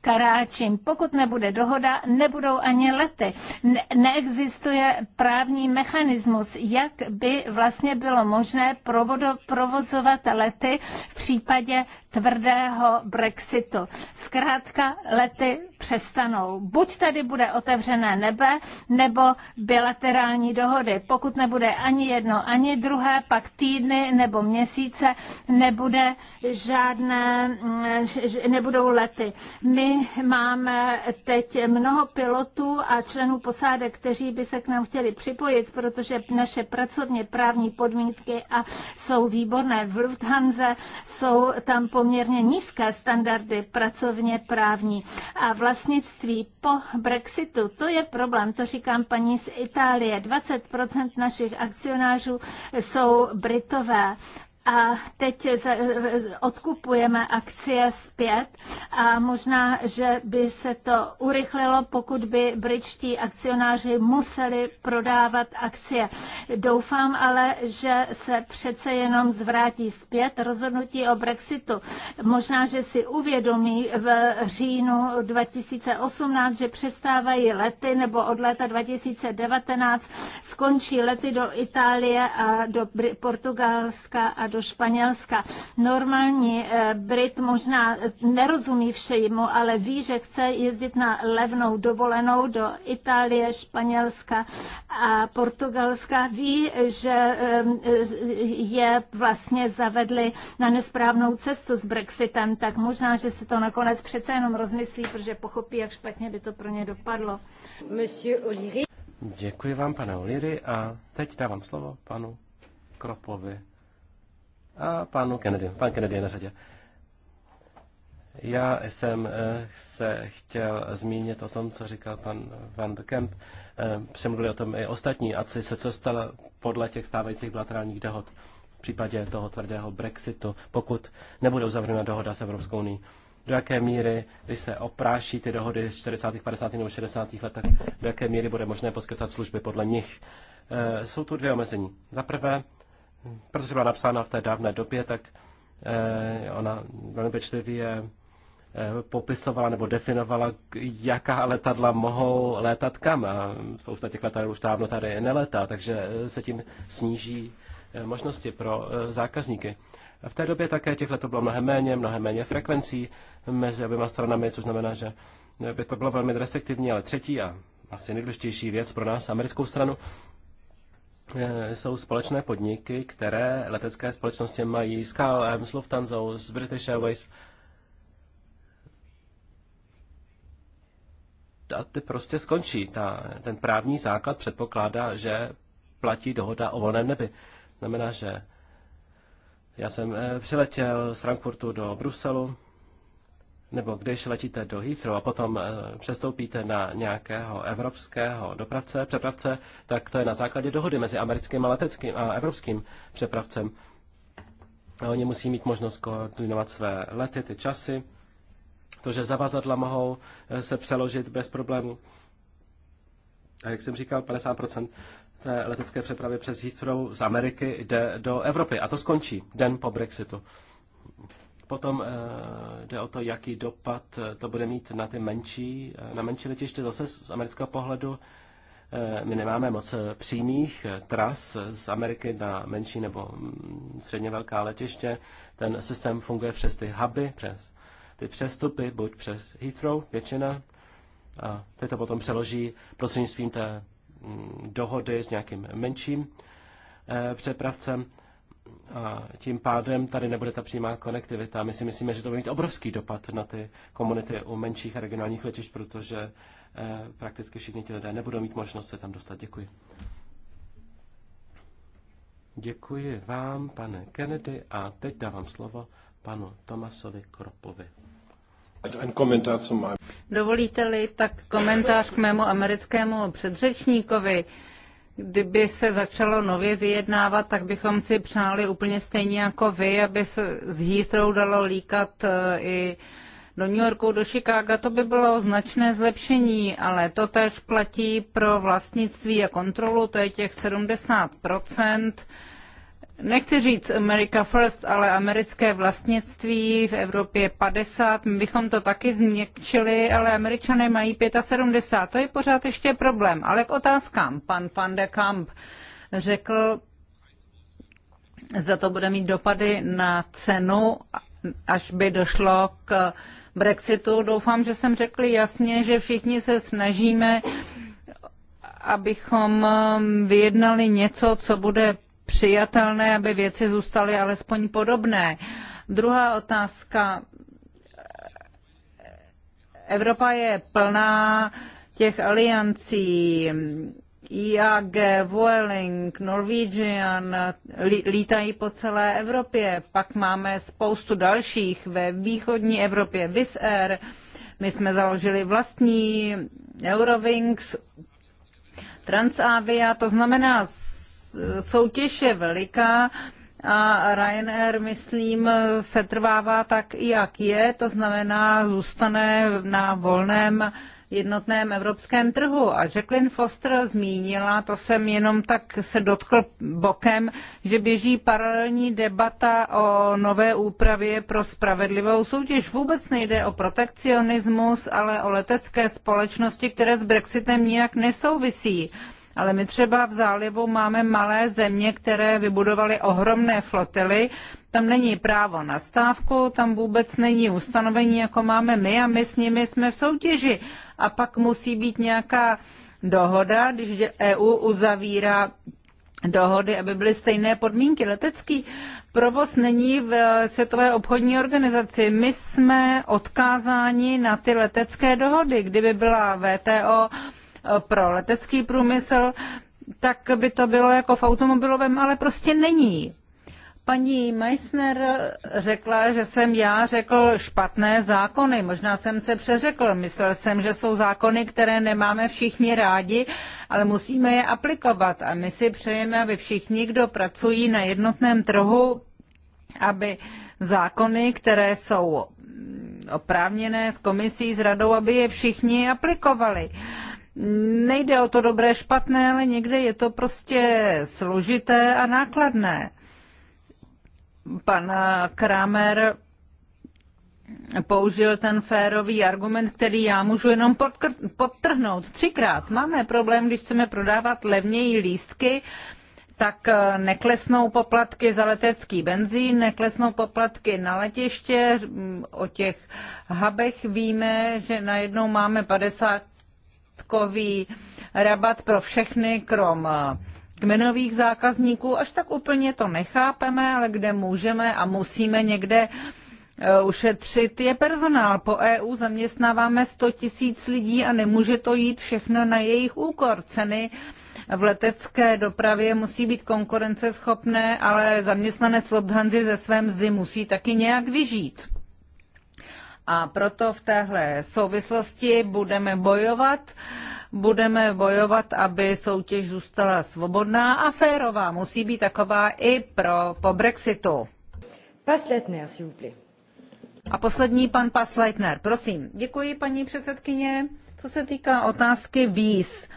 S2: Karáčím. Pokud nebude dohoda, nebudou ani let lety. Ne- neexistuje právní mechanismus, jak by vlastně bylo možné provodo- provozovat lety v případě tvrdého Brexitu. Zkrátka lety přestanou. Buď tady bude otevřené nebe, nebo bilaterální dohody. Pokud nebude ani jedno, ani druhé, pak týdny nebo měsíce nebude žádné, mm, nebudou lety. My máme teď mnoho pilotů a členů posádek, kteří by se k nám chtěli připojit, protože naše pracovně právní podmínky a jsou výborné. V Lufthansa jsou tam poměrně nízké standardy pracovně právní a vlastnictví po Brexitu, to je problém, to říkám paní z Itálie. 20% našich akcionářů jsou Britové a teď odkupujeme akcie zpět a možná, že by se to urychlilo, pokud by britští akcionáři museli prodávat akcie. Doufám ale, že se přece jenom zvrátí zpět rozhodnutí o Brexitu. Možná, že si uvědomí v říjnu 2018, že přestávají lety nebo od léta 2019 skončí lety do Itálie a do Portugalska a do do Španělska. Normální eh, Brit možná eh, nerozumí všemu, ale ví, že chce jezdit na levnou dovolenou do Itálie, Španělska a Portugalska. Ví, že eh, je vlastně zavedli na nesprávnou cestu s Brexitem, tak možná, že se to nakonec přece jenom rozmyslí, protože pochopí, jak špatně by to pro ně
S3: dopadlo.
S1: Děkuji vám, pane Oliry, a teď dávám slovo panu Kropovi a panu Kennedy, pan Kennedy je na řadě. Já jsem eh, se chtěl zmínit o tom, co říkal pan Van de Kemp. Přemluvili eh, o tom i ostatní, a co se co stalo podle těch stávajících bilaterálních dohod v případě toho tvrdého Brexitu, pokud nebude uzavřena dohoda s Evropskou unii. Do jaké míry, když se opráší ty dohody z 40., 50. nebo 60. let, tak do jaké míry bude možné poskytovat služby podle nich. Eh, jsou tu dvě omezení. Za prvé, protože byla napsána v té dávné době, tak eh, ona velmi pečlivě eh, popisovala nebo definovala, jaká letadla mohou létat kam. A spousta těch letadel už dávno tady neletá, takže eh, se tím sníží možnosti pro zákazníky. V té době také těch letů bylo mnohem méně, mnohem méně frekvencí mezi oběma stranami, což znamená, že by to bylo velmi restriktivní, ale třetí a asi nejdůležitější věc pro nás, americkou stranu, E, jsou společné podniky, které letecké společnosti mají s KLM, s Lufthansa, s British Airways. A ty prostě skončí. Ta, ten právní základ předpokládá, že platí dohoda o volném nebi. Znamená, že já jsem e, přiletěl z Frankfurtu do Bruselu, nebo když letíte do Heathrow a potom eh, přestoupíte na nějakého evropského dopravce, přepravce, tak to je na základě dohody mezi americkým a leteckým a evropským přepravcem. A oni musí mít možnost koordinovat své lety, ty časy, to, že zavazadla mohou eh, se přeložit bez problémů. A jak jsem říkal, 50% té letecké přepravy přes Heathrow z Ameriky jde do Evropy. A to skončí den po Brexitu. Potom eh, jde o to, jaký dopad eh, to bude mít na ty menší, eh, na menší letiště. Zase z amerického pohledu my nemáme moc přímých tras z Ameriky na menší nebo mm, středně velká letiště. Ten systém funguje přes ty huby, přes ty přestupy, buď přes Heathrow většina, a ty to potom přeloží prostřednictvím té mm, dohody s nějakým menším přepravcem. A tím pádem tady nebude ta přímá konektivita. My si myslíme, že to bude mít obrovský dopad na ty komunity u menších a regionálních letišť, protože eh, prakticky všichni ti lidé nebudou mít možnost se tam dostat. Děkuji. Děkuji vám, pane Kennedy, a teď dávám slovo panu Tomasovi Kropovi.
S3: Dovolíte-li tak komentář k mému americkému předřečníkovi kdyby se začalo nově vyjednávat, tak bychom si přáli úplně stejně jako vy, aby se z Heathrow dalo líkat e, i do New Yorku, do Chicaga, to by bylo značné zlepšení, ale to tež platí pro vlastnictví a kontrolu, to je těch 70 nechci říct America First, ale americké vlastnictví v Evropě 50, my bychom to taky změkčili, ale američané mají 75, to je pořád ještě problém. Ale k otázkám. Pan van de Kamp řekl, za to bude mít dopady na cenu, až by došlo k Brexitu. Doufám, že jsem řekl jasně, že všichni se snažíme abychom um, vyjednali něco, co bude přijatelné, aby věci zůstaly alespoň podobné. Druhá otázka. Evropa je plná těch aliancí. IAG, Vueling, Norwegian lítají po celé Evropě. Pak máme spoustu dalších ve východní Evropě, Wizz Air. My jsme založili vlastní Eurowings, Transavia, to znamená soutěž je veliká a Ryanair, myslím, se trvává tak, jak je, to znamená, zůstane na volném jednotném evropském trhu. A Jacqueline Foster zmínila, to jsem jenom tak se dotkl bokem, že běží paralelní debata o nové úpravě pro spravedlivou soutěž. Vůbec nejde o protekcionismus, ale o letecké společnosti, které s Brexitem nijak nesouvisí. Ale my třeba v zálivu máme malé země, které vybudovaly ohromné flotily. Tam není právo na stávku, tam vůbec není ustanovení, jako máme my a my s nimi jsme v soutěži. A pak musí být nějaká dohoda, když EU uzavírá dohody, aby byly stejné podmínky. Letecký provoz není v Světové obchodní organizaci. My jsme odkázáni na ty letecké dohody. Kdyby byla VTO, pro letecký průmysl, tak by to bylo jako v automobilovém, ale prostě není. Paní Meissner řekla, že jsem já řekl špatné zákony. Možná jsem se přeřekl. Myslel jsem, že jsou zákony, které nemáme všichni rádi, ale musíme je aplikovat. A my si přejeme, aby všichni, kdo pracují na jednotném trhu, aby zákony, které jsou oprávněné s komisí, s radou, aby je všichni aplikovali. Uh, Nejde o to dobré, špatné, ale někde je to prostě složité a nákladné. Pan Kramer použil ten férový argument, který já můžu jenom podtrhnout. Třikrát máme problém, když chceme prodávat levněji lístky, tak eh, neklesnou poplatky za letecký benzín, neklesnou poplatky na letiště. Mm, o těch habech víme, že najednou máme 50 pětkový rabat pro všechny, krom eh, kmenových zákazníků. Až tak úplně to nechápeme, ale kde můžeme a musíme někde eh, ušetřit je personál. Po EU zaměstnáváme 100 tisíc lidí a nemůže to jít všechno na jejich úkor. Ceny v letecké dopravě musí být konkurenceschopné, ale zaměstnanec Lufthansa ze své mzdy musí taky nějak vyžít. A proto v téhle souvislosti budeme bojovat, budeme bojovat, aby soutěž zůstala svobodná a férová. Musí být taková i pro, po Brexitu. Pasletner, s'il A poslední pan Pasleitner, prosím. Děkuji, paní předsedkyně. Co se týká otázky víz,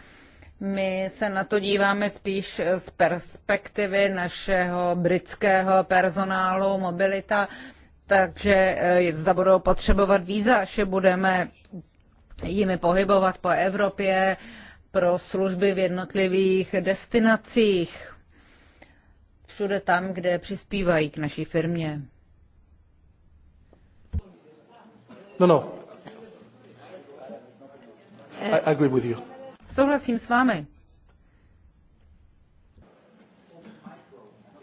S3: my se na to díváme spíš z perspektivy našeho britského personálu, mobilita takže eh, zda budou potřebovat víza, až je budeme jimi pohybovat po Evropě pro služby v jednotlivých destinacích, všude tam, kde přispívají k naší firmě. No, no. I agree with you. Souhlasím s vámi.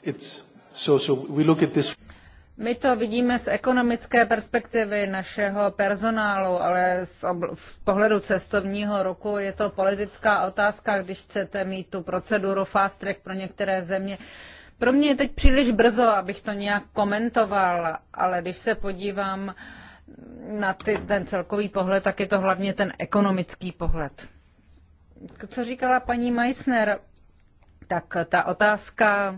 S3: It's, so, so we look at this. My to vidíme z ekonomické perspektivy našeho personálu, ale z, z pohledu cestovního roku je to politická otázka, když chcete mít tu proceduru fast track pro některé země. Pro mě je teď příliš brzo, abych to nějak komentoval, ale když se podívám na ty, ten celkový pohled, tak je to hlavně ten ekonomický pohled. Co říkala paní Meissner, tak ta otázka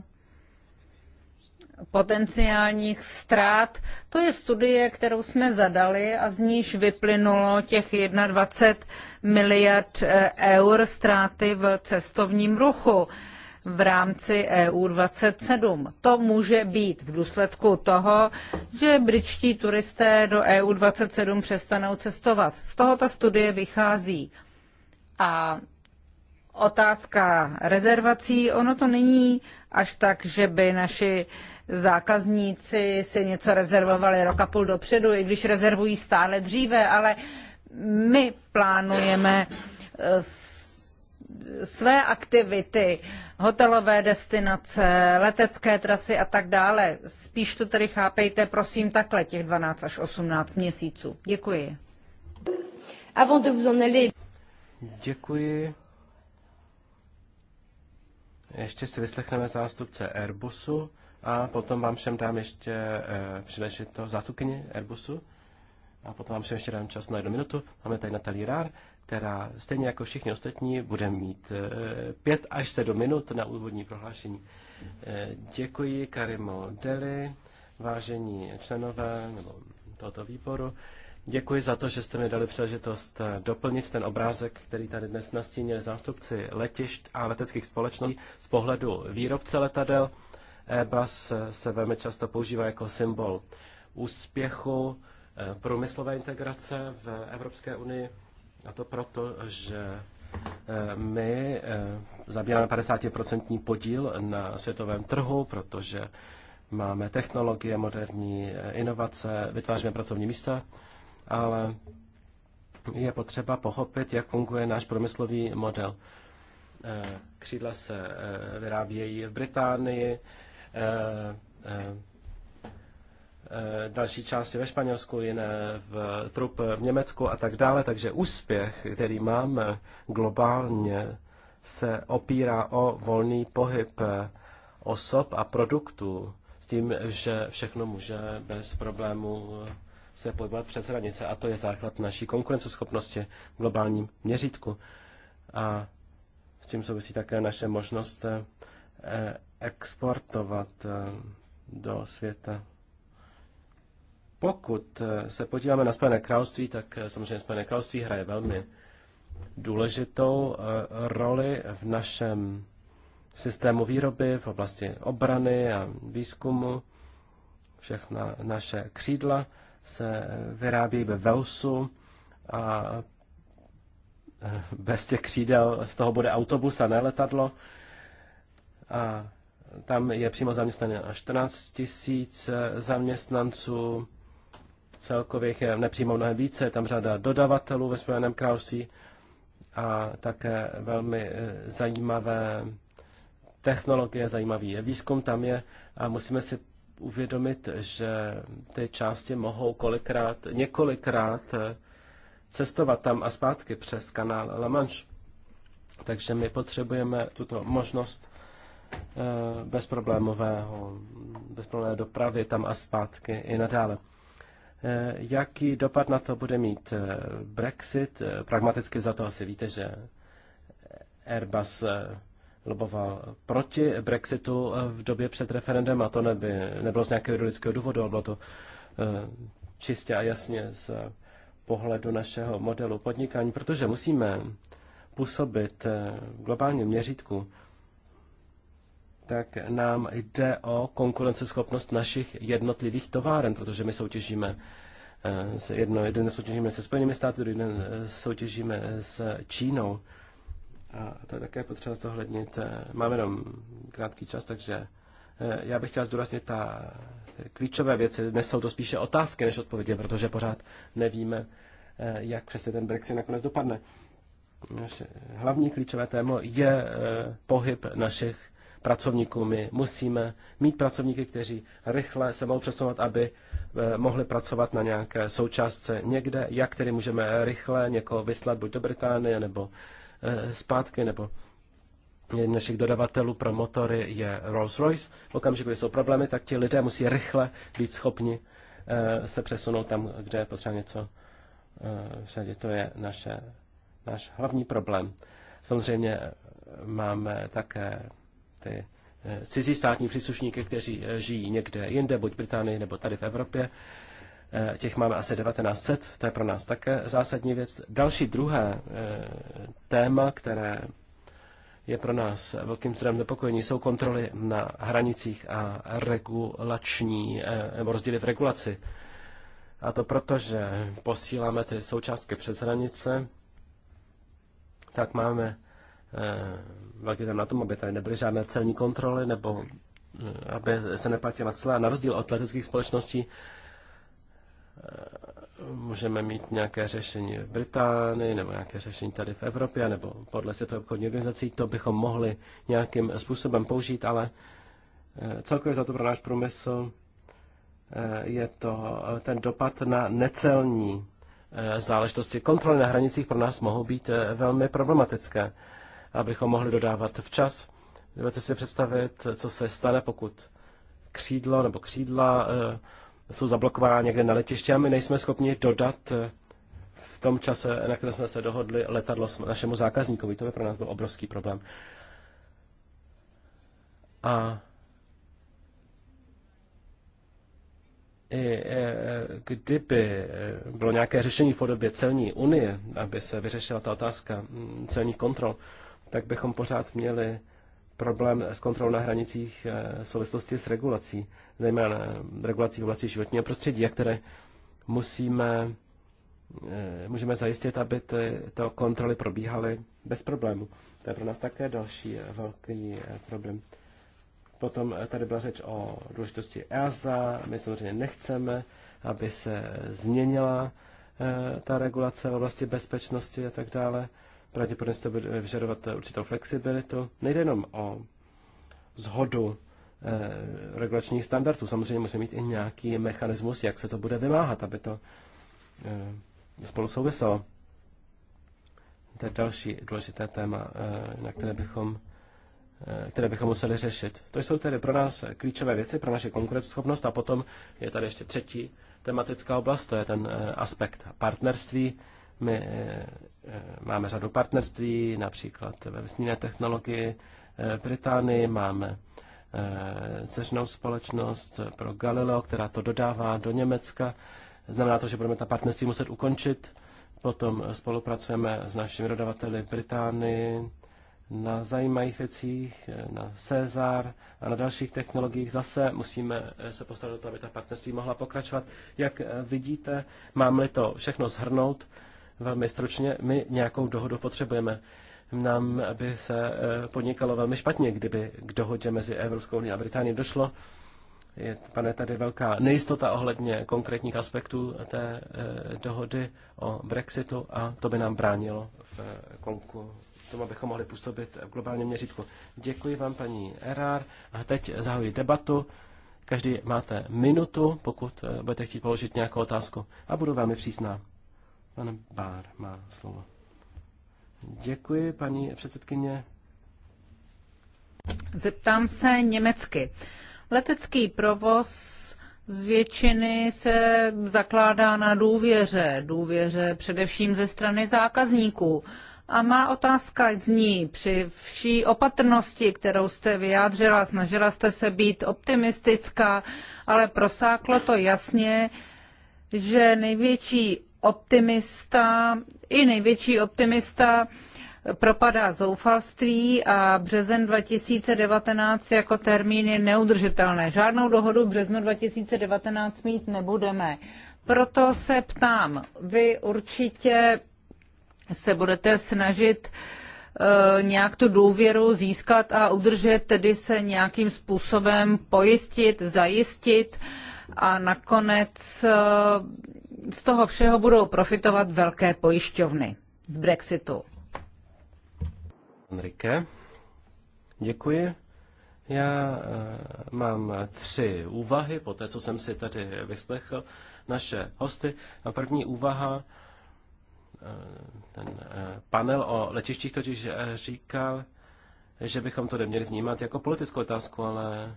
S3: potenciálních ztrát. To je studie, kterou jsme zadali a z níž vyplynulo těch 21 miliard eh, eur ztráty v cestovním ruchu v rámci EU 27. To může být v důsledku toho, že britští turisté do EU 27 přestanou cestovat. Z toho ta studie vychází. A otázka rezervací, ono to není až tak, že by naši uh, zákazníci si něco rezervovali rok a půl dopředu, i když rezervují stále dříve, ale my plánujeme eh, své aktivity, hotelové destinace, letecké trasy a tak dále. Spíš to tedy chápejte, prosím, takhle těch 12 až 18 měsíců. Děkuji. Avant de vous en aller.
S1: Děkuji. Ještě si vyslechneme zástupce Airbusu. A potom vám všem dám ještě e, eh, příležitost zástupkyni Airbusu. A potom vám všem ještě dám čas na jednu minutu. Máme tady Natalie Rár, která stejně jako všichni ostatní bude mít e, pět až sedm minut na úvodní prohlášení. E, děkuji Karimo Deli, vážení členové nebo tohoto výboru. Děkuji za to, že jste mi dali příležitost doplnit ten obrázek, který tady dnes nastínili zástupci letišť a leteckých společností z pohledu výrobce letadel. EBAS se velmi často používá jako symbol úspěchu eh, průmyslové integrace v Evropské unii. A to proto, že eh, my eh, zabíráme 50% podíl na světovém trhu, protože máme technologie, moderní inovace, vytváříme pracovní místa, ale je potřeba pochopit, jak funguje náš průmyslový model. Křídla se vyrábějí v Británii, Eh, eh, eh, další části ve Španělsku, jiné v trup v Německu a tak dále. Takže úspěch, který máme globálně, se opírá o volný pohyb osob a produktů s tím, že všechno může bez problémů se pohybovat přes hranice a to je základ naší konkurenceschopnosti v globálním měřítku. A s tím souvisí také naše možnost exportovat eh, do světa. Pokud eh, se podíváme na Spojené království, tak eh, samozřejmě Spojené království hraje velmi důležitou roli v našem systému výroby, v oblasti obrany a výzkumu. Všechna naše křídla se vyrábí ve Velsu a bez těch křídel z toho bude autobus a ne letadlo. A tam je přímo zaměstnané 14 tisíc zaměstnanců, celkově je nepřímo mnohem více, je tam řada dodavatelů ve Spojeném království a také velmi eh, zajímavé technologie, zajímavý je výzkum tam je a musíme si uvědomit, že ty části mohou kolikrát, několikrát eh, cestovat tam a zpátky přes kanál La Manche. Takže my potřebujeme tuto možnost Eh, bezproblémového, bezproblémové dopravy tam a zpátky i nadále. Eh, jaký dopad na to bude mít eh, Brexit? Pragmaticky za to asi víte, že Airbus loboval proti Brexitu v době před referendem a to neby, nebylo z nějakého ideologického důvodu, ale bylo to čistě a jasně z pohledu našeho modelu podnikání, protože musíme působit v globálním měřítku tak nám jde o konkurenceschopnost našich jednotlivých továren, protože my soutěžíme eh, se jedno, jeden soutěžíme se Spojenými státy, den eh, soutěžíme s Čínou. A to je také potřeba zohlednit. Eh, máme jenom krátký čas, takže já bych chtěl zdůraznit ta klíčové věci. Dnes jsou to spíše otázky než odpovědi, protože pořád nevíme, jak přesně ten Brexit nakonec dopadne. Naše hlavní klíčové téma je pohyb našich pracovníků. My musíme mít pracovníky, kteří rychle se mohou přesunout, aby eh, mohli pracovat na nějaké součástce někde, jak tedy můžeme rychle někoho vyslat buď do Británie nebo eh, zpátky, nebo jedním našich dodavatelů pro motory je Rolls-Royce. V okamžiku, kdy jsou problémy, tak ti lidé musí rychle být schopni eh, se přesunout tam, kde je potřeba něco řadit. To je naše, náš hlavní problém. Samozřejmě máme také ty eh, cizí státní příslušníky, kteří eh, žijí někde jinde, buď Británii nebo tady v Evropě. Eh, těch máme asi 1900, to je pro nás také zásadní věc. Další druhé téma, které je pro nás velkým zdrojem nepokojení, jsou kontroly na hranicích a regulační, nebo rozdíly v regulaci. A to proto, že posíláme ty součástky přes hranice, tak máme Eh, velký na tom, aby tady nebyly žádné celní kontroly nebo eh, aby se neplatila celá. Na rozdíl od leteckých společností eh, můžeme mít nějaké řešení v Británii nebo nějaké řešení tady v Evropě nebo podle Světové obchodní organizací. To bychom mohli nějakým způsobem použít, ale celkově za to pro náš průmysl je to ten dopad na necelní záležitosti. Kontroly na hranicích pro nás mohou být velmi problematické abychom mohli dodávat včas. Můžete si představit, co se stane, pokud křídlo nebo křídla eh, jsou zablokována někde na letišti a my nejsme schopni dodat eh, v tom čase, na kterém jsme se dohodli, letadlo našemu zákazníkovi. To by pro nás byl obrovský problém. A i eh, kdyby bylo nějaké řešení v podobě celní unie, aby se vyřešila ta otázka mm, celních kontrol, tak bychom pořád měli problém s kontrolou na hranicích eh, v souvislosti s regulací, zejména regulací v oblasti životního prostředí, jak které musíme, eh, můžeme zajistit, aby ty, to kontroly probíhaly bez problému. To je pro nás také další eh, velký problém. Potom tady byla řeč o důležitosti EASA. My samozřejmě nechceme, aby se změnila ta regulace v oblasti bezpečnosti a tak dále. Pravděpodobně se to bude vyžadovat eh, určitou flexibilitu. Nejde jenom o zhodu eh, regulačních standardů. Samozřejmě musí mít i nějaký mechanismus, jak se to bude vymáhat, aby to eh, spolu souviselo. To je další důležité téma, eh, na které bychom eh, které bychom museli řešit. To jsou tedy pro nás klíčové věci, pro naši konkurenceschopnost a potom je tady ještě třetí tematická oblast, to je ten eh, aspekt partnerství. My eh, máme řadu partnerství, například ve vesmírné technologii eh, Británii, máme eh, ceřnou společnost pro Galileo, která to dodává do Německa. Znamená to, že budeme ta partnerství muset ukončit. Potom spolupracujeme s našimi dodavateli Británii na zajímavých věcích, na Cezar a na dalších technologiích. Zase musíme se postarat o to, aby ta partnerství mohla pokračovat. Jak vidíte, mám-li to všechno zhrnout, velmi stručně, my nějakou dohodu potřebujeme. Nám by se eh, podnikalo velmi špatně, kdyby k dohodě mezi Evropskou unii a Británií došlo. Je, pane, tady velká nejistota ohledně konkrétních aspektů té eh, dohody o Brexitu a to by nám bránilo v eh, konku tomu, abychom mohli působit v globálním měřítku. Děkuji vám, paní Erár. A teď zahoji debatu. Každý máte minutu, pokud budete chtít položit nějakou otázku. A budu velmi přísná. Pane Bár má slovo. Děkuji, paní předsedkyně.
S3: Zeptám se německy. Letecký provoz z většiny se zakládá na důvěře, důvěře především ze strany zákazníků. A má otázka zní, při vší opatrnosti, kterou jste vyjádřila, snažila jste se být optimistická, ale prosáklo to jasně, že největší optimista, i největší optimista propadá zoufalství a březen 2019 jako termín je neudržitelné. Žádnou dohodu v březnu 2019 mít nebudeme. Proto se ptám, vy určitě se budete snažit eh, nějak tu důvěru získat a udržet, tedy se nějakým způsobem pojistit, zajistit a nakonec eh, z toho všeho budou profitovat velké pojišťovny z Brexitu.
S1: Enrique, děkuji. Já eh, mám tři úvahy po té, co jsem si tady vyslechl naše hosty. A první úvaha, eh, ten eh, panel o letištích totiž říkal, že bychom to neměli vnímat jako politickou otázku, ale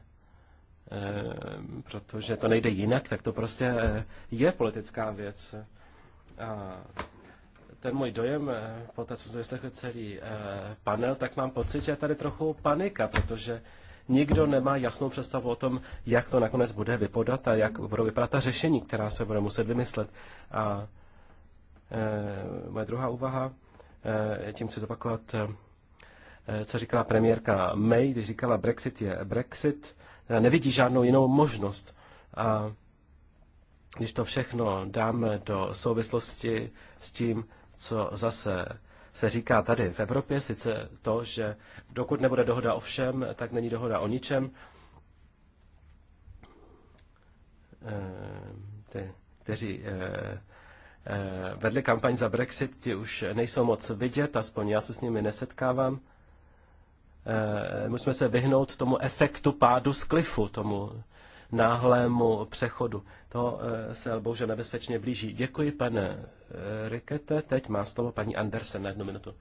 S1: Eh, protože to nejde jinak, tak to prostě eh, je politická věc. A ten můj dojem, eh, po té, co jsem vyslechl celý panel, tak mám pocit, že je tady trochu panika, protože nikdo nemá jasnou představu o tom, jak to nakonec bude vypadat a jak budou vypadat ta řešení, která se bude muset vymyslet. A moje druhá úvaha, tím chci zopakovat, co říkala premiérka May, když říkala Brexit je Brexit, nevidí žádnou jinou možnost. A když to všechno dáme do souvislosti s tím, co zase se říká tady v Evropě, sice to, že dokud nebude dohoda o všem, tak není dohoda o ničem. Eh, ty, kteří eh, eh, vedli kampaň za Brexit, ti už nejsou moc vidět, aspoň já se s nimi nesetkávám. Eh, musíme se vyhnout tomu efektu pádu z klifu, tomu náhlému přechodu. To eh, se bohužel nebezpečně blíží. Děkuji, pane eh, Rikete. Teď má slovo paní Andersen na jednu minutu.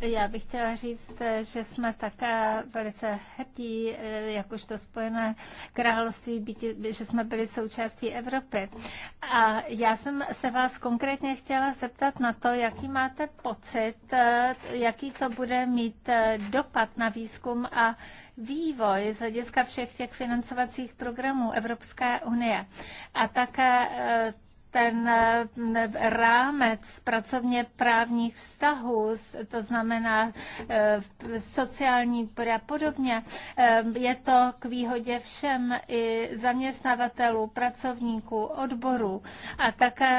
S2: Já bych chtěla říct, že jsme také velice hrdí, eh, jakožto Spojené království, že jsme byli součástí Evropy. A já jsem se vás konkrétně chtěla zeptat na to, jaký máte pocit, eh, jaký to bude mít eh, dopad na výzkum a vývoj z hlediska všech těch financovacích programů Evropské unie a také ten eh, rámec pracovně právních vztahů, to znamená eh, sociální a podobně, eh, je to k výhodě všem i zaměstnavatelů, pracovníků, odborů a také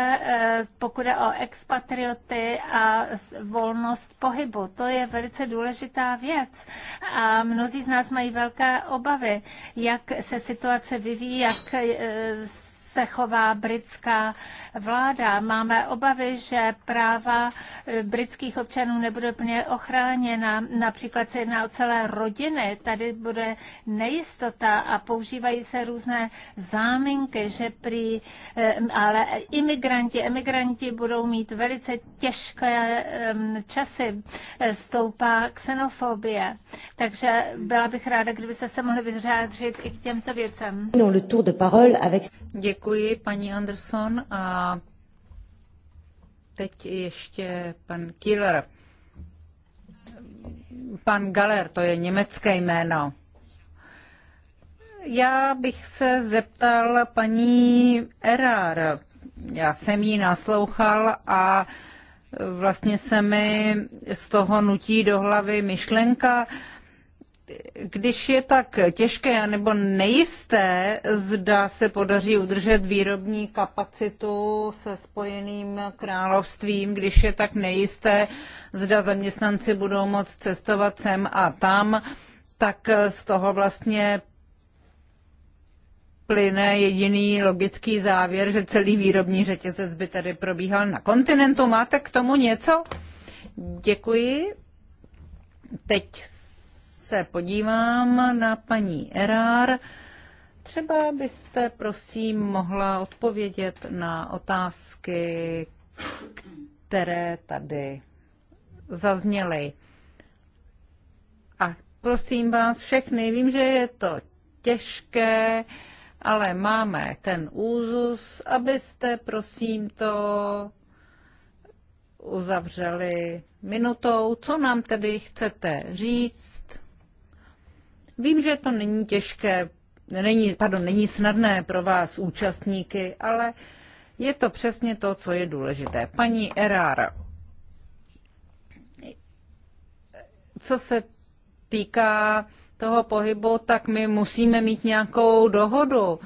S2: pokud je o expatrioty a volnost pohybu. To je velice důležitá věc a mnozí z nás mají velké obavy, jak se situace vyvíjí, jak se chová britská vláda. Máme obavy, že práva eh, britských občanů nebudou plně ochráněna. Například se jedná o celé rodiny. Tady bude nejistota a používají se různé záminky, že prý, eh, ale imigranti, emigranti budou mít velice těžké časy. Eh, stoupá xenofobie. Takže byla bych ráda,
S3: kdybyste se mohli vyřádřit i k těmto věcem. Děkuji. Děkuji, paní Anderson. A teď ještě pan Killer. Pan Galer, to je německé jméno. Já bych se zeptal paní Erar. Já jsem jí naslouchal a vlastně se mi z toho nutí do hlavy myšlenka, když je tak těžké nebo nejisté, zda se podaří udržet výrobní kapacitu se spojeným královstvím, když je tak nejisté, zda zaměstnanci budou moct cestovat sem a tam, tak z toho vlastně plyne jediný logický závěr, že celý výrobní řetězec by tady probíhal na kontinentu. Máte k tomu něco? Děkuji. Teď se podívám na paní Erár. Třeba byste, prosím, mohla odpovědět na otázky, které tady zazněly. A prosím vás všechny, vím, že je to těžké, ale máme ten úzus, abyste, prosím, to uzavřeli minutou. Co nám tedy chcete říct? Vím, že to není těžké, není, pardon, není snadné pro vás účastníky, ale je to přesně to, co je důležité. Paní Erára, co se týká toho pohybu, tak my musíme mít nějakou dohodu.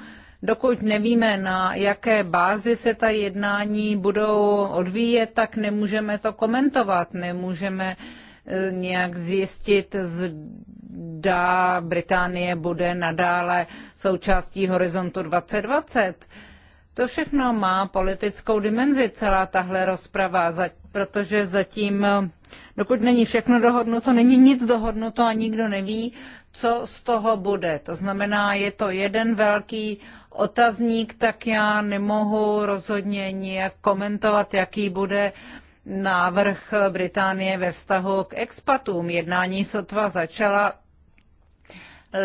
S3: Dokud nevíme, na jaké bázi se ta jednání budou odvíjet, tak nemůžeme to komentovat, nemůžeme eh, nějak zjistit, rada Británie bude nadále součástí Horizontu 2020. To všechno má politickou dimenzi, celá tahle rozprava, protože zatím, dokud není všechno dohodnuto, není nic dohodnuto a nikdo neví, co z toho bude. To znamená, je to jeden velký otazník, tak já nemohu rozhodně nijak komentovat, jaký bude návrh Británie ve vztahu k expatům. Jednání sotva začala,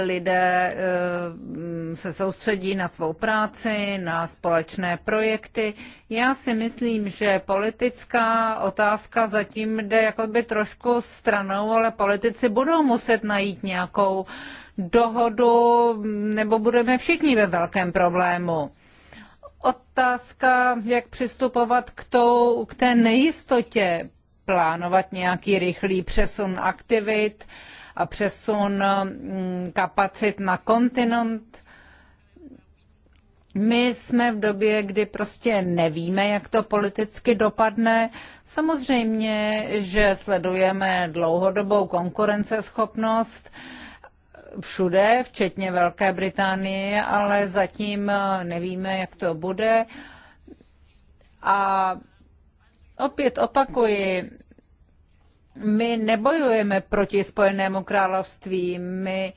S3: lidé eh, se soustředí na svou práci, na společné projekty. Já si myslím, že politická otázka zatím jde jakoby trošku stranou, ale politici budou muset najít nějakou dohodu, nebo budeme všichni ve velkém problému. Otázka, jak přistupovat k, to, k té nejistotě, plánovat nějaký rychlý přesun aktivit, uh, a přesun mm, kapacit na kontinent. My jsme v době, kdy prostě nevíme, jak to politicky dopadne. Samozřejmě, že sledujeme dlouhodobou konkurenceschopnost všude, včetně Velké Británie, ale zatím nevíme, jak to bude. A opět opakuji, my nebojujeme proti Spojenému království, my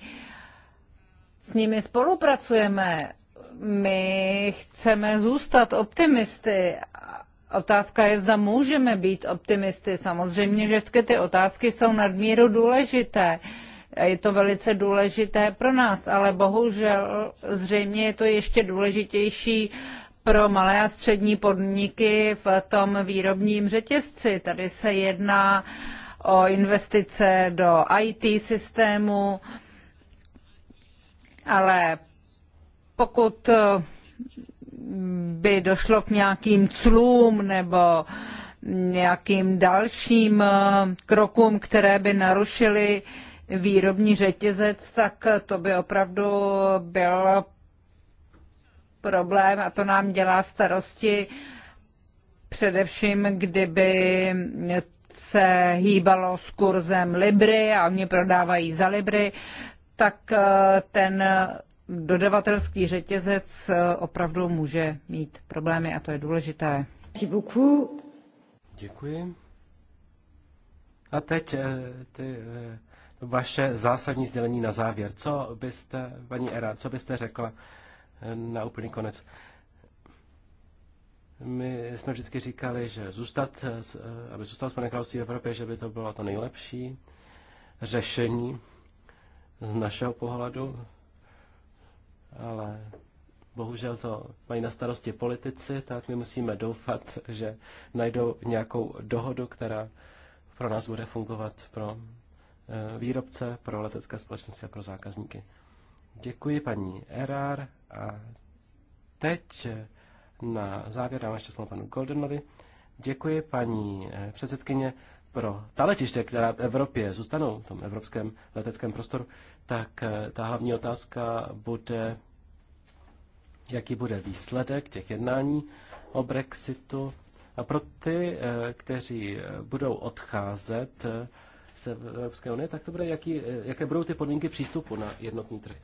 S3: s nimi spolupracujeme, my chceme zůstat optimisty. Otázka je, zda můžeme být optimisty. Samozřejmě, že vždycky ty otázky jsou nadmíru důležité. Je to velice důležité pro nás, ale bohužel zřejmě je to ještě důležitější pro malé a střední podniky v tom výrobním řetězci. Tady se jedná uh, o investice do IT systému, ale pokud by došlo k nějakým clům nebo nějakým dalším krokům, které by narušily výrobní řetězec, tak to by opravdu byl problém a to nám dělá starosti, především kdyby se hýbalo s kurzem Libry a oni prodávají za Libry, tak eh, ten dodavatelský řetězec eh, opravdu může mít problémy a to je důležité.
S1: Děkuji. A teď eh, ty vaše zásadní sdělení na závěr. Co byste, paní Era, co byste řekla na úplný konec? My jsme vždycky říkali, že zůstat, aby zůstal s království v Evropě, že by to bylo to nejlepší řešení z našeho pohledu, ale bohužel to mají na starosti politici, tak my musíme doufat, že najdou nějakou dohodu, která pro nás bude fungovat pro eh, výrobce, pro letecké společnosti a pro zákazníky. Děkuji paní Erár a teď eh, na závěr dám ještě slovo panu Goldenovi. Děkuji paní eh, předsedkyně pro ta letiště, která v Evropě zůstanou, v tom evropském leteckém prostoru, tak eh, ta hlavní otázka bude, jaký bude výsledek těch jednání o Brexitu. A pro ty, eh, kteří budou odcházet z Evropské unie, tak to bude, jaký, jaké budou ty podmínky přístupu na jednotný trh.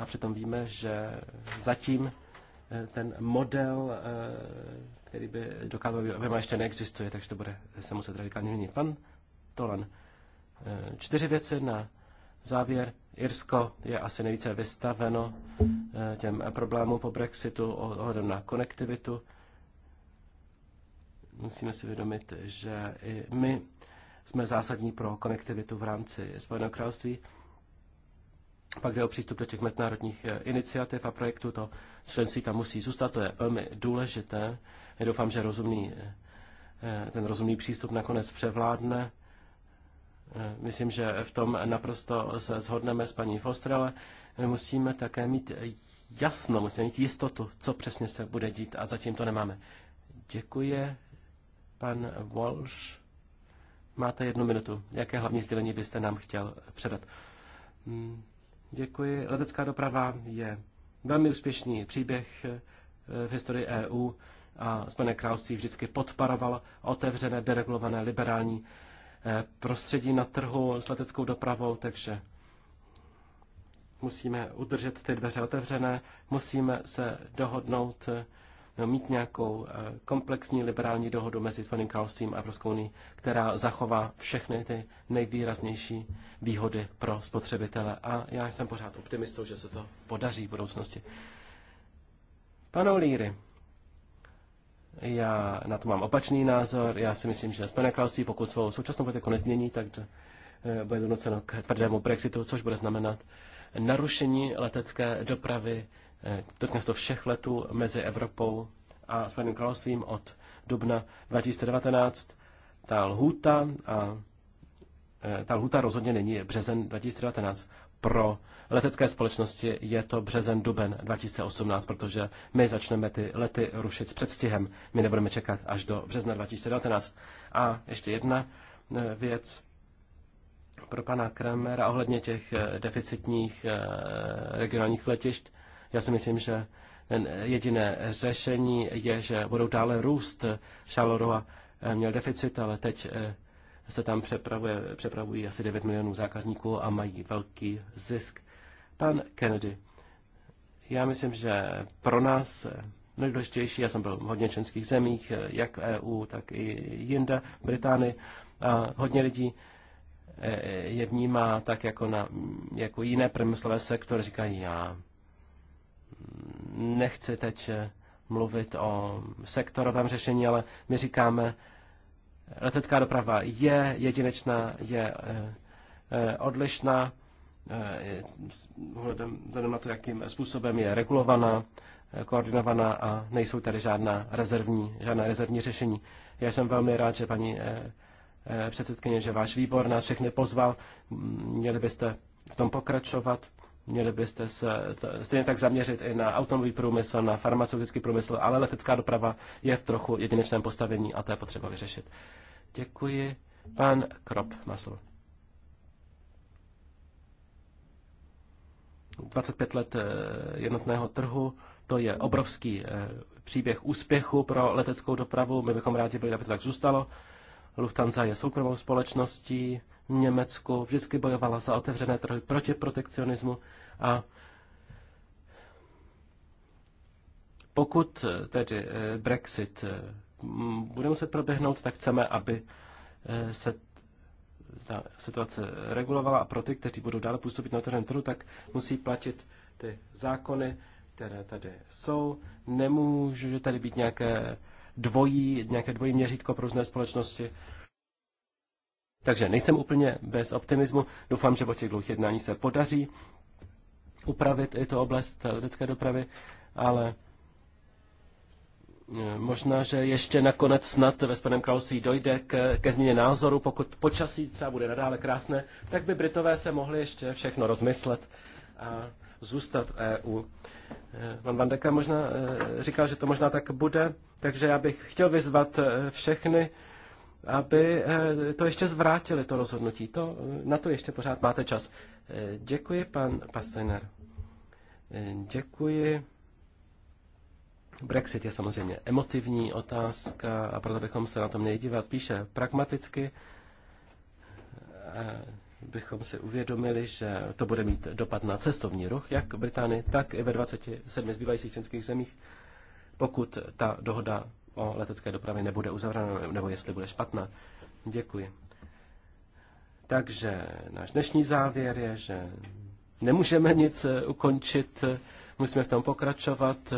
S1: A přitom víme, že zatím Eh, ten model, eh, který by dokázal oběma ještě neexistuje, takže to bude se muset radikálně měnit. Pan Tolan, eh, čtyři věci na závěr. Irsko je asi nejvíce vystaveno těm problémům po Brexitu ohledem na konektivitu. Musíme si vědomit, že i my jsme zásadní pro konektivitu v rámci Spojeného království. Pak jde o přístup do těch mezinárodních eh, iniciativ a projektů. To členství tam musí zůstat, to je velmi důležité. Já doufám, že rozumný, eh, eh, ten rozumný přístup nakonec převládne. Myslím, že v tom naprosto se shodneme s paní Foster, ale musíme také mít jasno, musíme mít jistotu, co přesně se bude dít a zatím to nemáme. Děkuji. Pan Walsh, máte jednu minutu. Jaké hlavní sdělení byste nám chtěl předat? Hmm. Děkuji. Letecká doprava je velmi úspěšný příběh eh, v historii EU a Spojené království vždycky podparoval otevřené, deregulované, liberální eh, prostředí na trhu s leteckou dopravou, takže musíme udržet ty dveře otevřené, musíme se dohodnout eh, Eh, mít nějakou eh, komplexní liberální dohodu mezi Spojeným královstvím a Evropskou unii, která zachová všechny ty nejvýraznější výhody pro spotřebitele. A já jsem pořád optimistou, že se to podaří v budoucnosti. Pane Líry, já na to mám opačný názor. Já si myslím, že Spojené království, pokud svou současnou politiku nezmění, tak eh, bude donoceno k tvrdému Brexitu, což bude znamenat narušení letecké dopravy dotkne se to všech letů mezi Evropou a Spojeným královstvím od dubna 2019. Ta lhůta, a, eh, ta lhůta rozhodně není březen 2019. Pro letecké společnosti je to březen, duben 2018, protože my začneme ty lety rušit s předstihem. My nebudeme čekat až do března 2019. A ještě jedna eh, věc pro pana Kramera ohledně těch eh, deficitních regionálních letišť. Já si myslím, že jediné řešení je, že budou dále růst. Šalorova eh, měl deficit, ale teď eh, se tam přepravuje, přepravují asi 9 milionů zákazníků a mají velký zisk. Pan Kennedy, já myslím, že pro nás eh, nejdůležitější, já jsem byl v hodně členských zemích, jak EU, tak i jinde, v Británii, a hodně lidí je vnímá tak jako, na, jako jiné průmyslové sektory, říkají, já nechci teď eh, mluvit o sektorovém řešení, ale my říkáme, eh, letecká doprava je jedinečná, je eh, odlišná, vzhledem na to, jakým způsobem je regulovaná, koordinovaná a nejsou tady žádná rezervní, žádná rezervní řešení. Já jsem velmi rád, že paní předsedkyně, že váš výbor nás všechny pozval. Měli byste v tom pokračovat. Měli byste se stejně tak zaměřit i na automobilový průmysl, na farmaceutický průmysl, ale letecká doprava je v trochu jedinečném postavení a to je potřeba vyřešit. Děkuji. Pan Krop má slovo. 25 let eh, jednotného trhu, to je obrovský eh, příběh úspěchu pro leteckou dopravu. My bychom rádi byli, aby to tak zůstalo. Lufthansa je soukromou společností, Německu vždycky bojovala za otevřené trhy proti protekcionismu a pokud eh, tedy eh, Brexit eh, bude muset proběhnout, tak chceme, aby se ta situace regulovala a pro ty, kteří budou dále působit na otevřeném trhu, tak musí platit ty zákony, které tady jsou. Nemůže tady být nějaké dvojí, nějaké dvojí měřítko pro různé společnosti. Takže nejsem úplně bez optimismu. Doufám, že po těch dlouhých jednání se podaří upravit i tu oblast letecké dopravy, ale eh, možná, že ještě nakonec snad ve Spojeném království dojde ke, ke změně názoru. Pokud počasí třeba bude nadále krásné, tak by Britové se mohli ještě všechno rozmyslet a zůstat v EU. Eh, Van Vandeka možná eh, říkal, že to možná tak bude, takže já bych chtěl vyzvat všechny, aby eh, to ještě zvrátili, to rozhodnutí. To, eh, na to ještě pořád máte čas. Eh, děkuji, pan Pastener. Děkuji. Brexit je samozřejmě emotivní otázka a proto bychom se na to měli dívat píše pragmaticky. Bychom si uvědomili, že to bude mít dopad na cestovní ruch, jak v Británii, tak i ve 27 zbývajících členských zemích, pokud ta dohoda o letecké dopravě nebude uzavřena, nebo jestli bude špatná. Děkuji. Takže náš dnešní závěr je, že nemůžeme nic ukončit, musíme v tom pokračovat.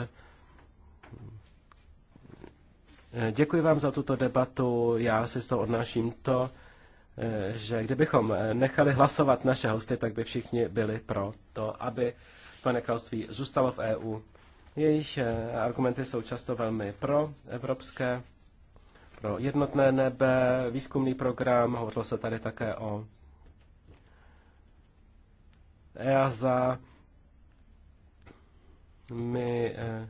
S1: Děkuji vám za tuto debatu. Já si z toho odnáším to, že kdybychom nechali hlasovat naše hosty, tak by všichni byli pro to, aby Spojené království zůstalo v EU. Jejich eh, argumenty jsou často velmi pro evropské, pro jednotné nebe, výzkumný program, hovořilo se tady také o EASA. My eh,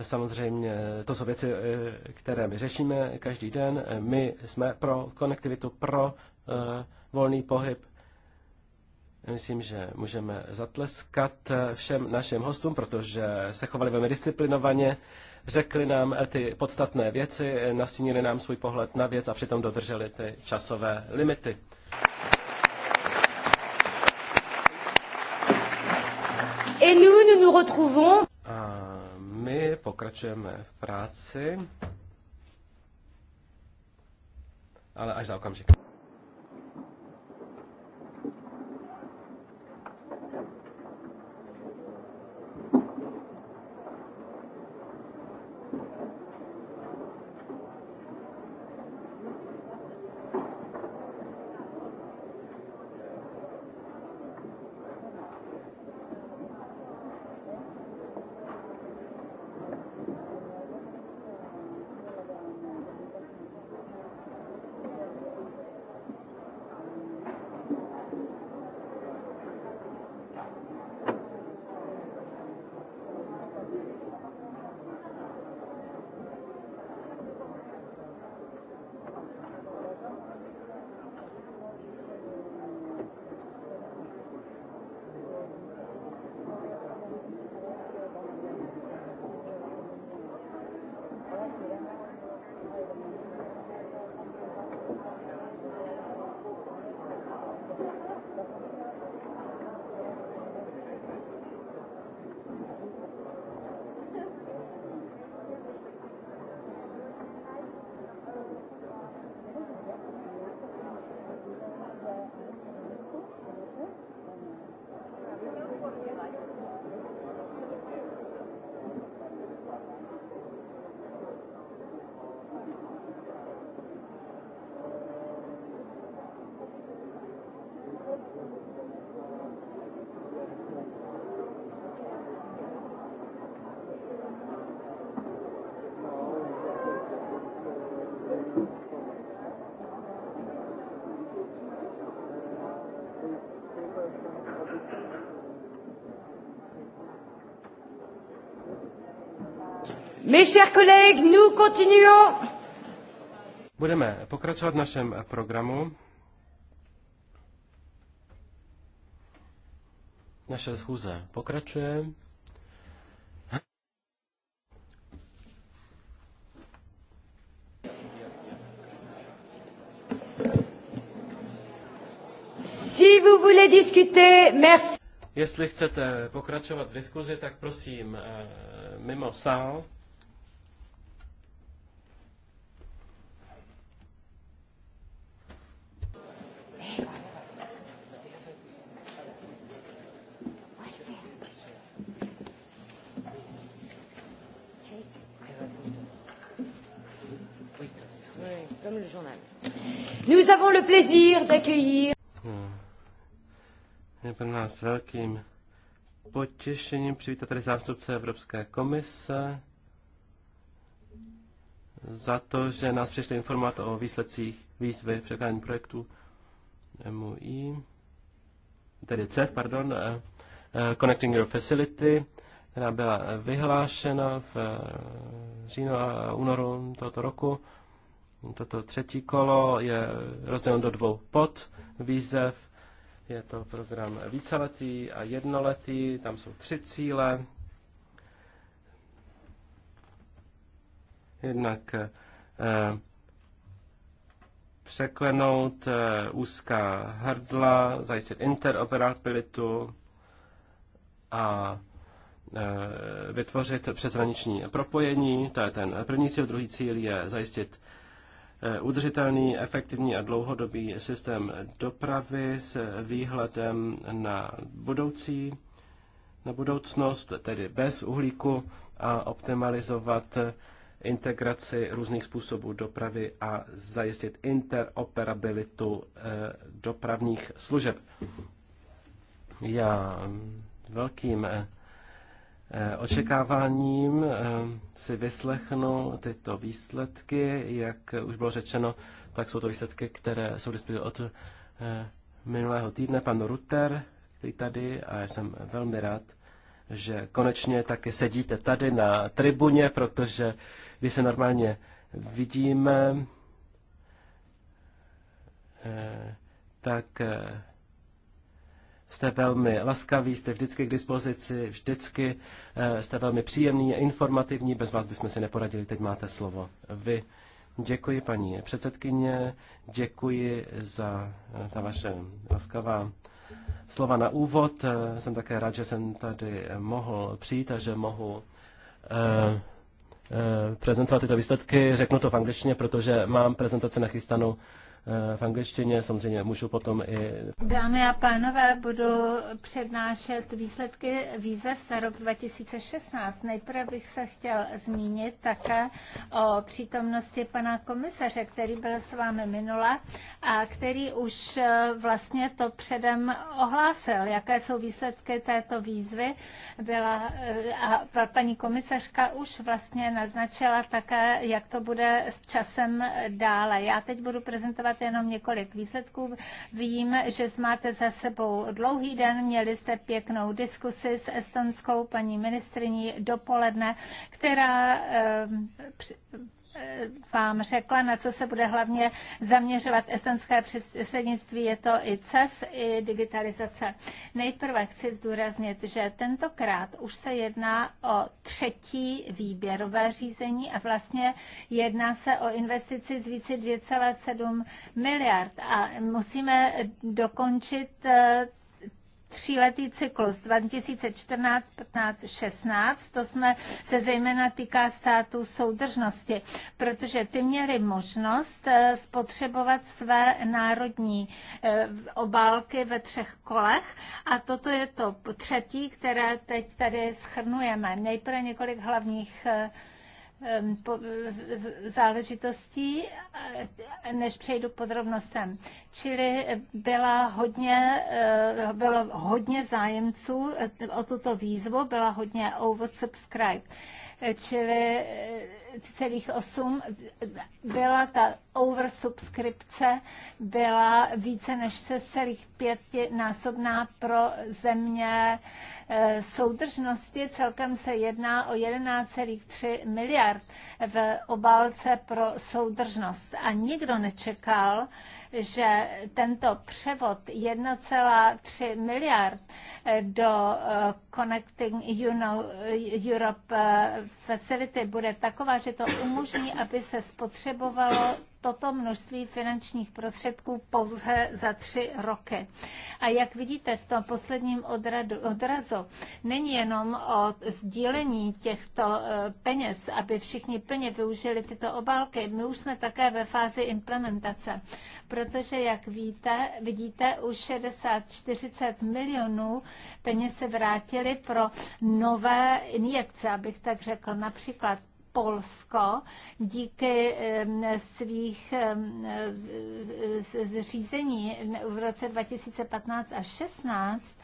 S1: samozřejmě, to jsou věci, eh, které my řešíme každý den. My jsme pro konektivitu, pro volný pohyb Myslím, že můžeme zatleskat eh, všem našim hostům, protože se chovali velmi disciplinovaně, řekli nám eh, ty podstatné věci, eh, nastínili nám svůj pohled na věc a přitom dodrželi ty časové limity.
S3: Et nous, nous nous retrouvons.
S1: A my pokračujeme v práci, ale až za okamžik.
S2: Mes chers collègues,
S1: nous continuons. Budeme pokračovat v našem programu. Naše schůze pokračuje.
S3: Si vous voulez discuter, merci.
S1: Jestli chcete pokračovat v diskuzi, tak prosím eh, mimo sál. d'accueillir. Hmm. Je pro nás velkým potěšením přivítat tady zástupce Evropské komise za to, že nás přišli informovat o výsledcích výzvy překládání projektu MUI, tedy CEF, pardon, eh, eh, Connecting Your Facility, která byla vyhlášena v eh, říjnu a únoru tohoto roku. Toto třetí kolo je rozděleno do dvou pod výzev. Je to program víceletý a jednoletý, tam jsou tři cíle. Jednak eh, překlenout eh, úzká hrdla, zajistit interoperabilitu a eh, vytvořit přeshraniční propojení, to je ten první cíl, druhý cíl je zajistit Eh, udržitelný, efektivní a dlouhodobý systém dopravy s výhledem na budoucí na budoucnost, tedy bez uhlíku a optimalizovat integraci různých způsobů dopravy a zajistit interoperabilitu eh, dopravních služeb. Já velkým eh, Eh, očekáváním eh, si vyslechnu tyto výsledky. Jak už bylo řečeno, tak jsou to výsledky, které jsou dispozici od eh, minulého týdne. Pan Ruter, který tady, a já jsem velmi rád, že konečně taky sedíte tady na tribuně, protože když se normálně vidíme, tak jste velmi laskavý, jste vždycky k dispozici, vždycky eh, jste velmi příjemný a informativní, bez vás bychom si neporadili, teď máte slovo vy. Děkuji, paní předsedkyně, děkuji za eh, ta vaše laskavá slova na úvod. Eh, jsem také rád, že jsem tady mohl přijít a že mohu prezentovat tyto výsledky. Řeknu to v angličtině, protože mám prezentaci nachystanou Eh, v angličtině. Samozřejmě můžu potom i...
S2: Dámy a pánové, budu přednášet výsledky výzev za rok 2016. Nejprve bych se chtěl zmínit také o přítomnosti pana komisaře, který byl s vámi minula a který už eh, vlastně to předem ohlásil, jaké jsou výsledky této výzvy. Byla, eh, a paní komisařka už vlastně naznačila také, jak to bude s časem dále. Já teď budu prezentovat zopakovat jenom několik výsledků. Vím, že máte za sebou dlouhý den, měli jste pěknou diskusi s estonskou paní ministriní dopoledne, která eh, Eh, vám řekla, na co se bude hlavně zaměřovat estonské předsednictví, je to i CEF, i digitalizace. Nejprve chci zdůraznit, že tentokrát už se jedná o třetí výběrové řízení a vlastně jedná se o investici z více 2,7 miliard a musíme dokončit eh, tříletý cyklus 2014, 15, 16, to jsme se zejména týká států soudržnosti, protože ty měly možnost eh, spotřebovat své národní eh, obálky ve třech kolech a toto je to třetí, které teď tady schrnujeme. Nejprve několik hlavních eh, Eh, záležitostí, eh, než přejdu k podrobnostem. Čili byla hodně, eh, bylo hodně zájemců o tuto výzvu, byla hodně oversubscribed čili eh, celých 8, byla ta oversubskripce byla více než 6,5 násobná pro země eh, soudržnosti. Celkem se jedná o 11,3 miliard v obálce pro soudržnost. A nikdo nečekal, že tento převod 1,3 miliard do eh, Connecting Europe eh, Facility bude taková, že to umožní, aby se spotřebovalo toto množství finančních prostředků pouze za tři roky. A jak vidíte v tom posledním odradu, odrazu, není jenom o sdílení těchto eh, peněz, aby všichni plně využili tyto obálky. My už jsme také ve fázi implementace, protože, jak víte, vidíte, už 60-40 milionů peněz se vrátili pro nové injekce, abych tak řekl, například Polsko díky svých zřízení v roce 2015 a 2016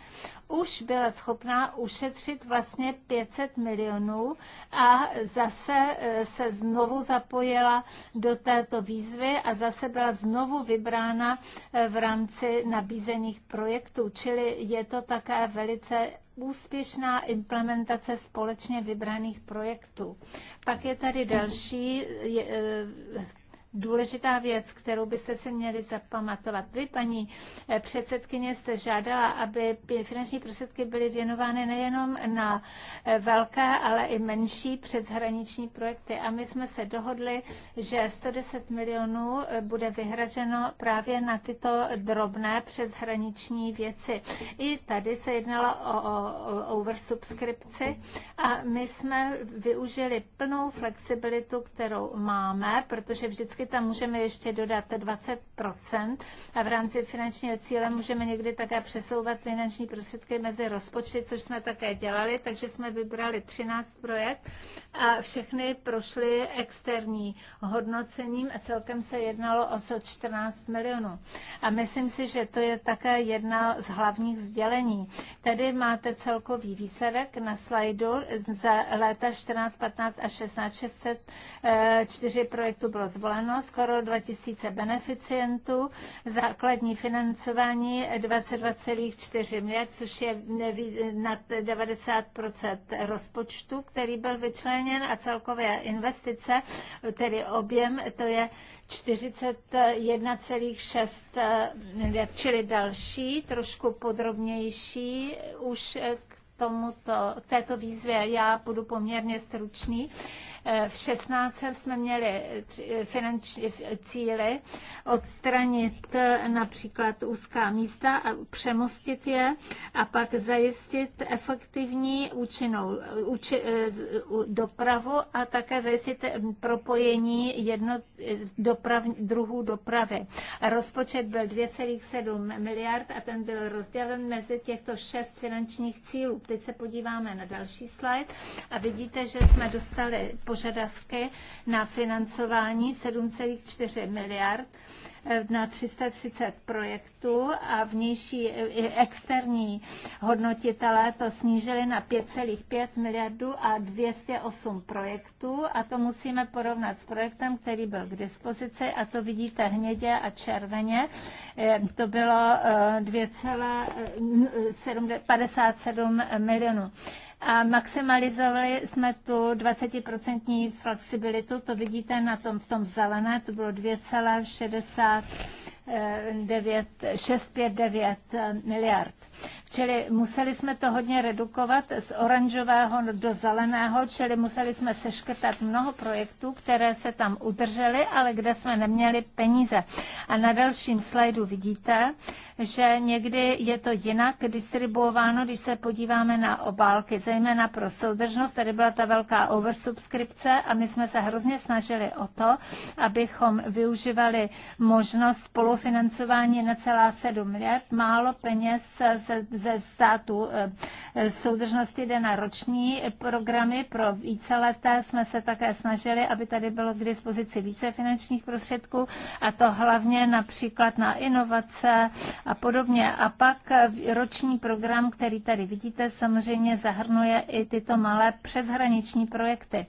S2: už byla schopná ušetřit vlastně 500 milionů a zase e, se znovu zapojila do této výzvy a zase byla znovu vybrána e, v rámci nabízených projektů. Čili je to také velice úspěšná implementace společně vybraných projektů. Pak je tady další eh, důležitá věc, kterou byste si měli zapamatovat. Vy, paní eh, předsedkyně, jste žádala, aby finanční prostředky byly věnovány nejenom na eh, velké, ale i menší přeshraniční projekty. A my jsme se dohodli, že 110 milionů eh, bude vyhraženo právě na tyto drobné přeshraniční věci. I tady se jednalo o, o, o oversubskripci a my jsme využili plnou flexibilitu, kterou máme, protože vždycky částky tam můžeme ještě dodat 20 a v rámci finančního cíle můžeme někdy také přesouvat finanční prostředky mezi rozpočty, což jsme také dělali, takže jsme vybrali 13 projekt a všechny prošly externí hodnocením a celkem se jednalo o 114 milionů. A myslím si, že to je také jedna z hlavních sdělení. Tady máte celkový výsledek na slajdu za léta 14, 15 a 16 604 eh, projektů bylo zvoleno, skoro 2000 beneficientů, základní financování 22,4 miliard, což je nad 90 rozpočtu, který byl vyčleněn a celkové investice, tedy objem, to je 41,6 čili další, trošku podrobnější už k tomuto, k této výzvě. Já budu poměrně stručný. V 16 jsme měli eh, finanční eh, eh, cíly odstranit například úzká místa a přemostit je a pak zajistit efektivní účinnou uči, dopravu a také zajistit propojení jedno, doprav, druhů dopravy. Rozpočet byl 2,7 miliard a ten byl rozdělen mezi těchto šest finančních cílů. Teď se podíváme na další slide a vidíte, že jsme dostali po požadavky na financování 7,4 miliard eh, na 330 projektů a vnější eh, externí hodnotitelé to snížili na 5,5 miliardů a 208 projektů a to musíme porovnat s projektem, který byl k dispozici a to vidíte hnědě a červeně. Eh, to bylo 2,57 milionů a maximalizovali jsme tu 20% flexibilitu, to vidíte na tom, v tom zelené, to bylo 2,659 miliard. Čili museli jsme to hodně redukovat z oranžového do zeleného, čili museli jsme seškrtat mnoho projektů, které se tam udržely, ale kde jsme neměli peníze. A na dalším slajdu vidíte, že někdy je to jinak distribuováno, když se podíváme na obálky, zejména pro soudržnost. Tady byla ta velká oversubskripce a my jsme se hrozně snažili o to, abychom využívali možnost spolufinancování 7 miliard. Málo peněz ze, ze státu eh, soudržnosti jde na roční programy pro leté. Jsme se také snažili, aby tady bylo k dispozici více finančních prostředků a to hlavně například na inovace a podobně. A pak roční program, který tady vidíte, samozřejmě zahrnuje i tyto malé přeshraniční projekty.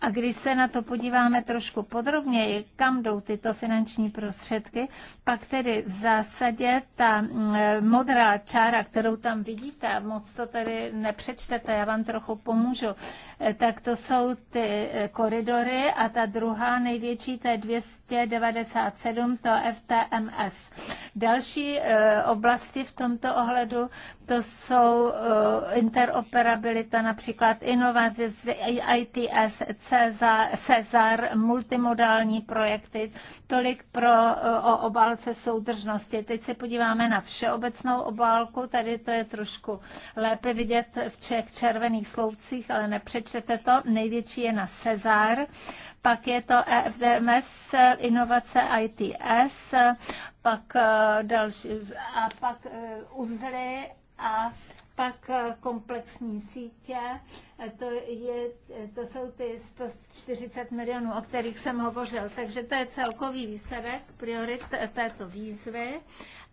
S2: A když se na to podíváme trošku podrobněji, kam jdou tyto finanční prostředky, pak tedy v zásadě ta mm, modrá čára, kterou tam vidíte, moc to tady nepřečtete, já vám trochu pomůžu, eh, tak to jsou ty eh, koridory a ta druhá největší, to je 200 297, to FTMS. Další eh, oblasti v tomto ohledu to jsou eh, interoperabilita, například inovace ITS, Cezar, Cezar, multimodální projekty, tolik pro eh, o obálce soudržnosti. Teď se podíváme na všeobecnou obálku, tady to je trošku lépe vidět v Čech červených sloupcích, ale nepřečtete to. Největší je na Cezar, pak je to EFDMS, inovace ITS, pak eh, další, a pak eh, uzly a pak eh, komplexní sítě, to, je, to jsou ty 140 milionů, o kterých jsem hovořil. Takže to je celkový výsledek priorit této výzvy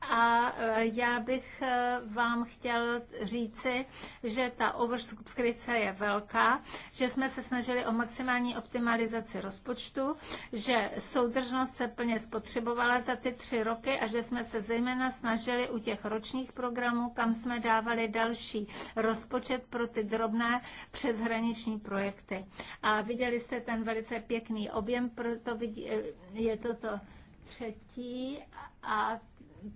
S2: a e, já bych e, vám chtěl říci, že ta oversubscripce je velká, že jsme se snažili o maximální optimalizaci rozpočtu, že soudržnost se plně spotřebovala za ty tři roky a že jsme se zejména snažili u těch ročních programů, kam jsme dávali další rozpočet pro ty drobné přeshraniční projekty. A viděli jste ten velice pěkný objem, proto e, je toto třetí a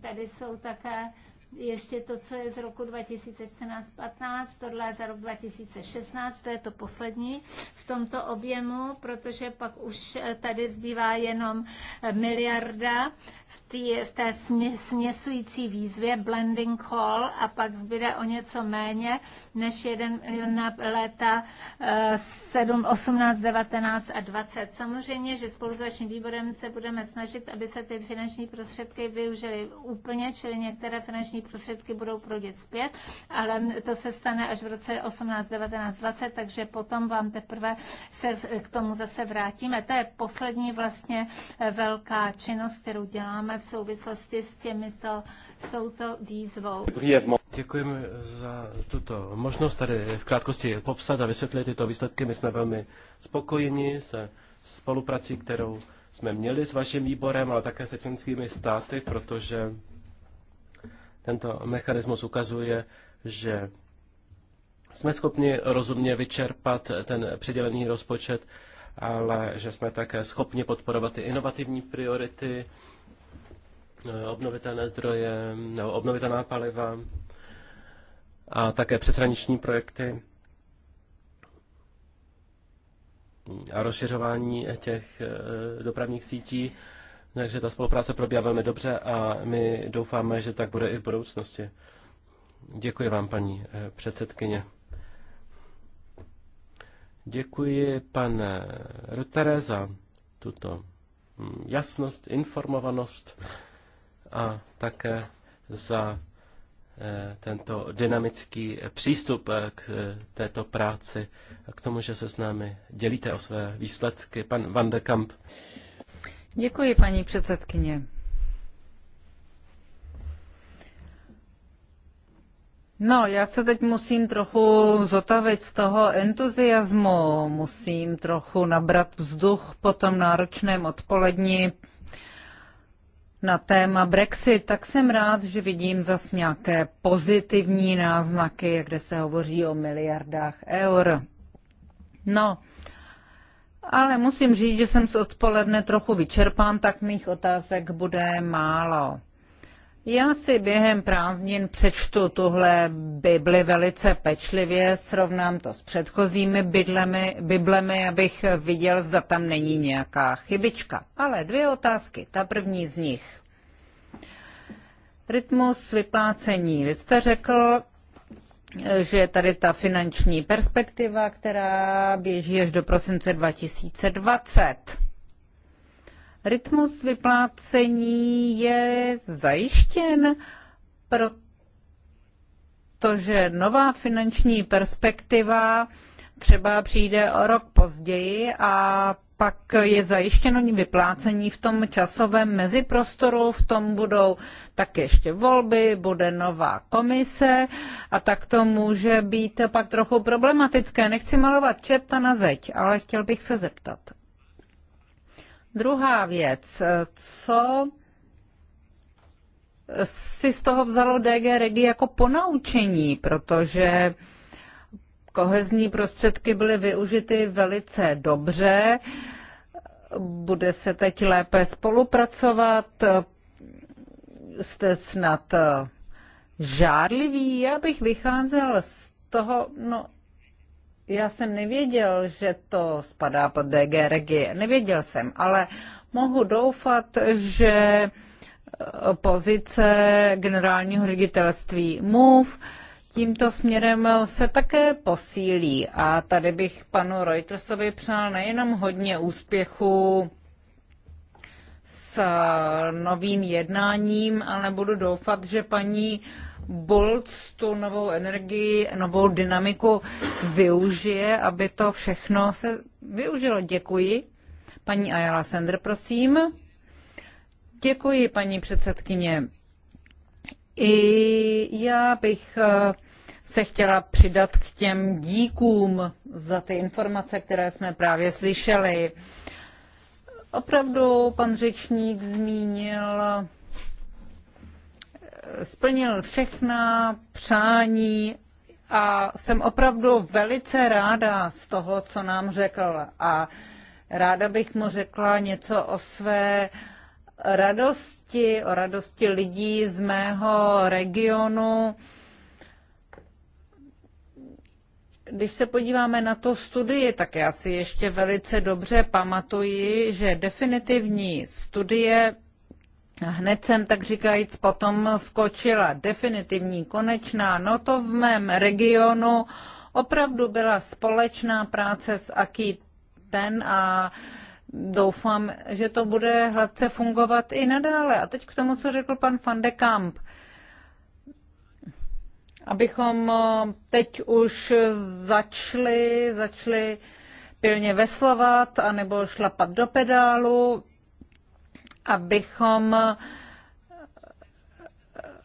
S2: tady jsou také ještě to, co je z roku 2014-15, tohle je za rok 2016, to je to poslední v tomto objemu, protože pak už eh, tady zbývá jenom eh, miliarda v, tý, v té směsující výzvě blending call a pak zbyde o něco méně než jeden milion na léta 7, 18, 19 a 20. Samozřejmě, že spolu s vaším výborem se budeme snažit, aby se ty finanční prostředky využily úplně, čili některé finanční finanční prostředky budou proudit zpět, ale to se stane až v roce 18, 19, 20, takže potom vám teprve se k tomu zase vrátíme. To je poslední vlastně velká činnost, kterou děláme v souvislosti s těmito touto výzvou.
S1: Děkujeme za tuto možnost tady v krátkosti popsat a vysvětlit tyto výsledky. My jsme velmi spokojeni se spoluprací, kterou jsme měli s vaším výborem, ale také se členskými státy, protože tento mechanismus ukazuje, že jsme schopni rozumně vyčerpat ten přidělený rozpočet, ale že jsme také schopni podporovat ty inovativní priority, eh, obnovitelné zdroje, nebo obnovitelná paliva a také přeshraniční projekty a rozšiřování těch eh, dopravních sítí. Takže ta spolupráce probíhá velmi dobře a my doufáme, že tak bude i v budoucnosti. Děkuji vám, paní eh, předsedkyně. Děkuji, pane Rotere, za tuto hm, jasnost, informovanost a také za eh, tento dynamický přístup eh, k této práci a k tomu, že se s námi dělíte o své výsledky. Pan Van de Kamp.
S3: Děkuji, paní předsedkyně. No, já se teď musím trochu zotavit z toho entuziasmu, musím trochu nabrat vzduch po tom náročném odpoledni na téma Brexit, tak jsem rád, že vidím zas nějaké pozitivní náznaky, kde se hovoří o miliardách eur. No, ale musím říct, že jsem z odpoledne trochu vyčerpán, tak mých otázek bude málo. Já si během prázdnin přečtu tuhle Bibli velice pečlivě, srovnám to s předchozími bydlemi, Biblemi, abych viděl, zda tam není nějaká chybička. Ale dvě otázky, ta první z nich. Rytmus vyplácení. Vy jste řekl, že je tady ta finanční perspektiva, která běží až do prosince 2020. Rytmus vyplácení je zajištěn, protože nová finanční perspektiva třeba přijde o rok později a pak je zajištěno vyplácení v tom časovém meziprostoru, v tom budou také ještě volby, bude nová komise a tak to může být pak trochu problematické. Nechci malovat čerta na zeď, ale chtěl bych se zeptat. Druhá věc, co si z toho vzalo DG Regi jako ponaučení, protože kohezní prostředky byly využity velice dobře. Bude se teď lépe spolupracovat. Jste snad eh, žárlivý. Já bych vycházel z toho, no, já jsem nevěděl, že to spadá pod DG Regie. Nevěděl jsem, ale mohu doufat, že eh, pozice generálního ředitelství MOVE tímto směrem se také posílí. A tady bych panu Reutersovi přál nejenom hodně úspěchu s novým jednáním, ale budu doufat, že paní Bolc tu novou energii, novou dynamiku využije, aby to všechno se využilo. Děkuji. Paní Ayala Sender, prosím. Děkuji, paní předsedkyně. I já bych eh, se chtěla přidat k těm díkům za ty informace, které jsme právě slyšeli. Opravdu pan řečník zmínil, splnil všechna přání a jsem opravdu velice ráda z toho, co nám řekl. A ráda bych mu řekla něco o své radosti, o radosti lidí z mého regionu, Když se podíváme na to studii, tak já si ještě velice dobře pamatuji, že definitivní studie Hned jsem, tak říkajíc, potom skočila definitivní, konečná. No to v mém regionu opravdu byla společná práce s Aký ten a doufám, že to bude hladce fungovat i nadále. A teď k tomu, co řekl pan van de Kamp abychom eh, teď už začali, začali pilně veslovat anebo šlapat do pedálu, abychom eh,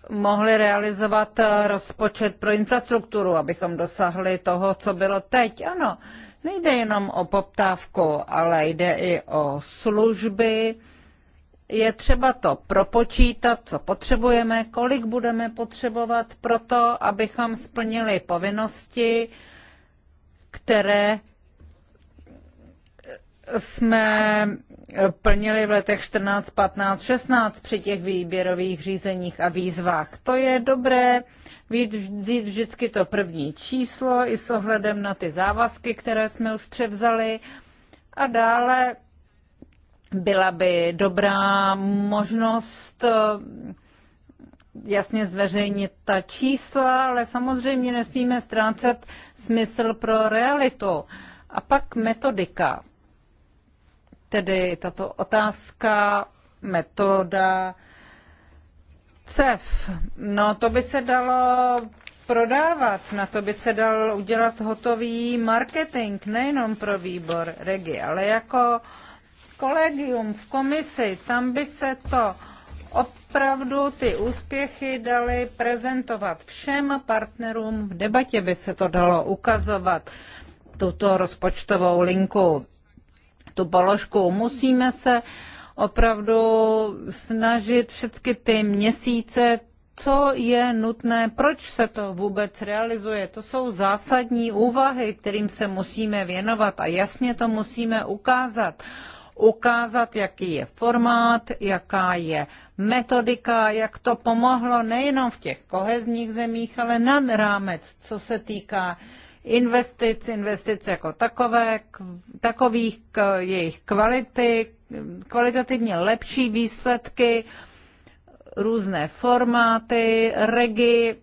S3: mohli realizovat eh, rozpočet pro infrastrukturu, abychom dosahli toho, co bylo teď. Ano, nejde jenom o poptávku, ale jde i o služby, je třeba to propočítat, co potřebujeme, kolik budeme potřebovat pro to, abychom splnili povinnosti, které jsme plnili v letech 14, 15, 16 při těch výběrových řízeních a výzvách. To je dobré vzít vždycky to první číslo i s ohledem na ty závazky, které jsme už převzali a dále byla by dobrá možnost eh, jasně zveřejnit ta čísla, ale samozřejmě nesmíme ztrácet smysl pro realitu. A pak metodika, tedy tato otázka, metoda CEF. No to by se dalo prodávat, na to by se dal udělat hotový marketing, nejenom pro výbor regi, ale jako uh, kolegium v komisi, tam by se to opravdu ty úspěchy daly prezentovat všem partnerům, v debatě by se to dalo ukazovat, tuto rozpočtovou linku, tu položku. Musíme se opravdu snažit všechny ty měsíce, co je nutné, proč se to vůbec realizuje. To jsou zásadní úvahy, kterým se musíme věnovat a jasně to musíme ukázat ukázat, jaký je formát, jaká je metodika, jak to pomohlo nejenom v těch kohezních zemích, ale nad rámec, co se týká investic, investic jako takové, k, takových k, jejich kvality, kvalitativně lepší výsledky, různé formáty, regi,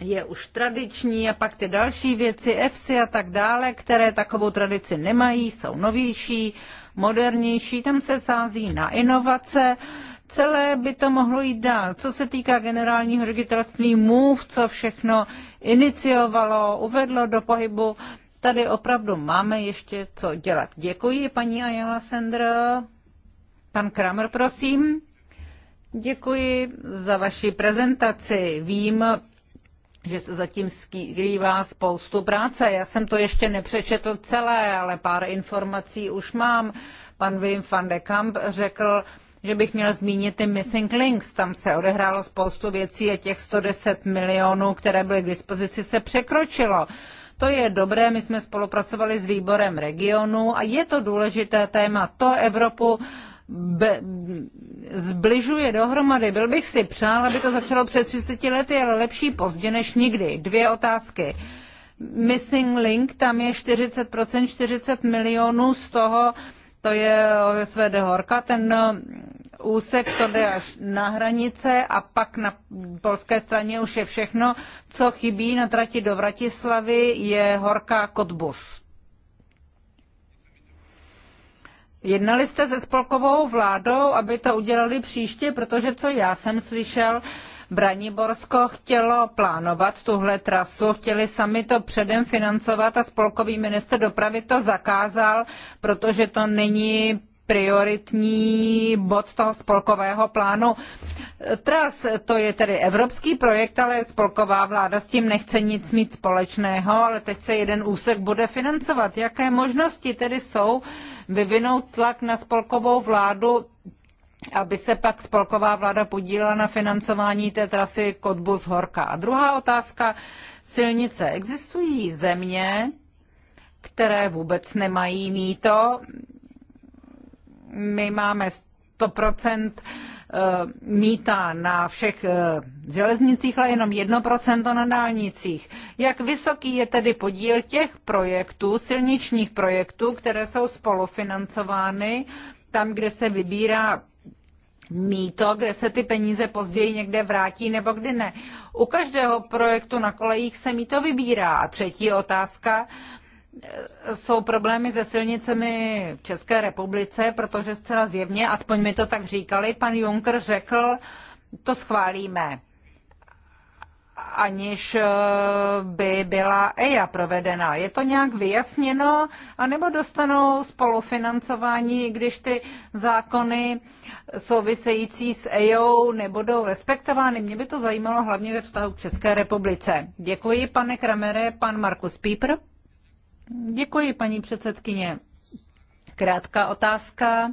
S3: je už tradiční a pak ty další věci, EFSI a tak dále, které takovou tradici nemají, jsou novější modernější, tam se sází na inovace, celé by to mohlo jít dál. Co se týká generálního ředitelství MOVE, co všechno iniciovalo, uvedlo do pohybu, tady opravdu máme ještě co dělat. Děkuji, paní Ayala Sender. Pan Kramer, prosím. Děkuji za vaši prezentaci. Vím, že se zatím skrývá spoustu práce. Já jsem to ještě nepřečetl celé, ale pár informací už mám. Pan Wim van de Kamp řekl, že bych měl zmínit ty missing links. Tam se odehrálo spoustu věcí a těch 110 milionů, které byly k dispozici, se překročilo. To je dobré, my jsme spolupracovali s výborem regionu a je to důležité téma. To Evropu be, zbližuje dohromady. Byl bych si přál, aby to začalo před 30 lety, ale lepší pozdě než nikdy. Dvě otázky. Missing Link, tam je 40%, 40 milionů z toho, to je své Horka, ten uh, úsek, to jde až na hranice a pak na polské straně už je všechno, co chybí na trati do Vratislavy, je Horká Kotbus. Jednali jste se spolkovou vládou, aby to udělali příště, protože co já jsem slyšel, Braniborsko chtělo plánovat tuhle trasu, chtěli sami to předem financovat a spolkový minister dopravy to zakázal, protože to není prioritní bod toho spolkového plánu. Tras, to je tedy evropský projekt, ale spolková vláda s tím nechce nic mít společného, ale teď se jeden úsek bude financovat. Jaké možnosti tedy jsou vyvinout tlak na spolkovou vládu, aby se pak spolková vláda podílela na financování té trasy kotbus Horka. A druhá otázka, silnice. Existují země, které vůbec nemají mýto, my máme 100% eh, mýta na všech eh, železnicích, ale jenom 1% na dálnicích. Jak vysoký je tedy podíl těch projektů, silničních projektů, které jsou spolufinancovány, tam, kde se vybírá mýto, kde se ty peníze později někde vrátí nebo kdy ne. U každého projektu na kolejích se mýto vybírá. A třetí otázka, jsou problémy se silnicemi v České republice, protože zcela zjevně, aspoň mi to tak říkali, pan Juncker řekl, to schválíme, aniž eh, by byla EIA provedena. Je to nějak vyjasněno, anebo dostanou spolufinancování, když ty zákony související s EIA nebudou respektovány? Mě by to zajímalo hlavně ve vztahu k České republice. Děkuji, pane Kramere, pan Markus Pípr. Děkuji, paní předsedkyně. Krátká otázka.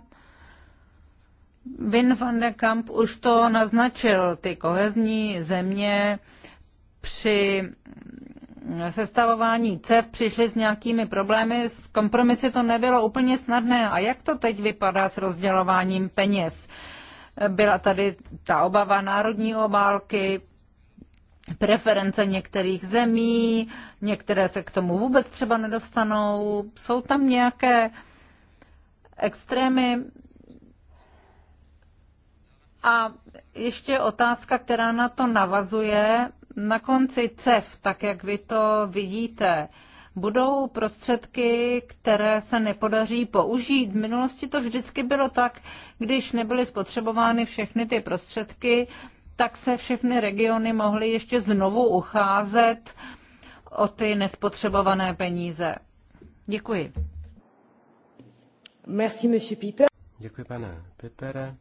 S3: Vin van der Kamp už to naznačil, ty kohezní země při sestavování CEF přišly s nějakými problémy, s kompromisy to nebylo úplně snadné. A jak to teď vypadá s rozdělováním peněz? Byla tady ta obava národní obálky, preference některých zemí, některé se k tomu vůbec třeba nedostanou, jsou tam nějaké extrémy. A ještě otázka, která na to navazuje, na konci CEF, tak jak vy to vidíte, budou prostředky, které se nepodaří použít. V minulosti to vždycky bylo tak, když nebyly spotřebovány všechny ty prostředky, tak se všechny regiony mohly ještě znovu ucházet o ty nespotřebované peníze. Děkuji. Merci, monsieur Piper.
S1: Děkuji, pane Pipere.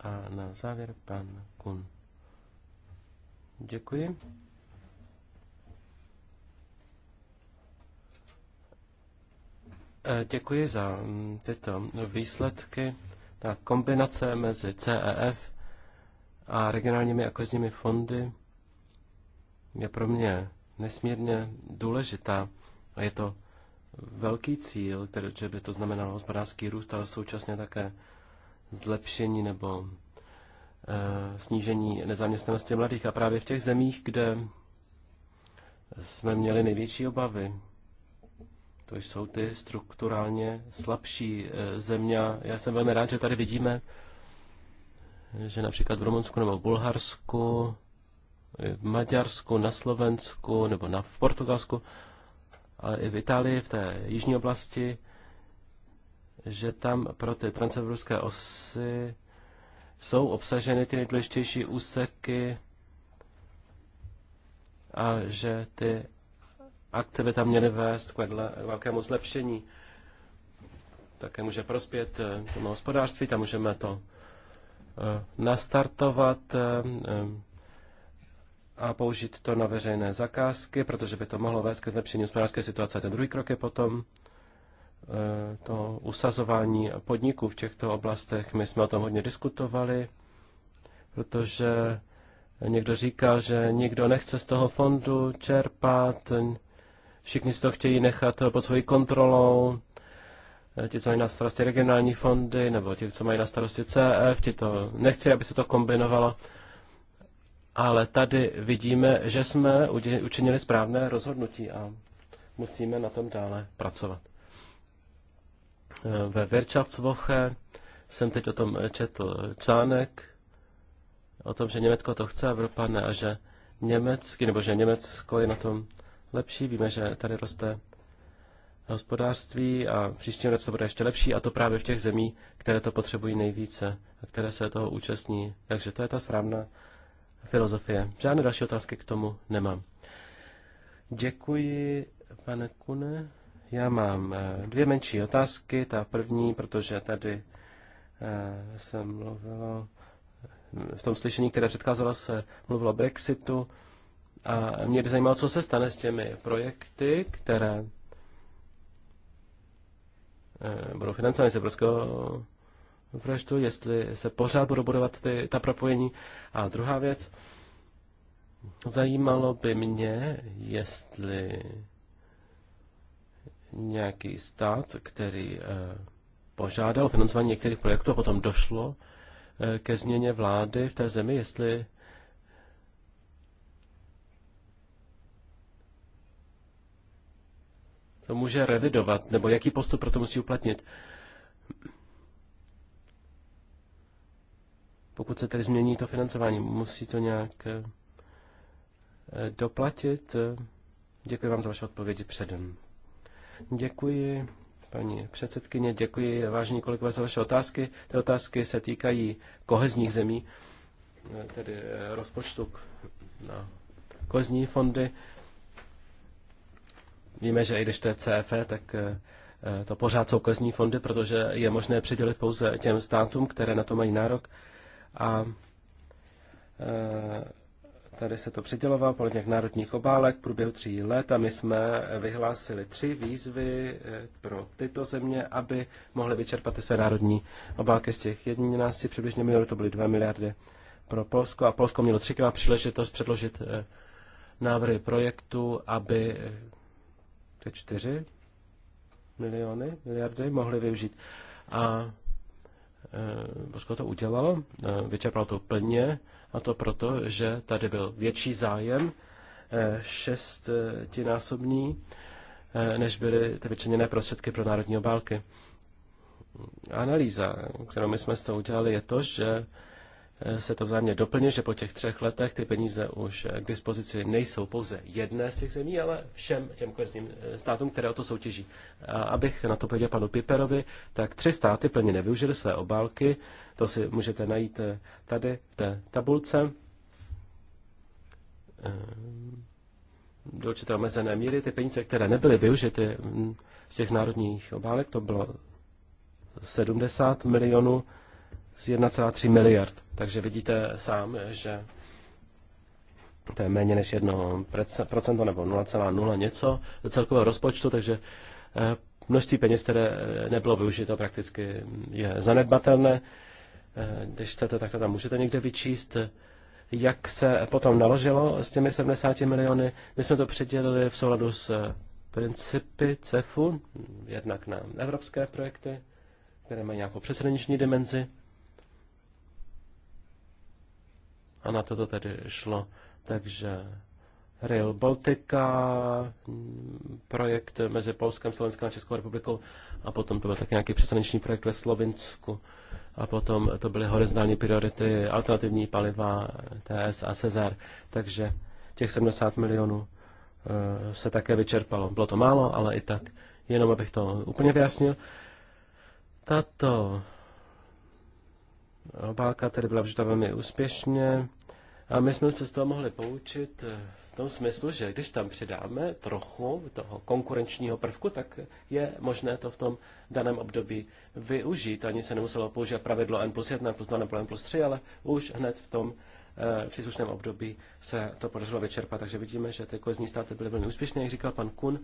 S1: A na závěr pan Kun. Děkuji. Eh, děkuji za mm, tyto výsledky. Ta kombinace mezi CEF a regionálními a kozními fondy je pro mě nesmírně důležitá a je to velký cíl, který, že by to znamenalo hospodářský růst, ale současně také zlepšení nebo e, snížení nezaměstnanosti mladých. A právě v těch zemích, kde jsme měli největší obavy, to jsou ty strukturálně slabší eh, země. Já jsem velmi rád, že tady vidíme že například v Rumunsku nebo v Bulharsku, v Maďarsku, na Slovensku nebo na, v Portugalsku, ale i v Itálii, v té jižní oblasti, že tam pro ty transevropské osy jsou obsaženy ty nejdůležitější úseky a že ty akce by tam měly vést k, k velkému zlepšení. Také může prospět eh, tomu hospodářství, tam můžeme to Eh, nastartovat eh, eh, a použít to na veřejné zakázky, protože by to mohlo vést ke zlepšení hospodářské situace. Ten druhý krok je potom to usazování podniků v těchto oblastech. My jsme o tom hodně diskutovali, protože někdo říká, že nikdo nechce z toho fondu čerpat, všichni si to chtějí nechat pod svojí kontrolou, Eh, ti, co mají na starosti regionální fondy, nebo ti, co mají na starosti CF, e ti to nechci, aby se to kombinovalo. Ale tady vidíme, že jsme učinili správné rozhodnutí a musíme na tom dále pracovat. Eh, ve Wirtschaftswoche jsem teď o tom četl článek, o tom, že Německo to chce, Evropa ne, a že Německy, nebo že Německo je na tom lepší. Víme, že tady roste hospodářství a příštím roce bude ještě lepší a to právě v těch zemí, které to potřebují nejvíce a které se toho účastní. Takže to je ta správná filozofie. Žádné další otázky k tomu nemám. Děkuji, pane Kune. Já mám eh, dvě menší otázky. Ta první, protože tady eh, se mluvilo v tom slyšení, které předcházelo, se mluvilo o Brexitu. A mě by zajímalo, co se stane s těmi projekty, které Eh, budou financovány z evropského projektu, jestli se pořád budou budovat ty, ta propojení. A druhá věc, zajímalo by mě, jestli nějaký stát, který eh, požádal financování některých projektů a potom došlo eh, ke změně vlády v té zemi, jestli to může revidovat, nebo jaký postup pro to musí uplatnit. Pokud se tedy změní to financování, musí to nějak eh, doplatit. Děkuji vám za vaše odpovědi předem. Děkuji, paní předsedkyně, děkuji, vážení kolegové, za vaše otázky. Ty otázky se týkají kohezních zemí, eh, tedy eh, rozpočtu na kohezní fondy. Víme, že i když to je CF, tak eh, eh, to pořád jsou kozní fondy, protože je možné přidělit pouze těm státům, které na to mají nárok. A eh, tady se to přidělovalo podle těch národních obálek v průběhu tří let a my jsme vyhlásili tři výzvy pro tyto země, aby mohly vyčerpat ty své národní obálky z těch 11 přibližně milionů, to byly 2 miliardy pro Polsko a Polsko mělo třikrát příležitost předložit návrhy projektu, aby je čtyři miliony, miliardy mohli využít. A e, Bosko to udělalo, e, vyčerpalo to plně a to proto, že tady byl větší zájem e, šestinásobný, než byly ty vyčleněné prostředky pro národní obálky. Analýza, kterou my jsme z toho udělali, je to, že Eh, se to vzájemně doplně, že po těch třech letech ty peníze už eh, k dispozici nejsou pouze jedné z těch zemí, ale všem těm kohezním eh, státům, které o to soutěží. A abych na to pověděl panu Piperovi, tak tři státy plně nevyužily své obálky, to si můžete najít tady v té tabulce do určité omezené míry ty peníze, které nebyly využity mm, z těch národních obálek, to bylo 70 milionů z 1,3 miliard. Takže vidíte sám, že to je méně než 1% nebo 0,0 něco do celkového rozpočtu, takže eh, množství peněz, které eh, nebylo využito, prakticky je zanedbatelné. Eh, když chcete, tak to tam můžete někde vyčíst, jak se potom naložilo s těmi 70 miliony. My jsme to předělili v souladu s principy CEFu, jednak na evropské projekty, které mají nějakou přeshraniční dimenzi, A na to to tedy šlo. Takže Rail Baltica, projekt mezi Polskem, Slovenskou a Českou republikou a potom to byl taky nějaký přesaniční projekt ve Slovinsku a potom to byly horizontální priority alternativní paliva TS a Cezar, takže těch 70 milionů eh, se také vyčerpalo. Bylo to málo, ale i tak, jenom abych to úplně vyjasnil. Tato Obálka tedy byla vždy velmi úspěšně a my jsme se z toho mohli poučit eh, v tom smyslu, že když tam přidáme trochu toho konkurenčního prvku, tak je možné to v tom daném období využít. Ani se nemuselo použít pravidlo N plus 1, N plus 2 nebo N plus 3, ale už hned v tom v eh, příslušném období se to podařilo vyčerpat. Takže vidíme, že ty kozní státy byly velmi úspěšné, jak říkal pan Kun.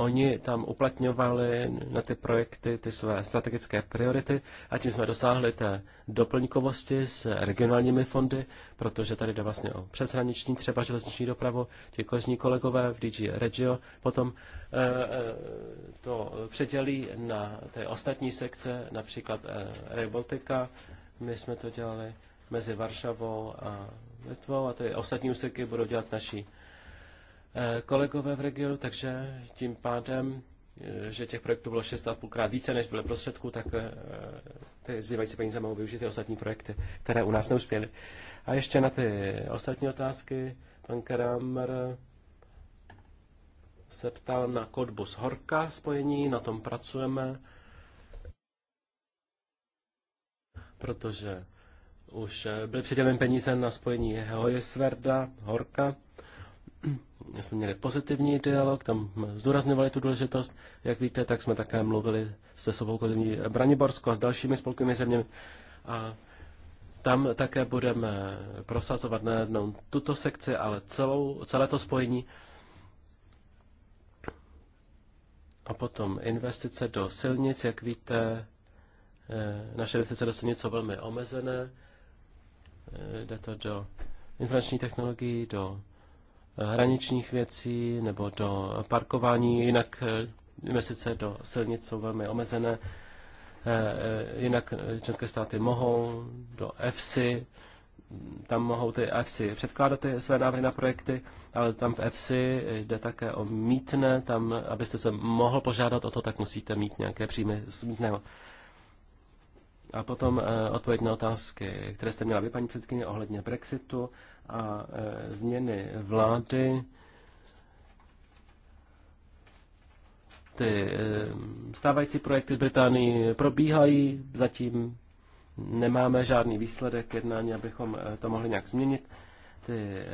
S1: Oni tam uplatňovali na ty projekty ty své strategické priority a tím jsme dosáhli té doplňkovosti s regionálními fondy, protože tady jde vlastně o přeshraniční, třeba železniční dopravu, ti kozní kolegové v DG Regio potom eh, eh, to předělí na té ostatní sekce, například eh, Rail Baltica, my jsme to dělali mezi Varšavou a Litvou a ty ostatní úseky budou dělat naší Eh, kolegové v regionu, takže tím pádem, eh, že těch projektů bylo 6,5 krát více, než byly prostředků, tak eh, ty zbývající peníze mohou využít i ostatní projekty, které u nás neuspěly. A ještě na ty ostatní otázky. Pan Kramer se ptal na kodbus Horka spojení, na tom pracujeme, protože už byly přiděleny peníze na spojení Hojesverda, Horka, jsme měli pozitivní dialog, tam zdůrazňovali tu důležitost. Jak víte, tak jsme také mluvili se sobou kolem Braniborsko a s dalšími spolkovými zeměmi. A tam také budeme prosazovat nejenom tuto sekci, ale celou, celé to spojení. A potom investice do silnic, jak víte, eh, naše investice do silnic jsou velmi omezené. Eh, jde to do informační technologií, do hraničních věcí nebo do parkování, jinak eh, investice do silnic jsou velmi omezené, eh, eh, jinak české státy mohou do EFSI, tam mohou ty EFSI předkládat ty své návrhy na projekty, ale tam v EFSI jde také o mítné, tam, abyste se mohl požádat o to, tak musíte mít nějaké příjmy z mítného. A potom eh, odpověď na otázky, které jste měla vy, paní předsedkyně, ohledně Brexitu a eh, změny vlády. Ty eh, stávající projekty v Británii probíhají, zatím nemáme žádný výsledek jednání, abychom to mohli nějak změnit. Ty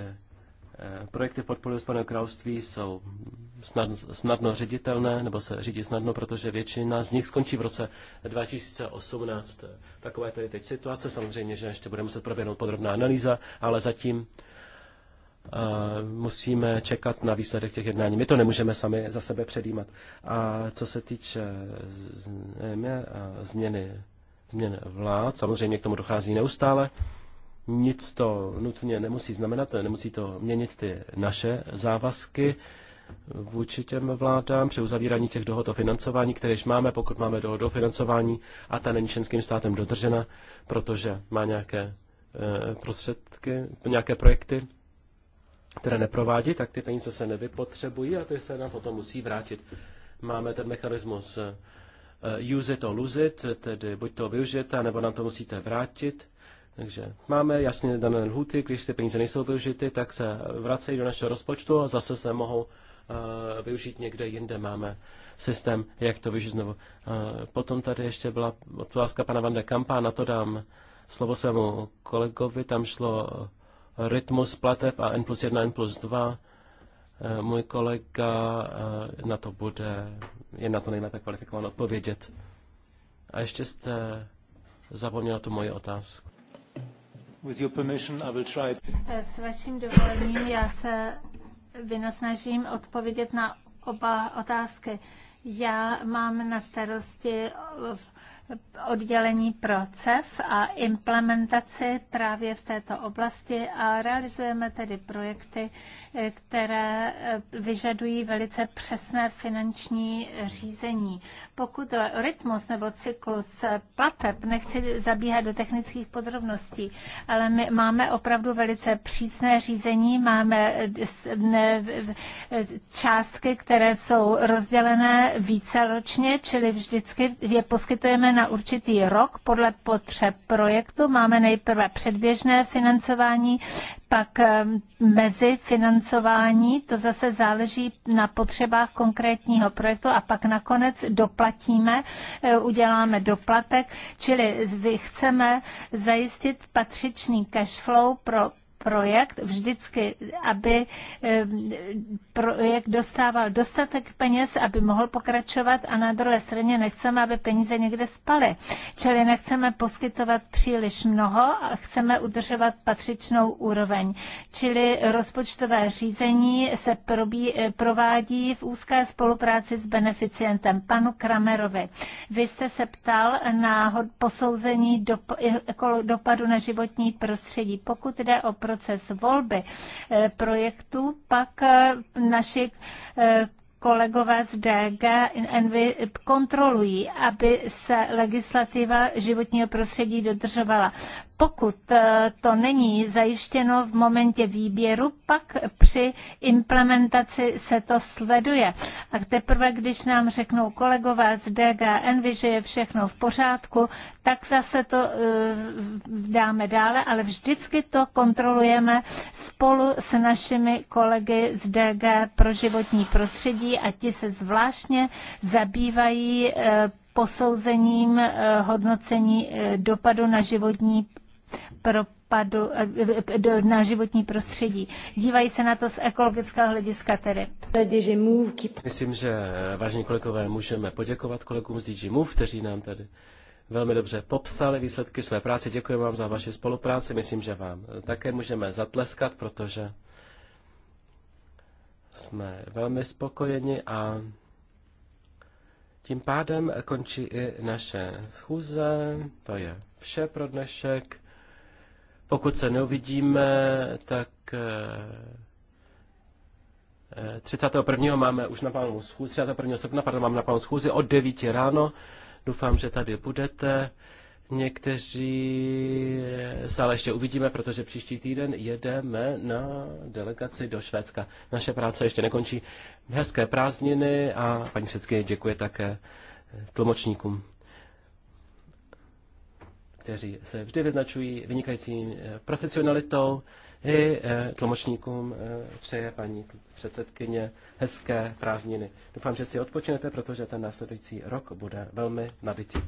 S1: Eh, projekty v podporu Spojeného království jsou snad, snadno ředitelné, nebo se řídí snadno, protože většina z nich skončí v roce 2018. Taková je tedy teď situace. Samozřejmě, že ještě bude muset proběhnout podrobná analýza, ale zatím eh, musíme čekat na výsledek těch jednání. My to nemůžeme sami za sebe předjímat. A co se týče změny, změny vlád, samozřejmě k tomu dochází neustále. Nic to nutně nemusí znamenat, nemusí to měnit ty naše závazky vůči těm vládám při uzavírání těch dohod o financování, které máme, pokud máme dohodu o financování a ta není členským státem dodržena, protože má nějaké eh, prostředky, nějaké projekty, které neprovádí, tak ty peníze se nevypotřebují a ty se nám potom musí vrátit. Máme ten mechanismus eh, eh, use it or lose it, tedy buď to využijete, nebo nám to musíte vrátit. Takže máme jasně dané lhuty, když ty peníze nejsou využity, tak se vracejí do našeho rozpočtu a zase se mohou uh, využít někde jinde. Máme systém, jak to využít znovu. Uh, potom tady ještě byla otázka pana Vande Kampa, na to dám slovo svému kolegovi, tam šlo rytmus plateb a N plus 1, N plus 2. Uh, eh, můj kolega uh, na to bude, je na to nejlépe kvalifikován odpovědět. A ještě jste zapomněl tu moji otázku. With your permission, I will try.
S2: S vaším dovolením já se vynasnažím odpovědět na oba otázky. Já mám na starosti v oddělení pro CEF a implementaci právě v této oblasti a realizujeme tedy projekty, eh, které eh, vyžadují velice přesné finanční řízení. Pokud rytmus nebo cyklus eh, plateb, nechci zabíhat do technických podrobností, ale my máme opravdu velice přísné řízení, máme částky, které jsou rozdělené víceročně, čili vždycky je poskytujeme na určitý rok podle potřeb projektu. Máme nejprve předběžné financování, pak mezi financování, to zase záleží na potřebách konkrétního projektu a pak nakonec doplatíme, e, uděláme doplatek, čili chceme zajistit patřičný cash flow pro projekt vždycky, aby projekt dostával dostatek peněz, aby mohl pokračovat a na druhé straně nechceme, aby peníze někde spaly. Čili nechceme poskytovat příliš mnoho a chceme udržovat patřičnou úroveň. Čili rozpočtové řízení se probí, eh, provádí v úzké spolupráci s beneficientem. Panu Kramerovi, vy jste se ptal na posouzení dopadu na životní prostředí. Pokud jde o proces volby eh, projektu, pak eh, naši eh, kolegové z DG Envy kontrolují, aby se legislativa životního prostředí dodržovala. Pokud eh, to není zajištěno v momentě výběru, pak při implementaci se to sleduje. A teprve, když nám řeknou kolegové z DGN, že je všechno v pořádku, tak zase to eh, dáme dále, ale vždycky to kontrolujeme spolu s našimi kolegy z DG pro životní prostředí a ti se zvláštně zabývají eh, posouzením hodnocení dopadu na životní propadu eh, do, na životní prostředí. Dívají se na to z ekologického hlediska tedy.
S1: Myslím, že vážení kolegové, můžeme poděkovat kolegům z DG Move, kteří nám tady velmi dobře popsali výsledky své práce. Děkuji vám za vaši spolupráci. Myslím, že vám také můžeme zatleskat, protože jsme velmi spokojeni a tím pádem končí i naše schůze. To je vše pro dnešek. Pokud se neuvidíme, tak 31. Eh, eh, máme už na plánu schůzi, 31. srpna, pardon, mám na plánu schůzi od 9 ráno. Doufám, že tady budete. Někteří se ale ještě uvidíme, protože příští týden jedeme na delegaci do Švédska. Naše práce ještě nekončí. Hezké prázdniny a paní předsedkyně děkuje také tlumočníkům kteří se vždy vyznačují vynikající eh, profesionalitou. I eh, tlumočníkům eh, přeje paní předsedkyně hezké prázdniny. Doufám, že si odpočinete, protože ten následující rok bude velmi nabitý.